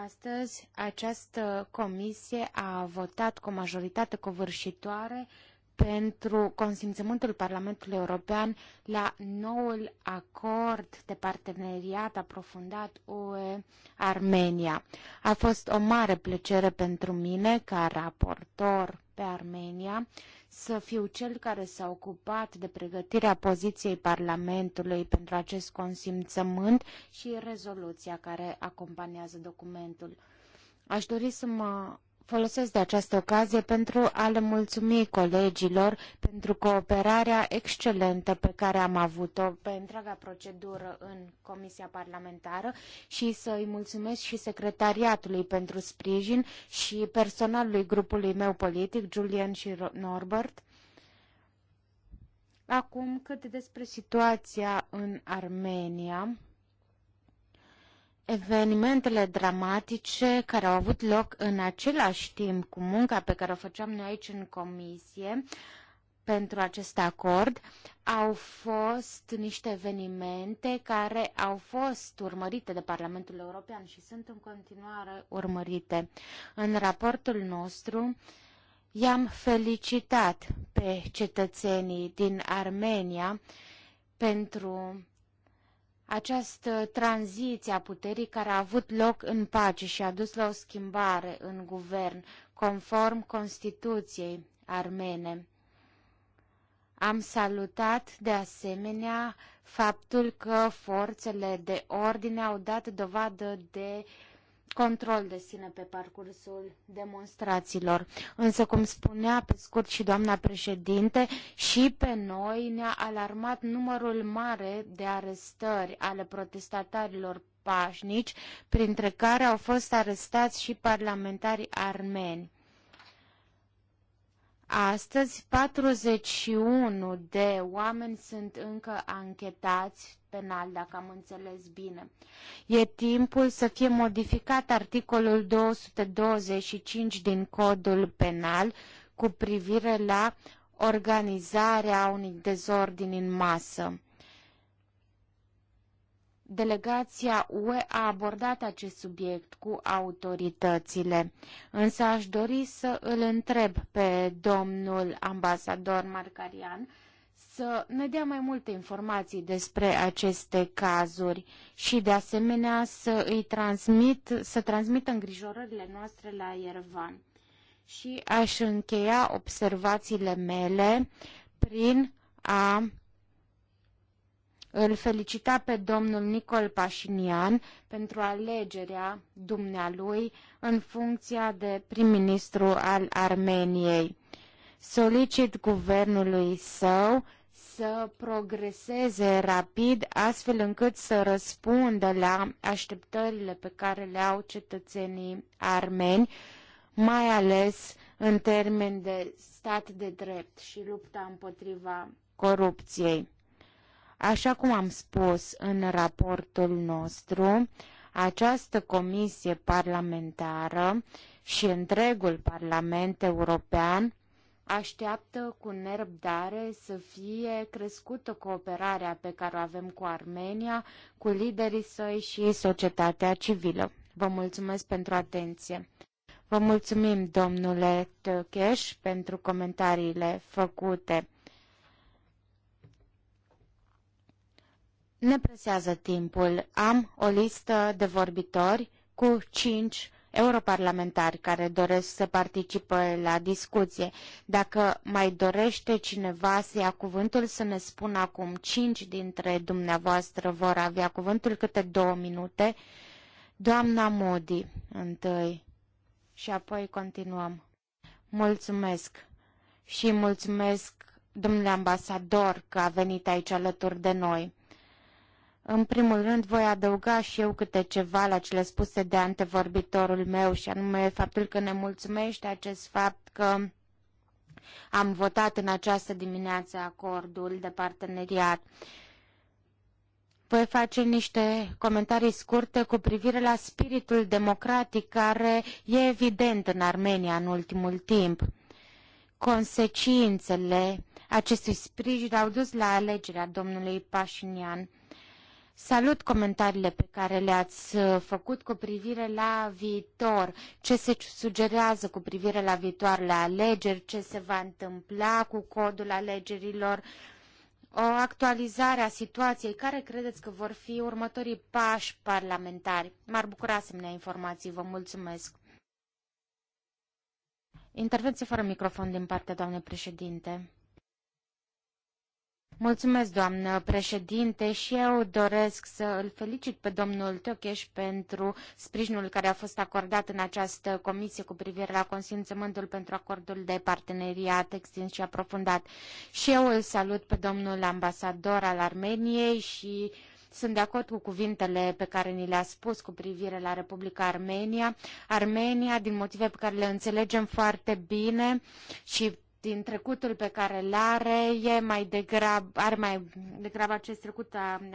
Astăzi, această comisie a votat cu o majoritate covârșitoare pentru consimțământul Parlamentului European la noul acord de parteneriat aprofundat UE-Armenia. A fost o mare plăcere pentru mine, ca raportor pe Armenia, să fiu cel care s-a ocupat de pregătirea poziției Parlamentului pentru acest consimțământ și rezoluția care acompaniază documentul. Aș dori să mă folosesc de această ocazie pentru a le mulțumi colegilor pentru cooperarea excelentă pe care am avut-o pe întreaga procedură în Comisia Parlamentară și să îi mulțumesc și secretariatului pentru sprijin și personalului grupului meu politic, Julian și Norbert. Acum, cât despre situația în Armenia evenimentele dramatice care au avut loc în același timp cu munca pe care o făceam noi aici în comisie pentru acest acord au fost niște evenimente care au fost urmărite de Parlamentul European și sunt în continuare urmărite. În raportul nostru i-am felicitat pe cetățenii din Armenia pentru această tranziție a puterii care a avut loc în pace și a dus la o schimbare în guvern, conform Constituției armene. Am salutat, de asemenea, faptul că forțele de ordine au dat dovadă de uh, control de sine pe parcursul demonstrațiilor. Însă, cum spunea pe scurt și doamna președinte, și pe noi ne-a alarmat numărul mare de arestări ale protestatarilor pașnici, printre care au fost arestați și parlamentari armeni. Astăzi, 41 de oameni sunt încă anchetați penal, dacă am înțeles bine. E timpul să fie modificat articolul 225 din codul penal cu privire la organizarea unui dezordin în masă. Delegația UE a abordat acest subiect cu autoritățile, însă aș dori să îl întreb pe domnul ambasador Marcarian să ne dea mai multe informații despre aceste cazuri și de asemenea să îi transmit, să transmit îngrijorările noastre la Iervan. Și aș încheia observațiile mele prin a îl felicita pe domnul Nicol Pașinian pentru alegerea dumnealui în funcția de prim-ministru al Armeniei. Solicit guvernului său să progreseze rapid astfel încât să răspundă la așteptările pe care le au cetățenii armeni, mai ales în termen de stat de drept și lupta împotriva corupției. Așa cum am spus în raportul nostru, această comisie parlamentară și întregul Parlament European așteaptă cu nerăbdare să fie crescută cooperarea pe care o avem cu Armenia, cu liderii săi și societatea civilă. Vă mulțumesc pentru atenție. Vă mulțumim, domnule Tăcheș, pentru comentariile făcute. Ne presează timpul. Am o listă de vorbitori cu cinci europarlamentari care doresc să participe la discuție. Dacă mai dorește cineva să ia cuvântul, să ne spună acum cinci dintre dumneavoastră vor avea cuvântul câte două minute. Doamna Modi, întâi, și apoi continuăm. Mulțumesc și mulțumesc, domnule ambasador, că a venit aici alături de noi. În primul rând, voi adăuga și eu câte ceva la cele spuse de antevorbitorul meu, și anume faptul că ne mulțumește acest fapt că am votat în această dimineață acordul de parteneriat. Voi face niște comentarii scurte cu privire la spiritul democratic care e evident în Armenia în ultimul timp. Consecințele acestui sprijin au dus la alegerea domnului Pașinian Salut comentariile pe care le-ați uh, făcut cu privire la viitor, ce se sugerează cu privire la viitoarele alegeri, ce se va întâmpla cu codul alegerilor, o actualizare a situației, care credeți că vor fi următorii pași parlamentari. M-ar bucura asemenea informații, vă mulțumesc. Intervenție fără microfon din partea doamnei președinte. Mulțumesc, doamnă președinte, și eu doresc să îl felicit pe domnul Tocheș pentru sprijinul care a fost acordat în această comisie cu privire la consimțământul pentru acordul de parteneriat extins și aprofundat. Și eu îl salut pe domnul ambasador al Armeniei și sunt de acord cu cuvintele pe care ni le-a spus cu privire la Republica Armenia. Armenia, din motive pe care le înțelegem foarte bine și din trecutul pe care îl are, e mai degrab, are mai degrabă acest trecut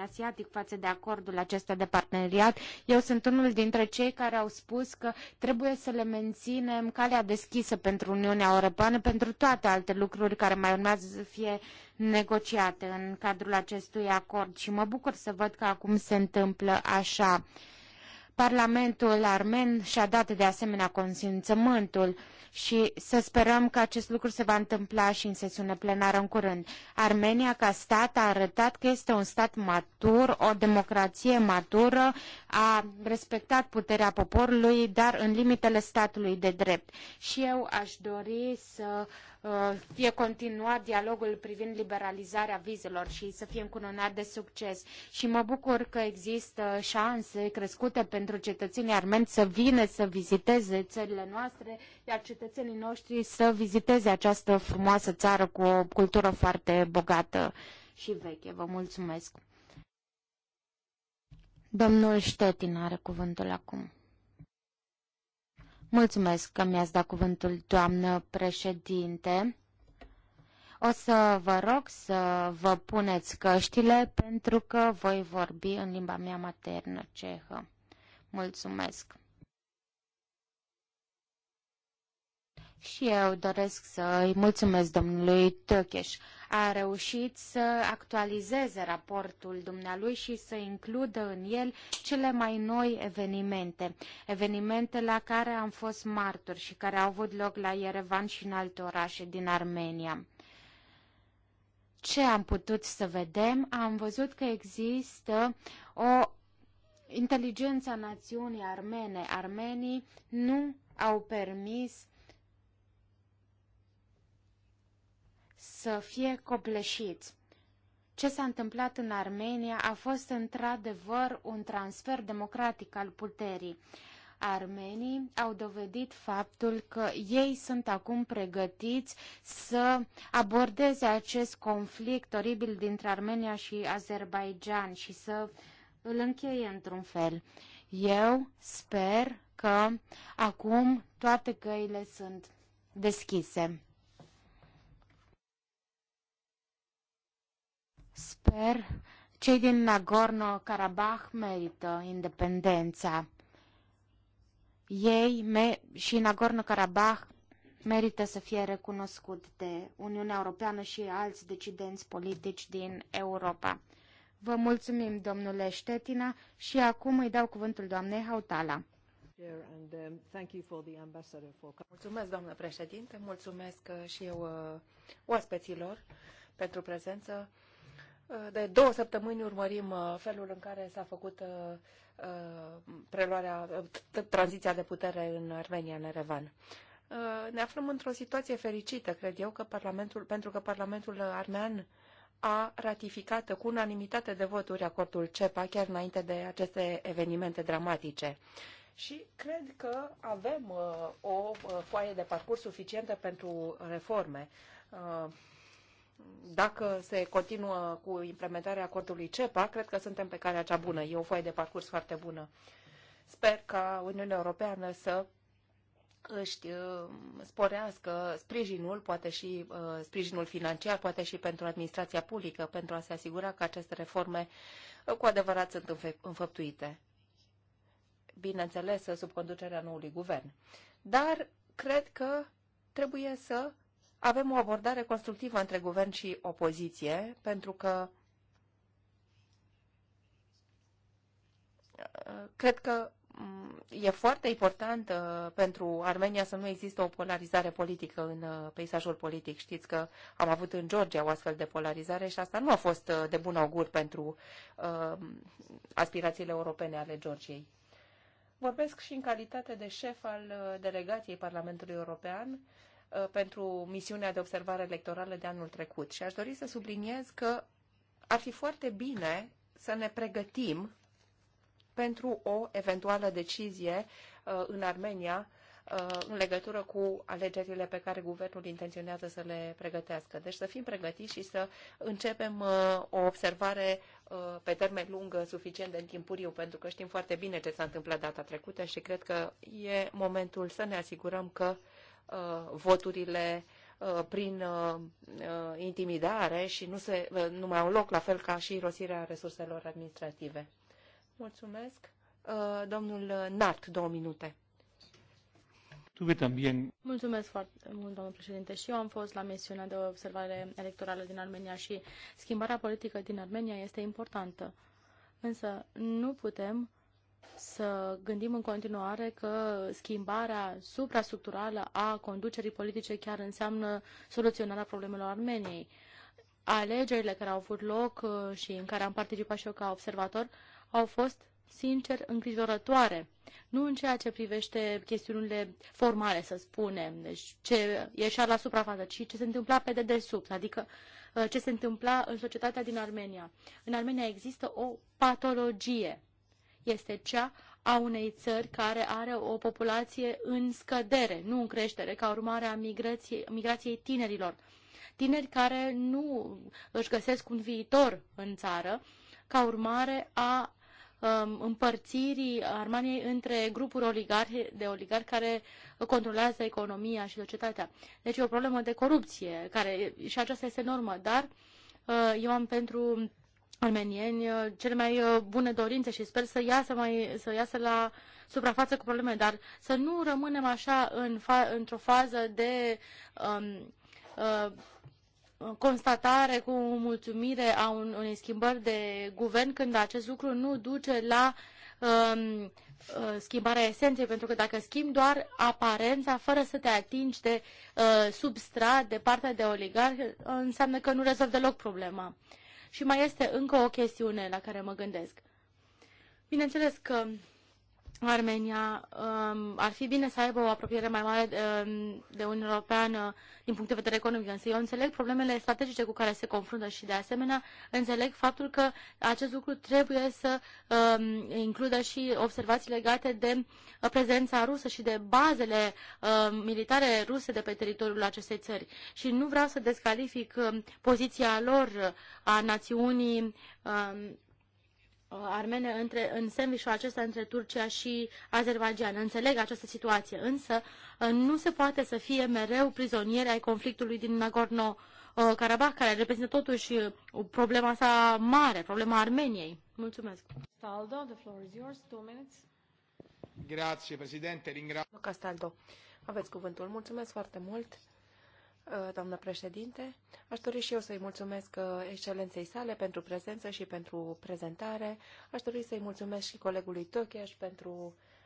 asiatic față de acordul acesta de parteneriat. Eu sunt unul dintre cei care au spus că trebuie să le menținem calea deschisă pentru Uniunea Europeană, pentru toate alte lucruri care mai urmează să fie negociate în cadrul acestui acord și mă bucur să văd că acum se întâmplă așa. Parlamentul armen și-a dat de asemenea consimțământul și să sperăm că acest lucru se va întâmpla și în sesiune plenară în curând. Armenia ca stat a arătat că este un stat matur, o democrație matură, a respectat puterea poporului, dar în limitele statului de drept. Și eu aș dori să uh, Uh, fie continuat dialogul privind liberalizarea vizelor și să fie încununat de succes. Și mă bucur că există șanse crescute pentru cetățenii armeni să vină să viziteze țările noastre, iar cetățenii noștri să viziteze această frumoasă țară cu o cultură foarte bogată și veche. Vă mulțumesc! Domnul Ștetin are cuvântul acum. Mulțumesc că mi-ați dat cuvântul, doamnă președinte. O să vă rog să vă puneți căștile pentru că voi vorbi în limba mea maternă cehă. Mulțumesc! Și eu doresc să îi mulțumesc domnului Tăcheș. A reușit să actualizeze raportul dumnealui și să includă în el cele mai noi evenimente. Evenimente la care am fost martori și care au avut loc la Yerevan și în alte orașe din Armenia. Ce am putut să vedem? Am văzut că există o inteligență a națiunii armene. Armenii nu au permis să fie copleșiți. Ce s-a întâmplat în Armenia a fost într-adevăr un transfer democratic al puterii. Armenii au dovedit faptul că ei sunt acum pregătiți să abordeze acest conflict oribil dintre Armenia și Azerbaijan și să îl încheie într-un fel. Eu sper că acum toate căile sunt deschise. Sper, cei din Nagorno-Karabakh merită independența. Ei și Nagorno-Karabakh merită să fie recunoscut de Uniunea Europeană și alți decidenți politici din Europa. Vă mulțumim, domnule Ștetina, și acum îi dau cuvântul doamnei Hautala. Mulțumesc, doamnă președinte, mulțumesc și eu uh, oaspeților pentru prezență de două săptămâni urmărim uh, felul în care s-a făcut uh, uh, preluarea, tranziția de putere în Armenia, în Erevan. Ne aflăm într-o situație fericită, cred eu, că Parlamentul, pentru că Parlamentul armean a ratificat cu unanimitate de voturi acordul CEPA chiar înainte de aceste evenimente dramatice. Și cred că avem o foaie de parcurs suficientă pentru reforme dacă se continuă cu implementarea acordului CEPA, cred că suntem pe calea cea bună. E o foaie de parcurs foarte bună. Sper ca Uniunea Europeană să își uh, sporească sprijinul, poate și uh, sprijinul financiar, poate și pentru administrația publică, pentru a se asigura că aceste reforme uh, cu adevărat sunt înfăptuite. Bineînțeles, sub conducerea noului guvern. Dar cred că trebuie să avem o abordare constructivă între guvern și opoziție, pentru că uh, cred că mm, e foarte important uh, pentru Armenia să nu există o polarizare politică în uh, peisajul politic. Știți că am avut în Georgia o astfel de polarizare și asta nu a fost de bun augur pentru aspirațiile europene ale Georgiei. Vorbesc și în calitate de șef al delegației Parlamentului European Uh, pentru misiunea de observare electorală de anul trecut și aș dori să subliniez că ar fi foarte bine să ne pregătim pentru o eventuală decizie uh, în Armenia uh, în legătură cu alegerile pe care guvernul intenționează să le pregătească. Deci să fim pregătiți și să începem o observare pe termen lung suficient de timpuriu, pentru că știm foarte bine ce s-a întâmplat data trecută și cred că e momentul să ne asigurăm că uh, Uh, voturile uh, prin uh, intimidare și nu, se, nu mai au loc, la fel ca și rosirea resurselor administrative. Mulțumesc. Domnul Nart, două minute. Mulțumesc foarte mult, domnul președinte. Și eu am fost la misiunea de observare electorală din Armenia și schimbarea politică din Armenia este importantă. Însă nu putem să gândim în continuare că schimbarea suprastructurală a conducerii politice chiar înseamnă soluționarea problemelor Armeniei. Alegerile care au avut loc uh, și în care am participat și eu ca observator au fost sincer îngrijorătoare, nu în ceea ce privește chestiunile formale, să spunem, deci ce ieșea la suprafață, ci ce se întâmpla pe dedesubt, adică uh, ce se întâmpla în societatea din Armenia. În Armenia există o patologie este cea a unei țări care are o populație în scădere, nu în creștere, ca urmare a migrației, migrației tinerilor. Tineri care nu își găsesc un viitor în țară, ca urmare a um, împărțirii Armaniei între grupuri oligarhi, de oligarhi care controlează economia și societatea. Deci e o problemă de corupție, care și aceasta este normă, dar uh, eu am pentru armenieni uh, cele mai uh, bune dorințe și sper să iasă, mai, să iasă la suprafață cu probleme, dar să nu rămânem așa în fa- într-o fază de um, uh, constatare cu mulțumire a un, unei schimbări de guvern când acest lucru nu duce la um, uh, schimbarea esenței, pentru că dacă schimbi doar aparența fără să te atingi de uh, substrat, de partea de oligarh, înseamnă că nu rezolvi deloc problema. Și mai este încă o chestiune la care mă gândesc. Bineînțeles că Armenia um, ar fi bine să aibă o apropiere mai mare de, um, de Uniunea Europeană din punct de vedere economic, însă eu înțeleg problemele strategice cu care se confruntă și de asemenea înțeleg faptul că acest lucru trebuie să um, includă și observații legate de prezența rusă și de bazele um, militare ruse de pe teritoriul acestei țări. Și nu vreau să descalific um, poziția lor a națiunii um, armene între, în sandvișul acesta între Turcia și Azerbaijan. Înțeleg această situație, însă uh, nu se poate să fie mereu prizonieri ai conflictului din Nagorno-Karabakh, care reprezintă totuși uh, problema sa mare, problema Armeniei. Mulțumesc. Castaldo, the floor is yours, two minutes. Grazie, președinte. Ringra... Castaldo, aveți cuvântul. Mulțumesc foarte mult. Uh, doamnă președinte. Aș dori și eu să-i mulțumesc uh, excelenței sale pentru prezență și pentru prezentare. Aș dori să-i mulțumesc și colegului Tocheș pentru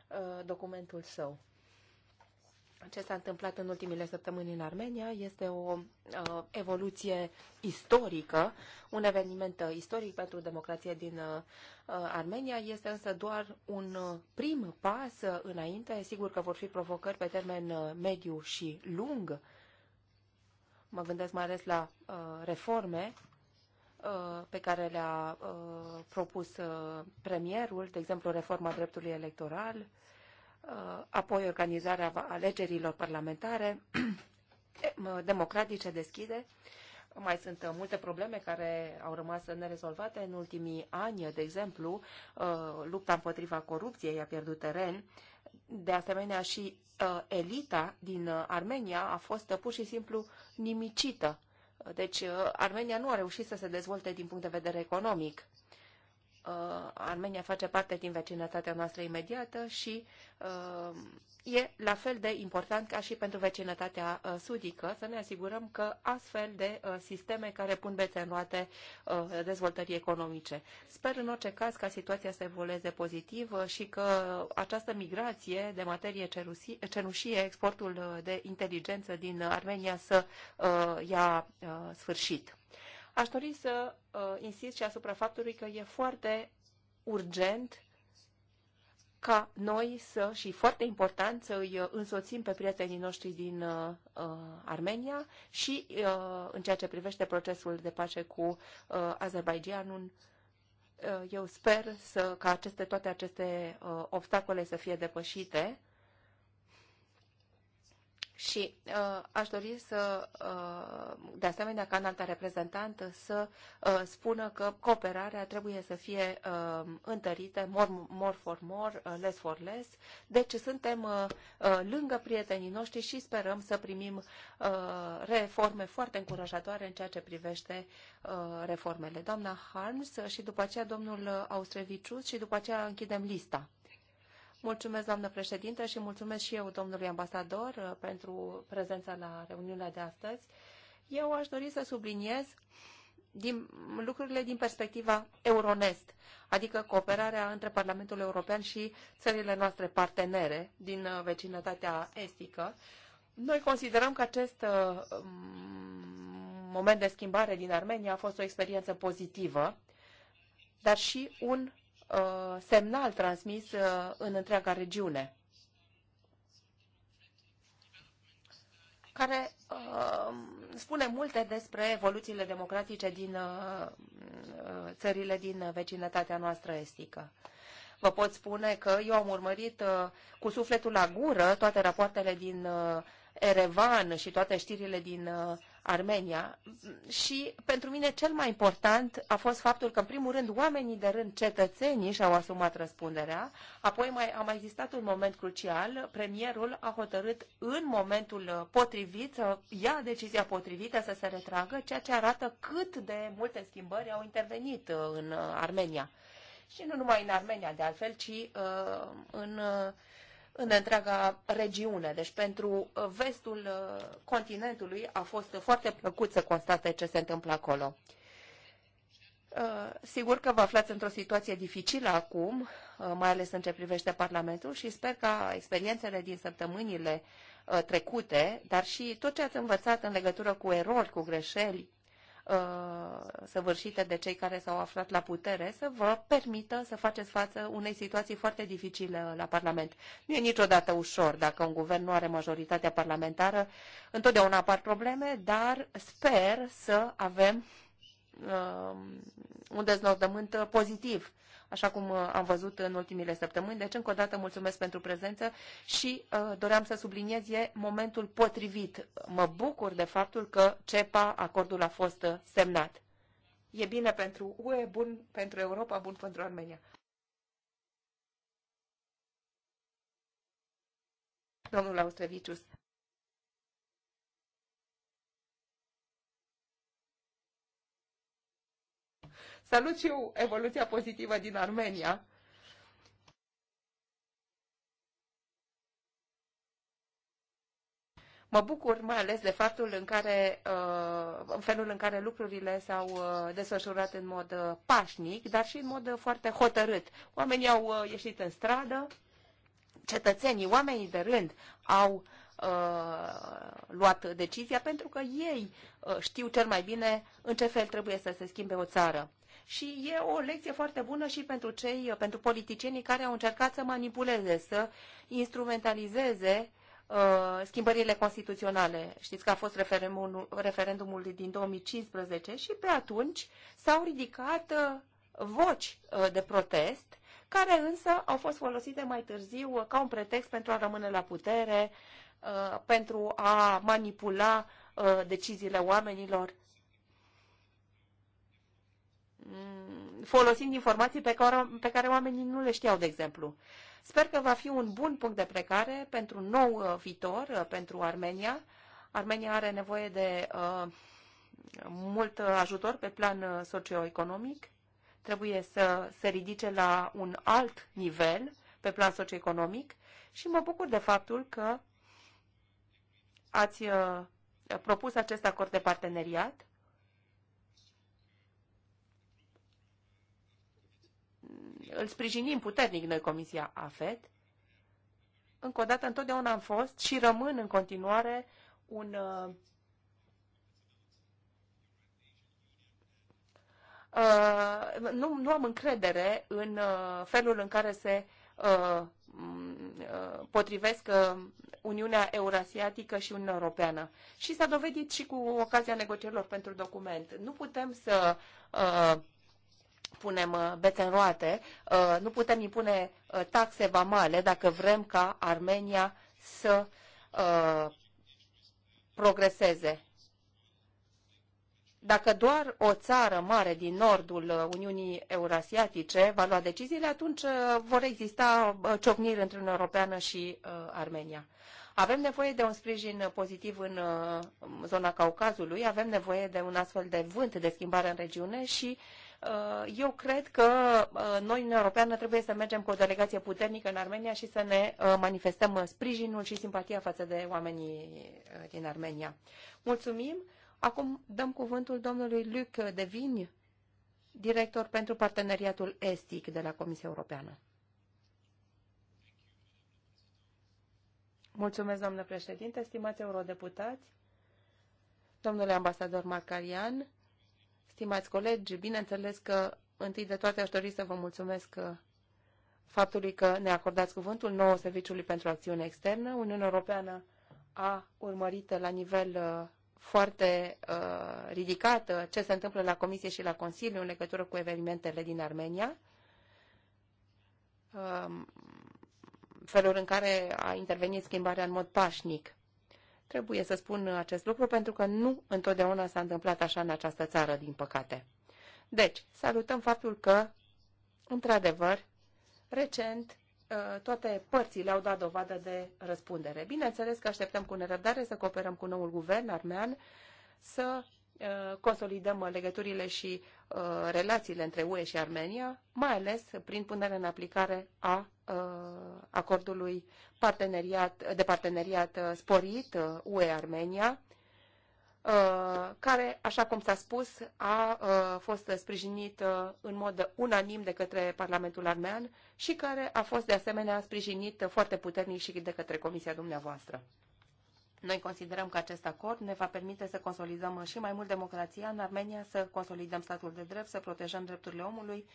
uh, documentul său. Ce s-a întâmplat în ultimile săptămâni în Armenia este o uh, evoluție istorică, un eveniment uh, istoric pentru democrație din uh, Armenia, este însă doar un uh, prim pas uh, înainte. Sigur că vor fi provocări pe termen uh, mediu și lung uh, mă gândesc mai ales la uh, reforme uh, pe care le-a uh, propus uh, premierul, de exemplu reforma dreptului electoral, uh, apoi organizarea alegerilor parlamentare democratice deschide. Mai sunt uh, multe probleme care au rămas nerezolvate în ultimii ani, de exemplu, uh, lupta împotriva corupției a pierdut teren de asemenea și uh, elita din uh, Armenia a fost uh, pur și simplu nimicită. Deci uh, Armenia nu a reușit să se dezvolte din punct de vedere economic. Uh, Armenia face parte din vecinătatea noastră imediată și uh, e la fel de important ca și pentru vecinătatea uh, sudică să ne asigurăm că astfel de sisteme care pun bețe în roate dezvoltării economice. Sper în orice caz ca situația să evolueze pozitiv și că această migrație de materie cenușie, exportul de inteligență din Armenia să ia sfârșit. Aș dori să uh, insist și asupra faptului că e foarte urgent ca noi să, și foarte important, să îi uh, însoțim pe prietenii noștri din uh, uh, Armenia și uh, în ceea ce privește procesul de pace cu uh, Azerbaijanul. Uh, eu sper să, ca aceste, toate aceste uh, obstacole să fie depășite și uh, aș dori să, uh, de asemenea, ca înalta reprezentantă să uh, spună că cooperarea trebuie să fie uh, întărită, more, more for more, uh, less for less. Deci suntem uh, uh, lângă prietenii noștri și sperăm să primim uh, reforme foarte încurajatoare în ceea ce privește uh, reformele. Doamna Harms și după aceea domnul Austreviciu și după aceea închidem lista. Mulțumesc, doamnă președinte, și mulțumesc și eu, domnului ambasador, uh, pentru prezența la reuniunea de astăzi. Eu aș dori să subliniez din lucrurile din perspectiva Euronest, adică cooperarea între Parlamentul European și țările noastre partenere din uh, vecinătatea estică. Noi considerăm că acest uh, moment de schimbare din Armenia a fost o experiență pozitivă, dar și un Uh, semnal transmis uh, în întreaga regiune. care uh, spune multe despre evoluțiile democratice din țările din vecinătatea noastră estică. Vă pot spune că eu am urmărit cu sufletul la gură toate rapoartele din Erevan și toate știrile din uh, Armenia și pentru mine cel mai important a fost faptul că în primul rând oamenii de rând, cetățenii și-au asumat răspunderea, apoi mai, a mai existat un moment crucial, premierul a hotărât în momentul uh, potrivit să ia decizia potrivită să se retragă, ceea ce arată cât de multe schimbări au intervenit uh, în uh, Armenia. Și nu numai în Armenia, de altfel, ci uh, în uh, în întreaga regiune. Deci pentru uh, vestul uh, continentului a fost foarte plăcut să constate ce se întâmplă acolo. Uh, sigur că vă aflați într-o situație dificilă acum, mai ales în ce privește Parlamentul și sper ca experiențele din săptămânile trecute, dar și tot ce ați învățat în legătură cu erori, cu greșeli, Uh, săvârșite de cei care s-au aflat la putere să vă permită să faceți față unei situații foarte dificile la Parlament. Nu e niciodată ușor dacă un guvern nu are majoritatea parlamentară. Întotdeauna apar probleme, dar sper să avem uh, un deznodământ pozitiv așa cum uh, am văzut în ultimile săptămâni. Deci, încă o dată, mulțumesc pentru prezență și uh, doream să subliniez, e momentul potrivit. Mă bucur de faptul că CEPA, acordul a fost uh, semnat. E bine pentru UE, bun pentru Europa, bun pentru Armenia. Domnul Austreviciu. Salut și eu evoluția pozitivă din Armenia. Mă bucur mai ales de faptul în care, uh, în felul în care lucrurile s-au uh, desfășurat în mod uh, pașnic, dar și în mod foarte hotărât. Oamenii au ieșit în stradă, cetățenii, oamenii de rând au luat decizia pentru că ei știu cel mai bine în ce fel trebuie să se schimbe o țară și e o lecție foarte bună și pentru cei, pentru politicienii care au încercat să manipuleze, să instrumentalizeze uh, schimbările constituționale. Știți că a fost referendumul, din 2015 și pe atunci s-au ridicat uh, voci uh, de protest care însă au fost folosite mai târziu ca un pretext pentru a rămâne la putere, pentru a manipula deciziile oamenilor Mm, folosind informații pe care, pe care oamenii nu le știau, de exemplu. Sper că va fi un bun punct de plecare pentru un nou uh, viitor, uh, pentru Armenia. Armenia are nevoie de uh, mult uh, ajutor pe plan socioeconomic. Trebuie să se ridice la un alt nivel pe plan socioeconomic și mă bucur de faptul că ați uh, propus acest acord de parteneriat îl sprijinim puternic noi Comisia AFET. Încă o dată, întotdeauna am fost și rămân în continuare un uh, uh nu, nu am încredere în uh, felul în care se uh, uh potrivesc uh, Uniunea Eurasiatică și Uniunea Europeană. Și s-a dovedit și cu ocazia negocierilor pentru document. Nu putem să punem uh, bete în roate, uh, nu putem impune uh, taxe vamale dacă vrem ca Armenia să progreseze. Dacă doar o țară mare din nordul Uniunii Eurasiatice va lua deciziile, atunci vor exista ciocniri între Uniunea Europeană și Armenia. Avem nevoie de un sprijin pozitiv în zona Caucazului, avem nevoie de un astfel de vânt de schimbare în regiune și uh, Uh, eu cred că uh, noi, în Europeană, trebuie să mergem cu o delegație puternică în Armenia și să ne uh, manifestăm sprijinul și simpatia față de oamenii din Armenia. Mulțumim! Acum dăm cuvântul domnului Luc Devin, director pentru parteneriatul estic de la Comisia Europeană. Mulțumesc, doamnă președinte, stimați eurodeputați, domnule ambasador Marcarian, Stimați colegi, bineînțeles că întâi de toate aș dori să vă mulțumesc uh, faptului că ne acordați cuvântul nouă Serviciului pentru Acțiune Externă. Uniunea Europeană a urmărit la nivel uh, foarte uh, ridicat uh, ce se întâmplă la Comisie și la Consiliu în legătură cu evenimentele din Armenia. Uh, felul în care a intervenit schimbarea în mod pașnic. Trebuie să spun acest lucru pentru că nu întotdeauna s-a întâmplat așa în această țară, din păcate. Deci, salutăm faptul că, într-adevăr, recent ă, toate părțile au dat dovadă de răspundere. Bineînțeles că așteptăm cu nerăbdare să cooperăm cu noul guvern armean, să ă, consolidăm legăturile și ă, relațiile între UE și Armenia, mai ales prin punerea în aplicare a Uh, acordului parteneriat, de parteneriat uh, sporit uh, UE-Armenia, care, așa cum s-a spus, a fost sprijinit în mod unanim de către Parlamentul Armean și care a fost de asemenea sprijinit foarte puternic și de către Comisia dumneavoastră. Noi considerăm că acest acord ne va permite să consolidăm și mai mult democrația în Armenia, să consolidăm statul de drept, să protejăm drepturile omului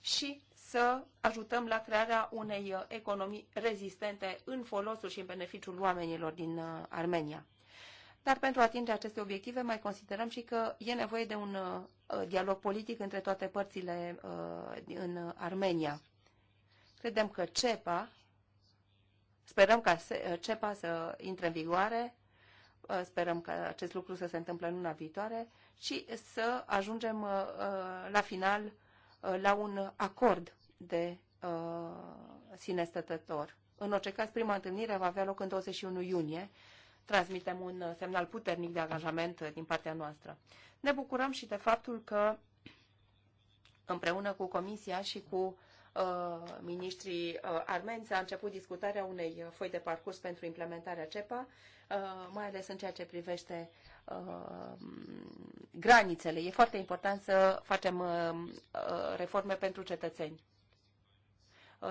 și să ajutăm la crearea unei uh, economii rezistente în folosul și în beneficiul oamenilor din uh, Armenia. Dar pentru a atinge aceste obiective mai considerăm și că e nevoie de un uh, dialog politic între toate părțile în Armenia. Credem că CEPA, sperăm ca CEPA să intre în vigoare, sperăm că acest lucru să se întâmple în luna viitoare și să ajungem la final Uh, la un acord de uh, sine stătător. În orice caz, prima întâlnire va avea loc în 21 iunie. Transmitem un uh, semnal puternic de angajament din partea noastră. Ne bucurăm și de faptul că împreună cu Comisia și cu uh, ministrii uh, armeni s-a început discutarea unei foi de parcurs pentru implementarea CEPA, uh, mai ales în ceea ce privește Uh, granițele. E foarte important să facem uh, uh, reforme pentru cetățeni.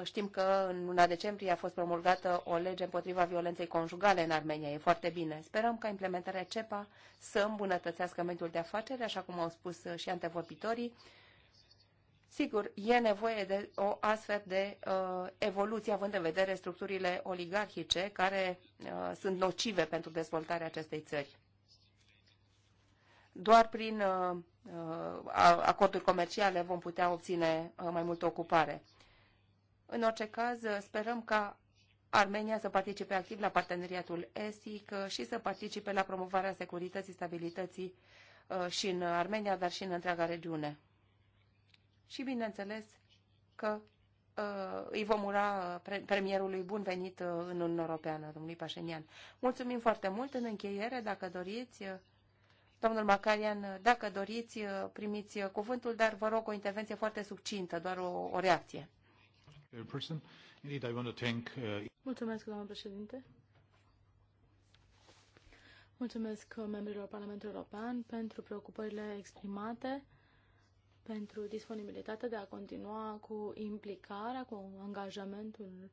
Știm că în luna decembrie a fost promulgată o lege împotriva violenței conjugale în Armenia. E foarte bine. Sperăm ca implementarea CEPA să îmbunătățească mediul de afaceri, așa cum au spus și antevorbitorii. Sigur, e nevoie de o astfel de uh, evoluție, având în vedere structurile oligarhice care uh, sunt nocive pentru dezvoltarea acestei țări. Doar prin uh, uh, acorduri comerciale vom putea obține uh, mai multă ocupare. În orice caz, sperăm ca Armenia să participe activ la parteneriatul ESIC și să participe la promovarea securității, stabilității și în Armenia, dar și în întreaga regiune. Și bineînțeles că îi vom ura premierului bun venit în Uniunea Europeană, domnului Pașenian. Mulțumim foarte mult în încheiere, dacă doriți, Domnul Macarian, dacă doriți, primiți cuvântul, dar vă rog o intervenție foarte succintă, doar o, o reacție. Uh, Mulțumesc, doamnă președinte. Mulțumesc membrilor Parlamentului European pentru preocupările exprimate, pentru disponibilitatea de a continua cu implicarea, cu angajamentul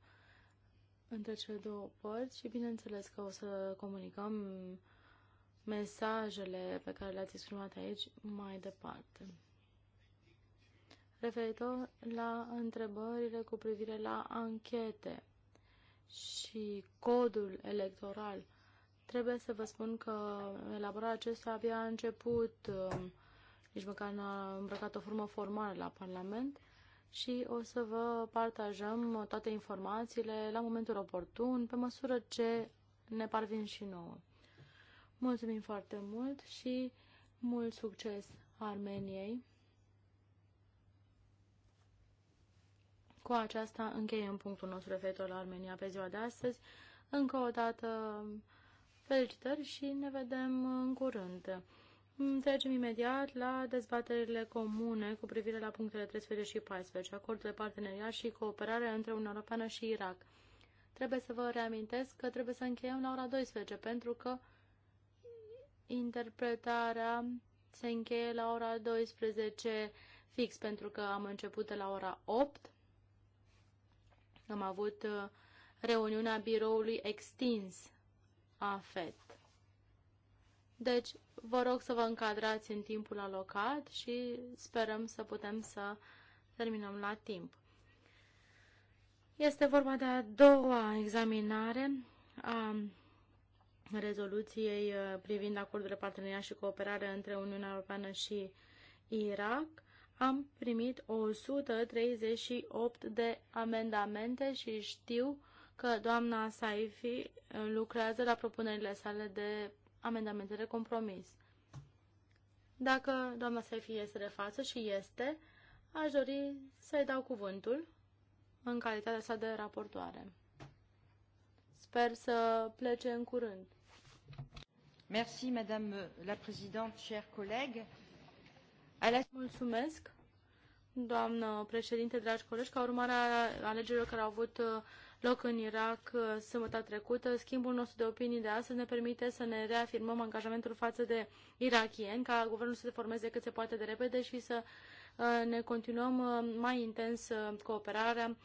între cele două părți și bineînțeles că o să comunicăm mesajele pe care le-ați exprimat aici mai departe. Referitor la întrebările cu privire la anchete și codul electoral, trebuie să vă spun că elaborarea acestuia abia a început, um, nici măcar nu a îmbrăcat o formă formală la Parlament și o să vă partajăm toate informațiile la momentul oportun, pe măsură ce ne parvin și nouă. Mulțumim foarte mult și mult succes Armeniei. Cu aceasta încheiem punctul nostru referitor la Armenia pe ziua de astăzi. Încă o dată felicitări și ne vedem în curând. Trecem imediat la dezbaterile comune cu privire la punctele 13 și 14, acordul de parteneriat și cooperare între Uniunea Europeană și Irak. Trebuie să vă reamintesc că trebuie să încheiem la ora 12, pentru că interpretarea se încheie la ora 12 fix, pentru că am început de la ora 8. Am avut uh, reuniunea biroului extins a FET. Deci, vă rog să vă încadrați în timpul alocat și sperăm să putem să terminăm la timp. Este vorba de a doua examinare a rezoluției uh, privind acordul de parteneriat și cooperare între Uniunea Europeană și Irak, am primit 138 de amendamente și știu că doamna Saifi uh, lucrează la propunerile sale de amendamente de compromis. Dacă doamna Saifi este de față și este, aș dori să-i dau cuvântul în calitatea sa de raportoare. Sper să plece în curând. Madame la Présidente, chers collègues. Mulțumesc, doamnă președinte, dragi colegi. Ca urmare a alegerilor care au avut uh, loc în Irak uh, sâmbătă trecută, schimbul nostru de opinii de astăzi ne permite să ne reafirmăm angajamentul față de irakieni, ca guvernul să se formeze cât se poate de repede și să uh, ne continuăm mai intens cooperarea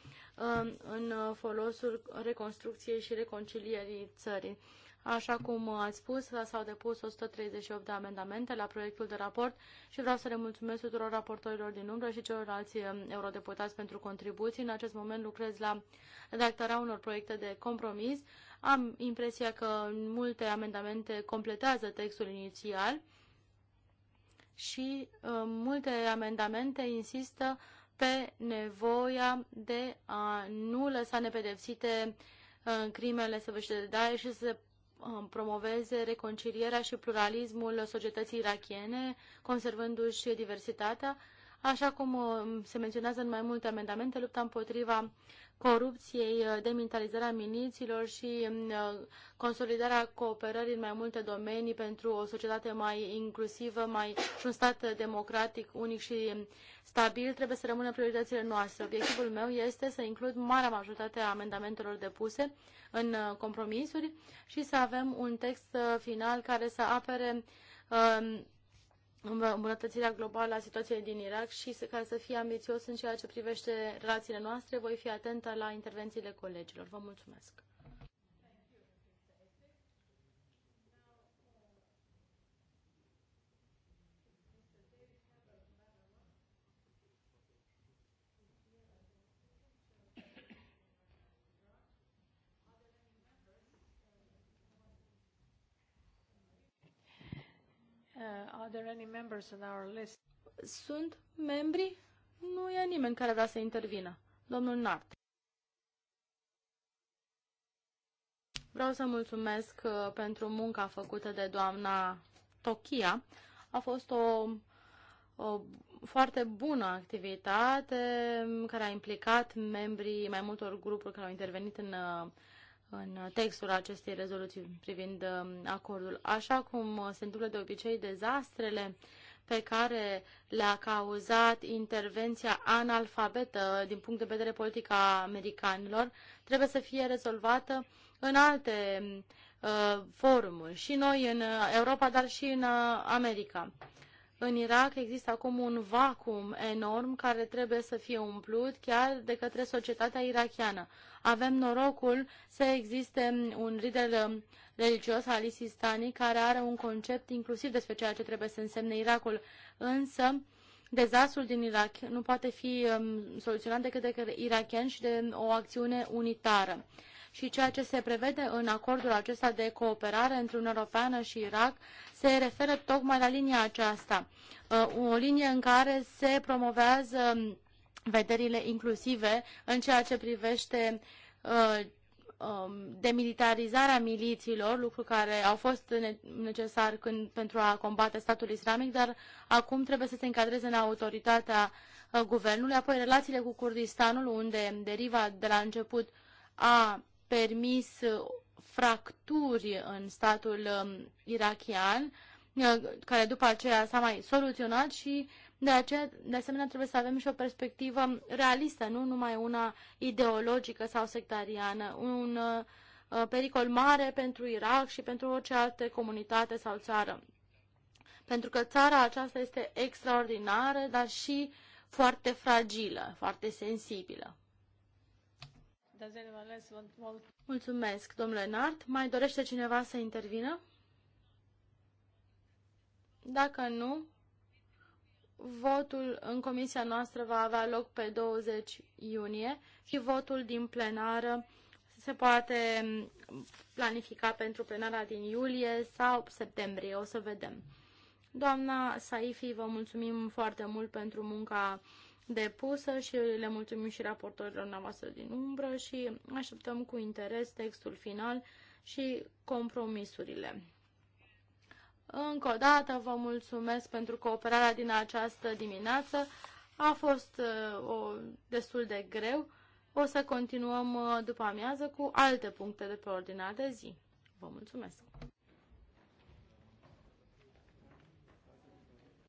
în folosul reconstrucției și reconcilierii țării. Așa cum ați spus, s-au depus 138 de amendamente la proiectul de raport și vreau să le mulțumesc tuturor raportorilor din umbră și celorlalți um, eurodeputați pentru contribuții. În acest moment lucrez la redactarea unor proiecte de compromis. Am impresia că multe amendamente completează textul inițial și uh, multe amendamente insistă pe nevoia de a nu lăsa nepedepsite uh, crimele săvârșite de Daesh și să se Um, promoveze reconcilierea și pluralismul societății irakiene, conservându-și diversitatea, așa cum um, se menționează în mai multe amendamente, lupta împotriva corupției, uh, demilitarizarea miniților și um, uh, consolidarea cooperării în mai multe domenii pentru o societate mai inclusivă, mai și un stat democratic, unic și um, stabil, trebuie să rămână prioritățile noastre. Obiectivul meu este să includ marea majoritate a amendamentelor depuse în uh, compromisuri și să avem un text final care să apere um, îmbunătățirea globală a situației din Irak și să, ca să fie ambițios în ceea ce privește relațiile noastre, voi fi atentă la intervențiile colegilor. Vă mulțumesc. there any members in our list? Sunt membri? Nu e nimeni care vrea să intervină. Domnul Nart. Vreau să mulțumesc uh, pentru munca făcută de doamna Tokia. A fost o, o foarte bună activitate care a implicat membrii mai multor grupuri care au intervenit în uh, în textul acestei rezoluții privind um, acordul. Așa cum uh, se întâmplă de obicei dezastrele pe care le-a cauzat intervenția analfabetă din punct de vedere politic a americanilor, trebuie să fie rezolvată în alte uh, forumuri, și noi în Europa, dar și în uh, America. În Irak există acum un vacuum enorm care trebuie să fie umplut chiar de către societatea irachiană. Avem norocul să existe un lider religios al Isistani care are un concept inclusiv despre ceea ce trebuie să însemne Irakul, însă dezastrul din Irak nu poate fi um, soluționat decât de către irachieni și de o acțiune unitară. Și ceea ce se prevede în acordul acesta de cooperare între Uniunea Europeană și Irak se referă tocmai la linia aceasta, uh, o linie în care se promovează vederile inclusive în ceea ce privește uh, um, demilitarizarea milițiilor, lucru care au fost necesar când, pentru a combate statul islamic, dar acum trebuie să se încadreze în autoritatea uh, guvernului, apoi relațiile cu Kurdistanul, unde deriva de la început a permis fracturi în statul um, irachian, uh, care după aceea s-a mai soluționat și de, aceea, de asemenea trebuie să avem și o perspectivă realistă, nu numai una ideologică sau sectariană, un uh, uh, pericol mare pentru Irak și pentru orice altă comunitate sau țară. Pentru că țara aceasta este extraordinară, dar și foarte fragilă, foarte sensibilă. Mulțumesc, domnule Nart. Mai dorește cineva să intervină? Dacă nu, votul în comisia noastră va avea loc pe 20 iunie și votul din plenară se poate planifica pentru plenara din iulie sau septembrie, o să vedem. Doamna Saifi, vă mulțumim foarte mult pentru munca depusă și le mulțumim și raportorilor noastre din umbră și așteptăm cu interes textul final și compromisurile. Încă o dată vă mulțumesc pentru cooperarea din această dimineață. A fost uh, o, destul de greu. O să continuăm uh, după amiază cu alte puncte de pe ordinea de zi. Vă mulțumesc!